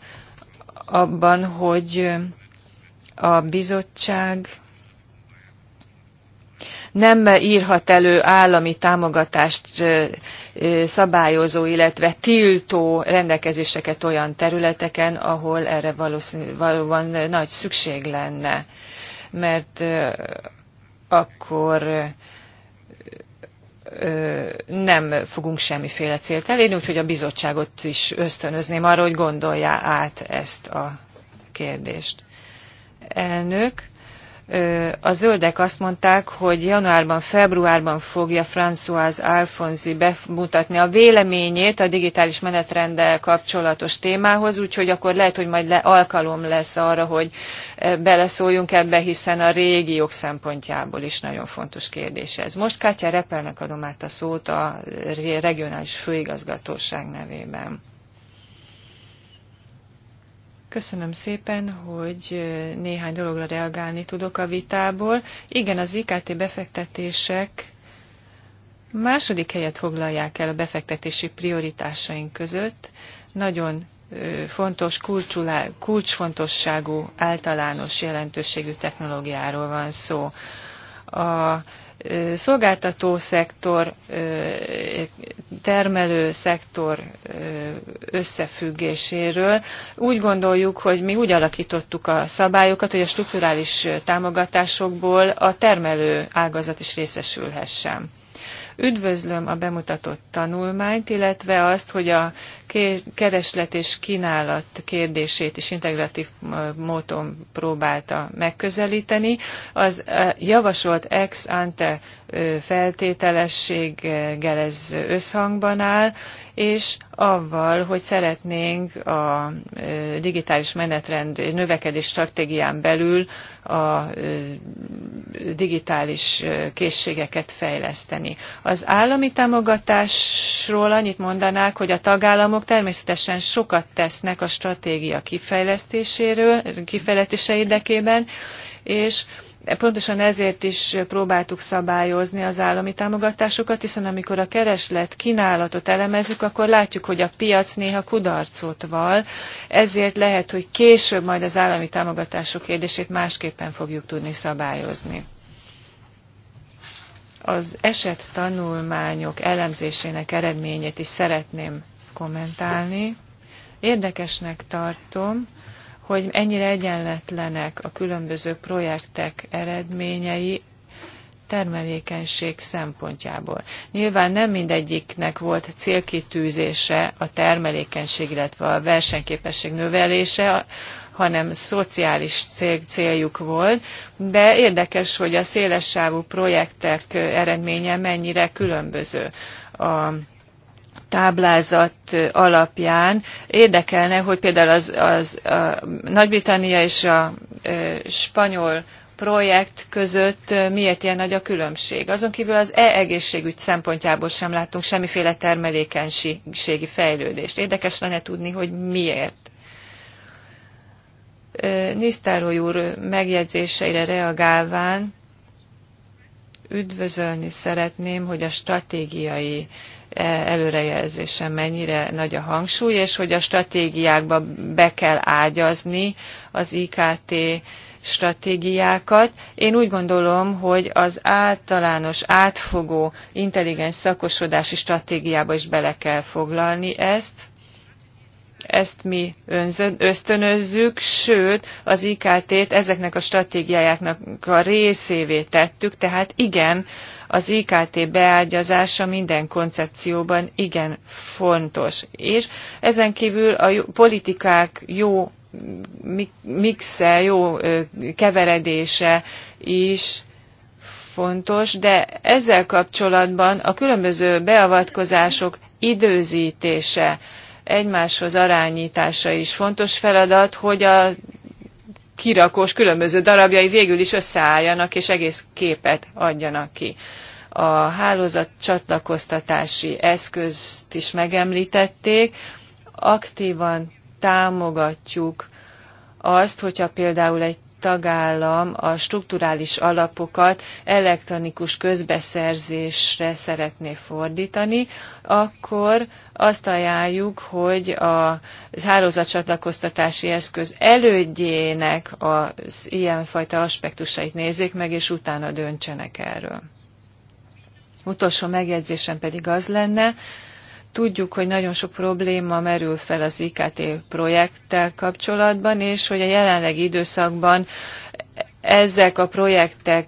abban, hogy a bizottság nem írhat elő állami támogatást szabályozó, illetve tiltó rendelkezéseket olyan területeken, ahol erre valóban nagy szükség lenne. Mert akkor nem fogunk semmiféle célt elérni, úgyhogy a bizottságot is ösztönözném arra, hogy gondolja át ezt a kérdést. Elnök, a zöldek azt mondták, hogy januárban, februárban fogja François Alfonzi bemutatni a véleményét a digitális menetrenddel kapcsolatos témához, úgyhogy akkor lehet, hogy majd le, alkalom lesz arra, hogy beleszóljunk ebbe, hiszen a régiók szempontjából is nagyon fontos kérdés ez. Most Kátya Repelnek adom át a szót a regionális főigazgatóság nevében. Köszönöm szépen, hogy néhány dologra reagálni tudok a vitából. Igen, az IKT befektetések második helyet foglalják el a befektetési prioritásaink között. Nagyon fontos, kulcsfontosságú, általános jelentőségű technológiáról van szó. A szolgáltató szektor, termelő szektor összefüggéséről. Úgy gondoljuk, hogy mi úgy alakítottuk a szabályokat, hogy a strukturális támogatásokból a termelő ágazat is részesülhessen. Üdvözlöm a bemutatott tanulmányt, illetve azt, hogy a kereslet és kínálat kérdését is integratív módon próbálta megközelíteni. Az e, javasolt ex ante feltételességgel ez összhangban áll, és avval, hogy szeretnénk a digitális menetrend növekedés stratégián belül a digitális készségeket fejleszteni. Az állami támogatásról annyit mondanák, hogy a tagállamok természetesen sokat tesznek a stratégia kifejlesztéséről, kifejletése érdekében, és pontosan ezért is próbáltuk szabályozni az állami támogatásokat, hiszen amikor a kereslet kínálatot elemezzük, akkor látjuk, hogy a piac néha kudarcot val, ezért lehet, hogy később majd az állami támogatások kérdését másképpen fogjuk tudni szabályozni az esettanulmányok elemzésének eredményét is szeretném kommentálni. Érdekesnek tartom, hogy ennyire egyenletlenek a különböző projektek eredményei termelékenység szempontjából. Nyilván nem mindegyiknek volt célkitűzése a termelékenység, illetve a versenyképesség növelése, hanem szociális cél, céljuk volt, de érdekes, hogy a szélessávú projektek eredménye mennyire különböző. A táblázat alapján. Érdekelne, hogy például az, az a Nagy-Britannia és a e, spanyol projekt között miért ilyen nagy a különbség. Azon kívül az e-egészségügy szempontjából sem látunk semmiféle termelékenységi fejlődést. Érdekes lenne tudni, hogy miért. Nisztároly úr megjegyzéseire reagálván üdvözölni szeretném, hogy a stratégiai előrejelzésen mennyire nagy a hangsúly, és hogy a stratégiákba be kell ágyazni az IKT stratégiákat. Én úgy gondolom, hogy az általános, átfogó, intelligens szakosodási stratégiába is bele kell foglalni ezt, ezt mi ösztönözzük, sőt, az IKT-t ezeknek a stratégiájáknak a részévé tettük, tehát igen, az IKT beágyazása minden koncepcióban igen fontos. És ezen kívül a politikák jó mixe, jó keveredése is fontos, de ezzel kapcsolatban a különböző beavatkozások időzítése, egymáshoz arányítása is fontos feladat, hogy a kirakós különböző darabjai végül is összeálljanak és egész képet adjanak ki. A hálózat csatlakoztatási eszközt is megemlítették. Aktívan támogatjuk azt, hogyha például egy tagállam a strukturális alapokat elektronikus közbeszerzésre szeretné fordítani, akkor azt ajánljuk, hogy a hálózatcsatlakoztatási eszköz elődjének az ilyenfajta aspektusait nézzék meg, és utána döntsenek erről. Utolsó megjegyzésem pedig az lenne, Tudjuk, hogy nagyon sok probléma merül fel az IKT projekttel kapcsolatban, és hogy a jelenlegi időszakban ezek a projektek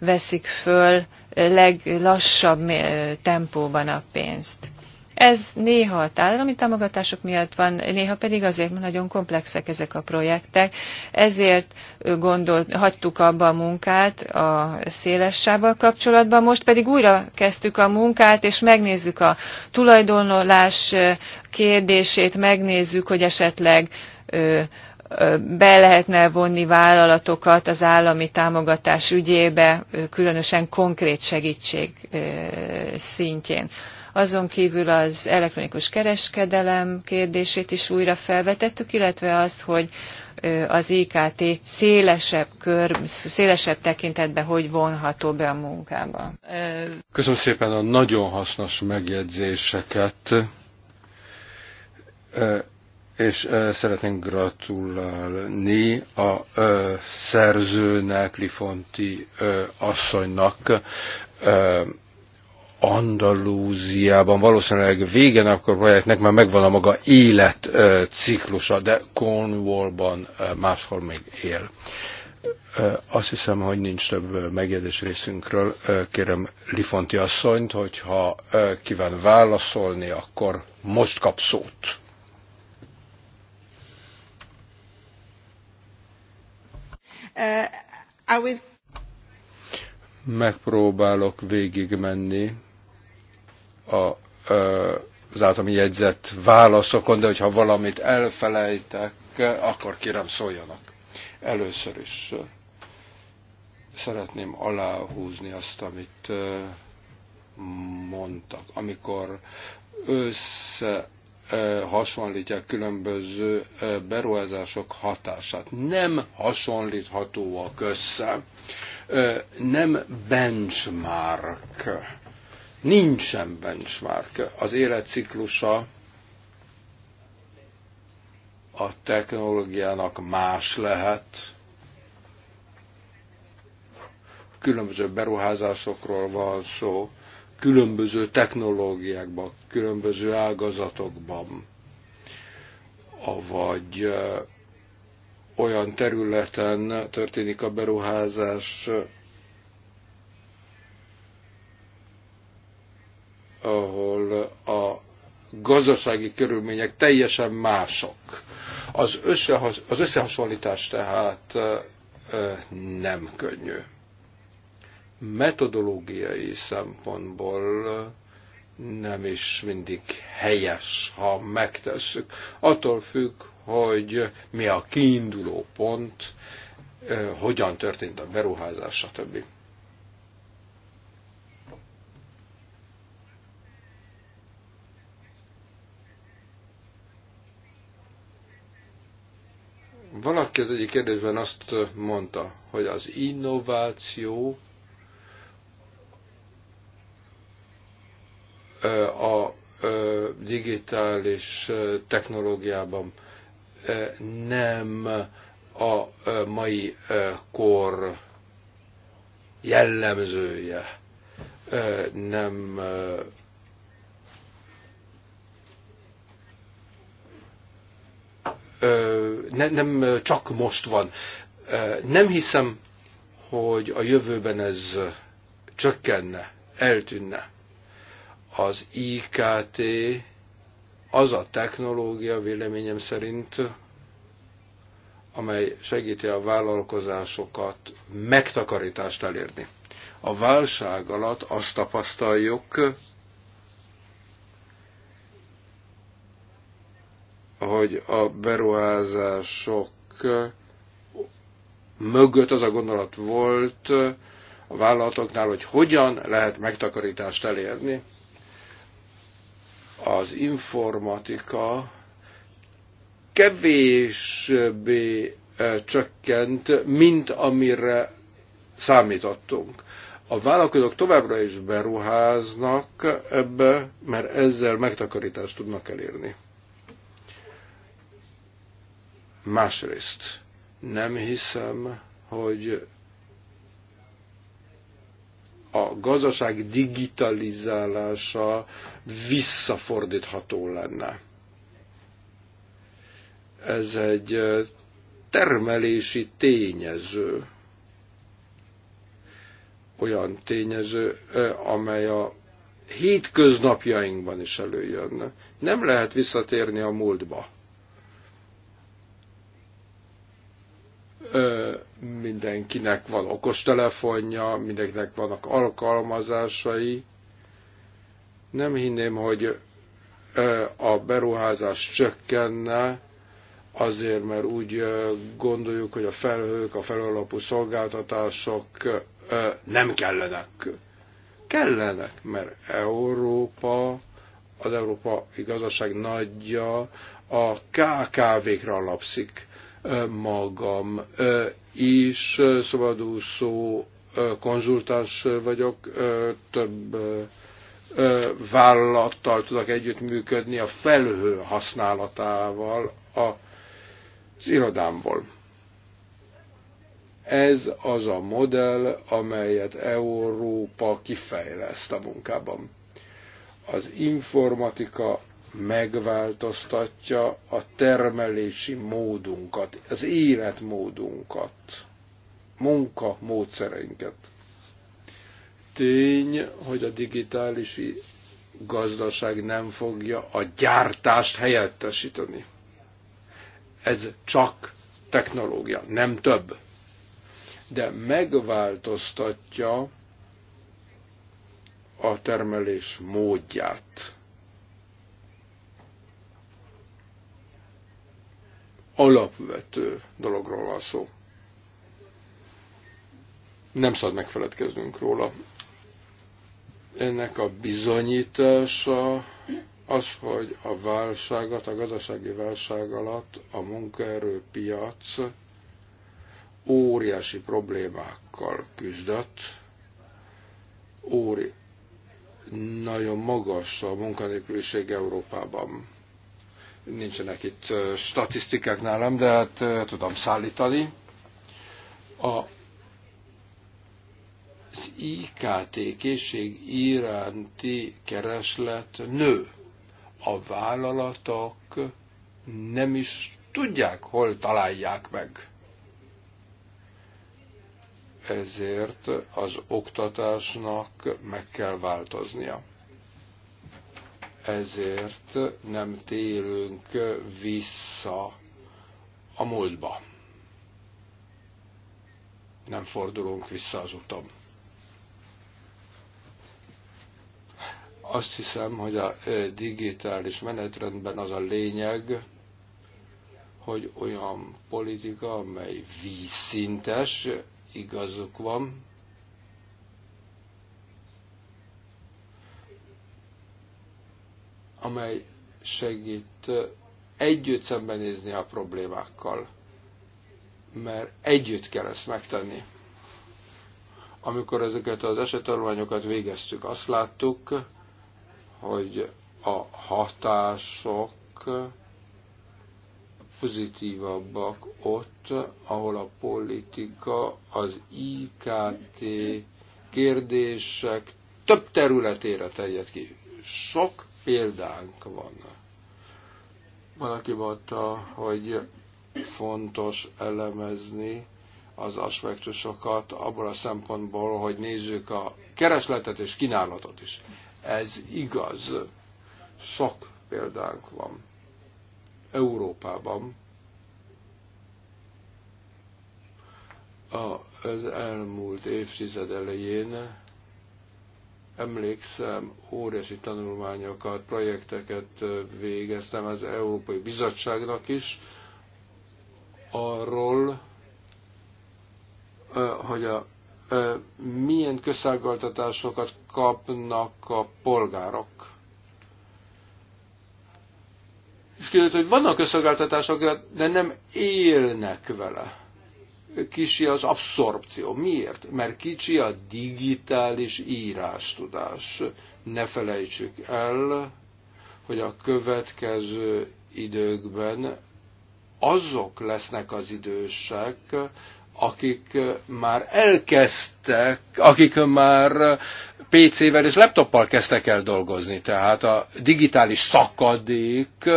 veszik föl leglassabb tempóban a pénzt. Ez néha a állami támogatások miatt van, néha pedig azért, mert nagyon komplexek ezek a projektek. Ezért gondolt, hagytuk abba a munkát a széles sávval kapcsolatban, most pedig újra kezdtük a munkát, és megnézzük a tulajdonolás kérdését, megnézzük, hogy esetleg be lehetne vonni vállalatokat az állami támogatás ügyébe, különösen konkrét segítség szintjén. Azon kívül az elektronikus kereskedelem kérdését is újra felvetettük, illetve azt, hogy az IKT szélesebb kör, szélesebb tekintetben hogy vonható be a munkába. Köszönöm szépen a nagyon hasznos megjegyzéseket, és szeretnénk gratulálni a szerzőnek, Lifonti asszonynak, Andalúziában valószínűleg végen, akkor a projektnek már megvan a maga életciklusa, de Cornwallban máshol még él. Azt hiszem, hogy nincs több megjegyzés részünkről. Kérem Lifonti asszonyt, hogyha kíván válaszolni, akkor most kap szót. Uh, I will... Megpróbálok végigmenni a, az általam jegyzett válaszokon, de hogyha valamit elfelejtek, akkor kérem szóljanak. Először is szeretném aláhúzni azt, amit mondtak. Amikor össze hasonlítják különböző beruházások hatását. Nem hasonlíthatóak össze. Nem benchmark nincsen benchmark. Az életciklusa a technológiának más lehet. Különböző beruházásokról van szó, különböző technológiákban, különböző ágazatokban, vagy olyan területen történik a beruházás, ahol a gazdasági körülmények teljesen mások. Az, összehas, az összehasonlítás tehát nem könnyű. Metodológiai szempontból nem is mindig helyes, ha megtesszük. Attól függ, hogy mi a kiinduló pont, hogyan történt a beruházás, stb. aki az egyik kérdésben azt mondta, hogy az innováció a digitális technológiában nem a mai kor jellemzője, nem ö, ne, nem csak most van. Nem hiszem, hogy a jövőben ez csökkenne, eltűnne. Az IKT az a technológia véleményem szerint, amely segíti a vállalkozásokat megtakarítást elérni. A válság alatt azt tapasztaljuk, hogy a beruházások mögött az a gondolat volt a vállalatoknál, hogy hogyan lehet megtakarítást elérni. Az informatika kevésbé eh, csökkent, mint amire számítottunk. A vállalkozók továbbra is beruháznak ebbe, mert ezzel megtakarítást tudnak elérni. Másrészt nem hiszem, hogy a gazdaság digitalizálása visszafordítható lenne. Ez egy termelési tényező, olyan tényező, amely a hétköznapjainkban is előjön. Nem lehet visszatérni a múltba. mindenkinek van okostelefonja, mindenkinek vannak alkalmazásai. Nem hinném, hogy a beruházás csökkenne, azért, mert úgy gondoljuk, hogy a felhők, a felalapú szolgáltatások nem kellenek. Kellenek, mert Európa, az Európa gazdaság nagyja a KKV-kra alapszik magam is szabadúszó konzultáns vagyok, több vállalattal tudok együttműködni a felhő használatával az irodámból. Ez az a modell, amelyet Európa kifejleszt a munkában. Az informatika megváltoztatja a termelési módunkat, az életmódunkat, munkamódszereinket. Tény, hogy a digitális gazdaság nem fogja a gyártást helyettesíteni. Ez csak technológia, nem több. De megváltoztatja a termelés módját alapvető dologról van szó. Nem szabad megfeledkeznünk róla. Ennek a bizonyítása az, hogy a válságot, a gazdasági válság alatt a munkaerőpiac óriási problémákkal küzdött, óri, nagyon magas a munkanélküliség Európában. Nincsenek itt statisztikák nálam, de hát tudom szállítani. A az IKT készség iránti kereslet nő. A vállalatok nem is tudják, hol találják meg. Ezért az oktatásnak meg kell változnia ezért nem térünk vissza a múltba. Nem fordulunk vissza az utam. Azt hiszem, hogy a e, digitális menetrendben az a lényeg, hogy olyan politika, amely vízszintes, igazuk van, amely segít együtt szembenézni a problémákkal, mert együtt kell ezt megtenni. Amikor ezeket az esettanulmányokat végeztük, azt láttuk, hogy a hatások pozitívabbak ott, ahol a politika az IKT kérdések több területére terjed ki. Sok példánk van. Valaki mondta, hogy fontos elemezni az aspektusokat abból a szempontból, hogy nézzük a keresletet és kínálatot is. Ez igaz. Sok példánk van. Európában az elmúlt évtized elején emlékszem, óriási tanulmányokat, projekteket végeztem az Európai Bizottságnak is, arról, hogy a, milyen közszágoltatásokat kapnak a polgárok. És kiderült, hogy vannak közszolgáltatások, de nem élnek vele kicsi az abszorpció. Miért? Mert kicsi a digitális írástudás. Ne felejtsük el, hogy a következő időkben azok lesznek az idősek, akik már elkezdtek, akik már PC-vel és laptoppal kezdtek el dolgozni. Tehát a digitális szakadék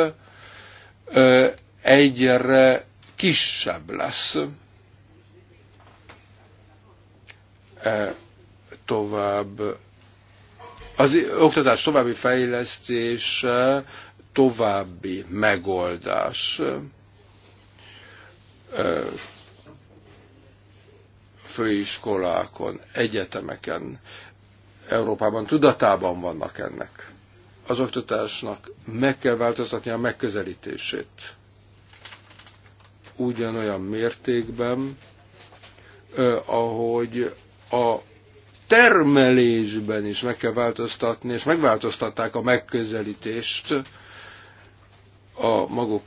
egyre kisebb lesz. E, tovább az oktatás további fejlesztése további megoldás e, főiskolákon, egyetemeken, Európában tudatában vannak ennek. Az oktatásnak meg kell változtatni a megközelítését. Ugyanolyan mértékben, ahogy a termelésben is meg kell változtatni, és megváltoztatták a megközelítést a maguk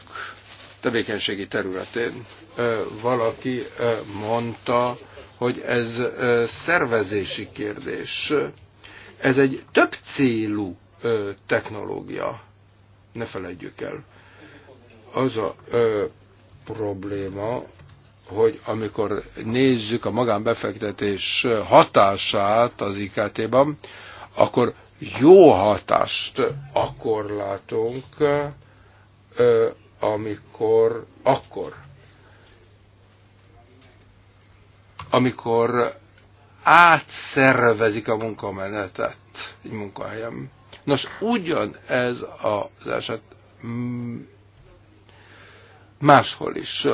tevékenységi területén. Valaki mondta, hogy ez szervezési kérdés. Ez egy több célú technológia. Ne felejtjük el. Az a probléma, hogy amikor nézzük a magánbefektetés hatását az IKT-ban, akkor jó hatást akkor látunk, amikor akkor, amikor átszervezik a munkamenetet egy munkahelyem. Nos, ugyan ez az eset máshol is,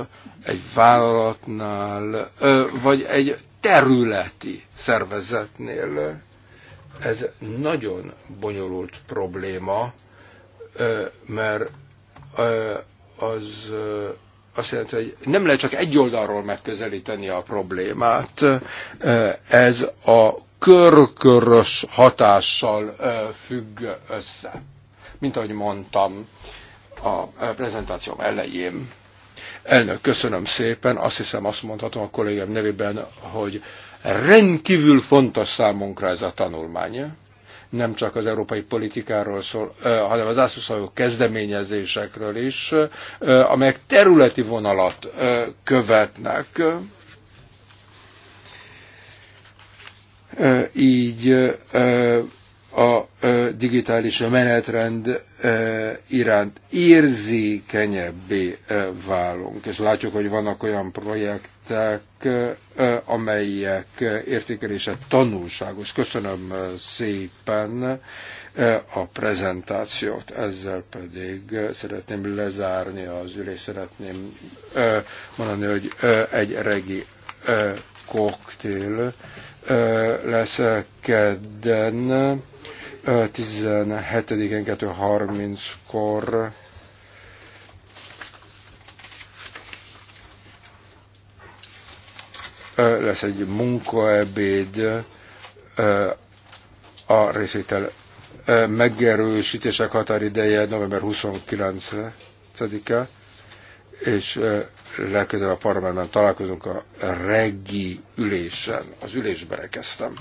egy vállalatnál, vagy egy területi szervezetnél. Ez nagyon bonyolult probléma, mert az azt jelenti, hogy nem lehet csak egy oldalról megközelíteni a problémát. Ez a körkörös hatással függ össze. Mint ahogy mondtam, a prezentációm elején. Elnök, köszönöm szépen. Azt hiszem, azt mondhatom a kollégám nevében, hogy rendkívül fontos számunkra ez a tanulmány. Nem csak az európai politikáról szól, hanem az ászuszajók kezdeményezésekről is, amelyek területi vonalat követnek. Így a digitális menetrend iránt érzékenyebbé válunk, és látjuk, hogy vannak olyan projektek, amelyek értékelése tanulságos. Köszönöm szépen a prezentációt, ezzel pedig szeretném lezárni az ülést, szeretném mondani, hogy egy regi koktél lesz kedden 17-én 2.30-kor lesz egy munkaebéd a részétel megerősítések határideje november 29-e és legközelebb a parlamentben találkozunk a reggi ülésen. Az ülésbe rekeztem.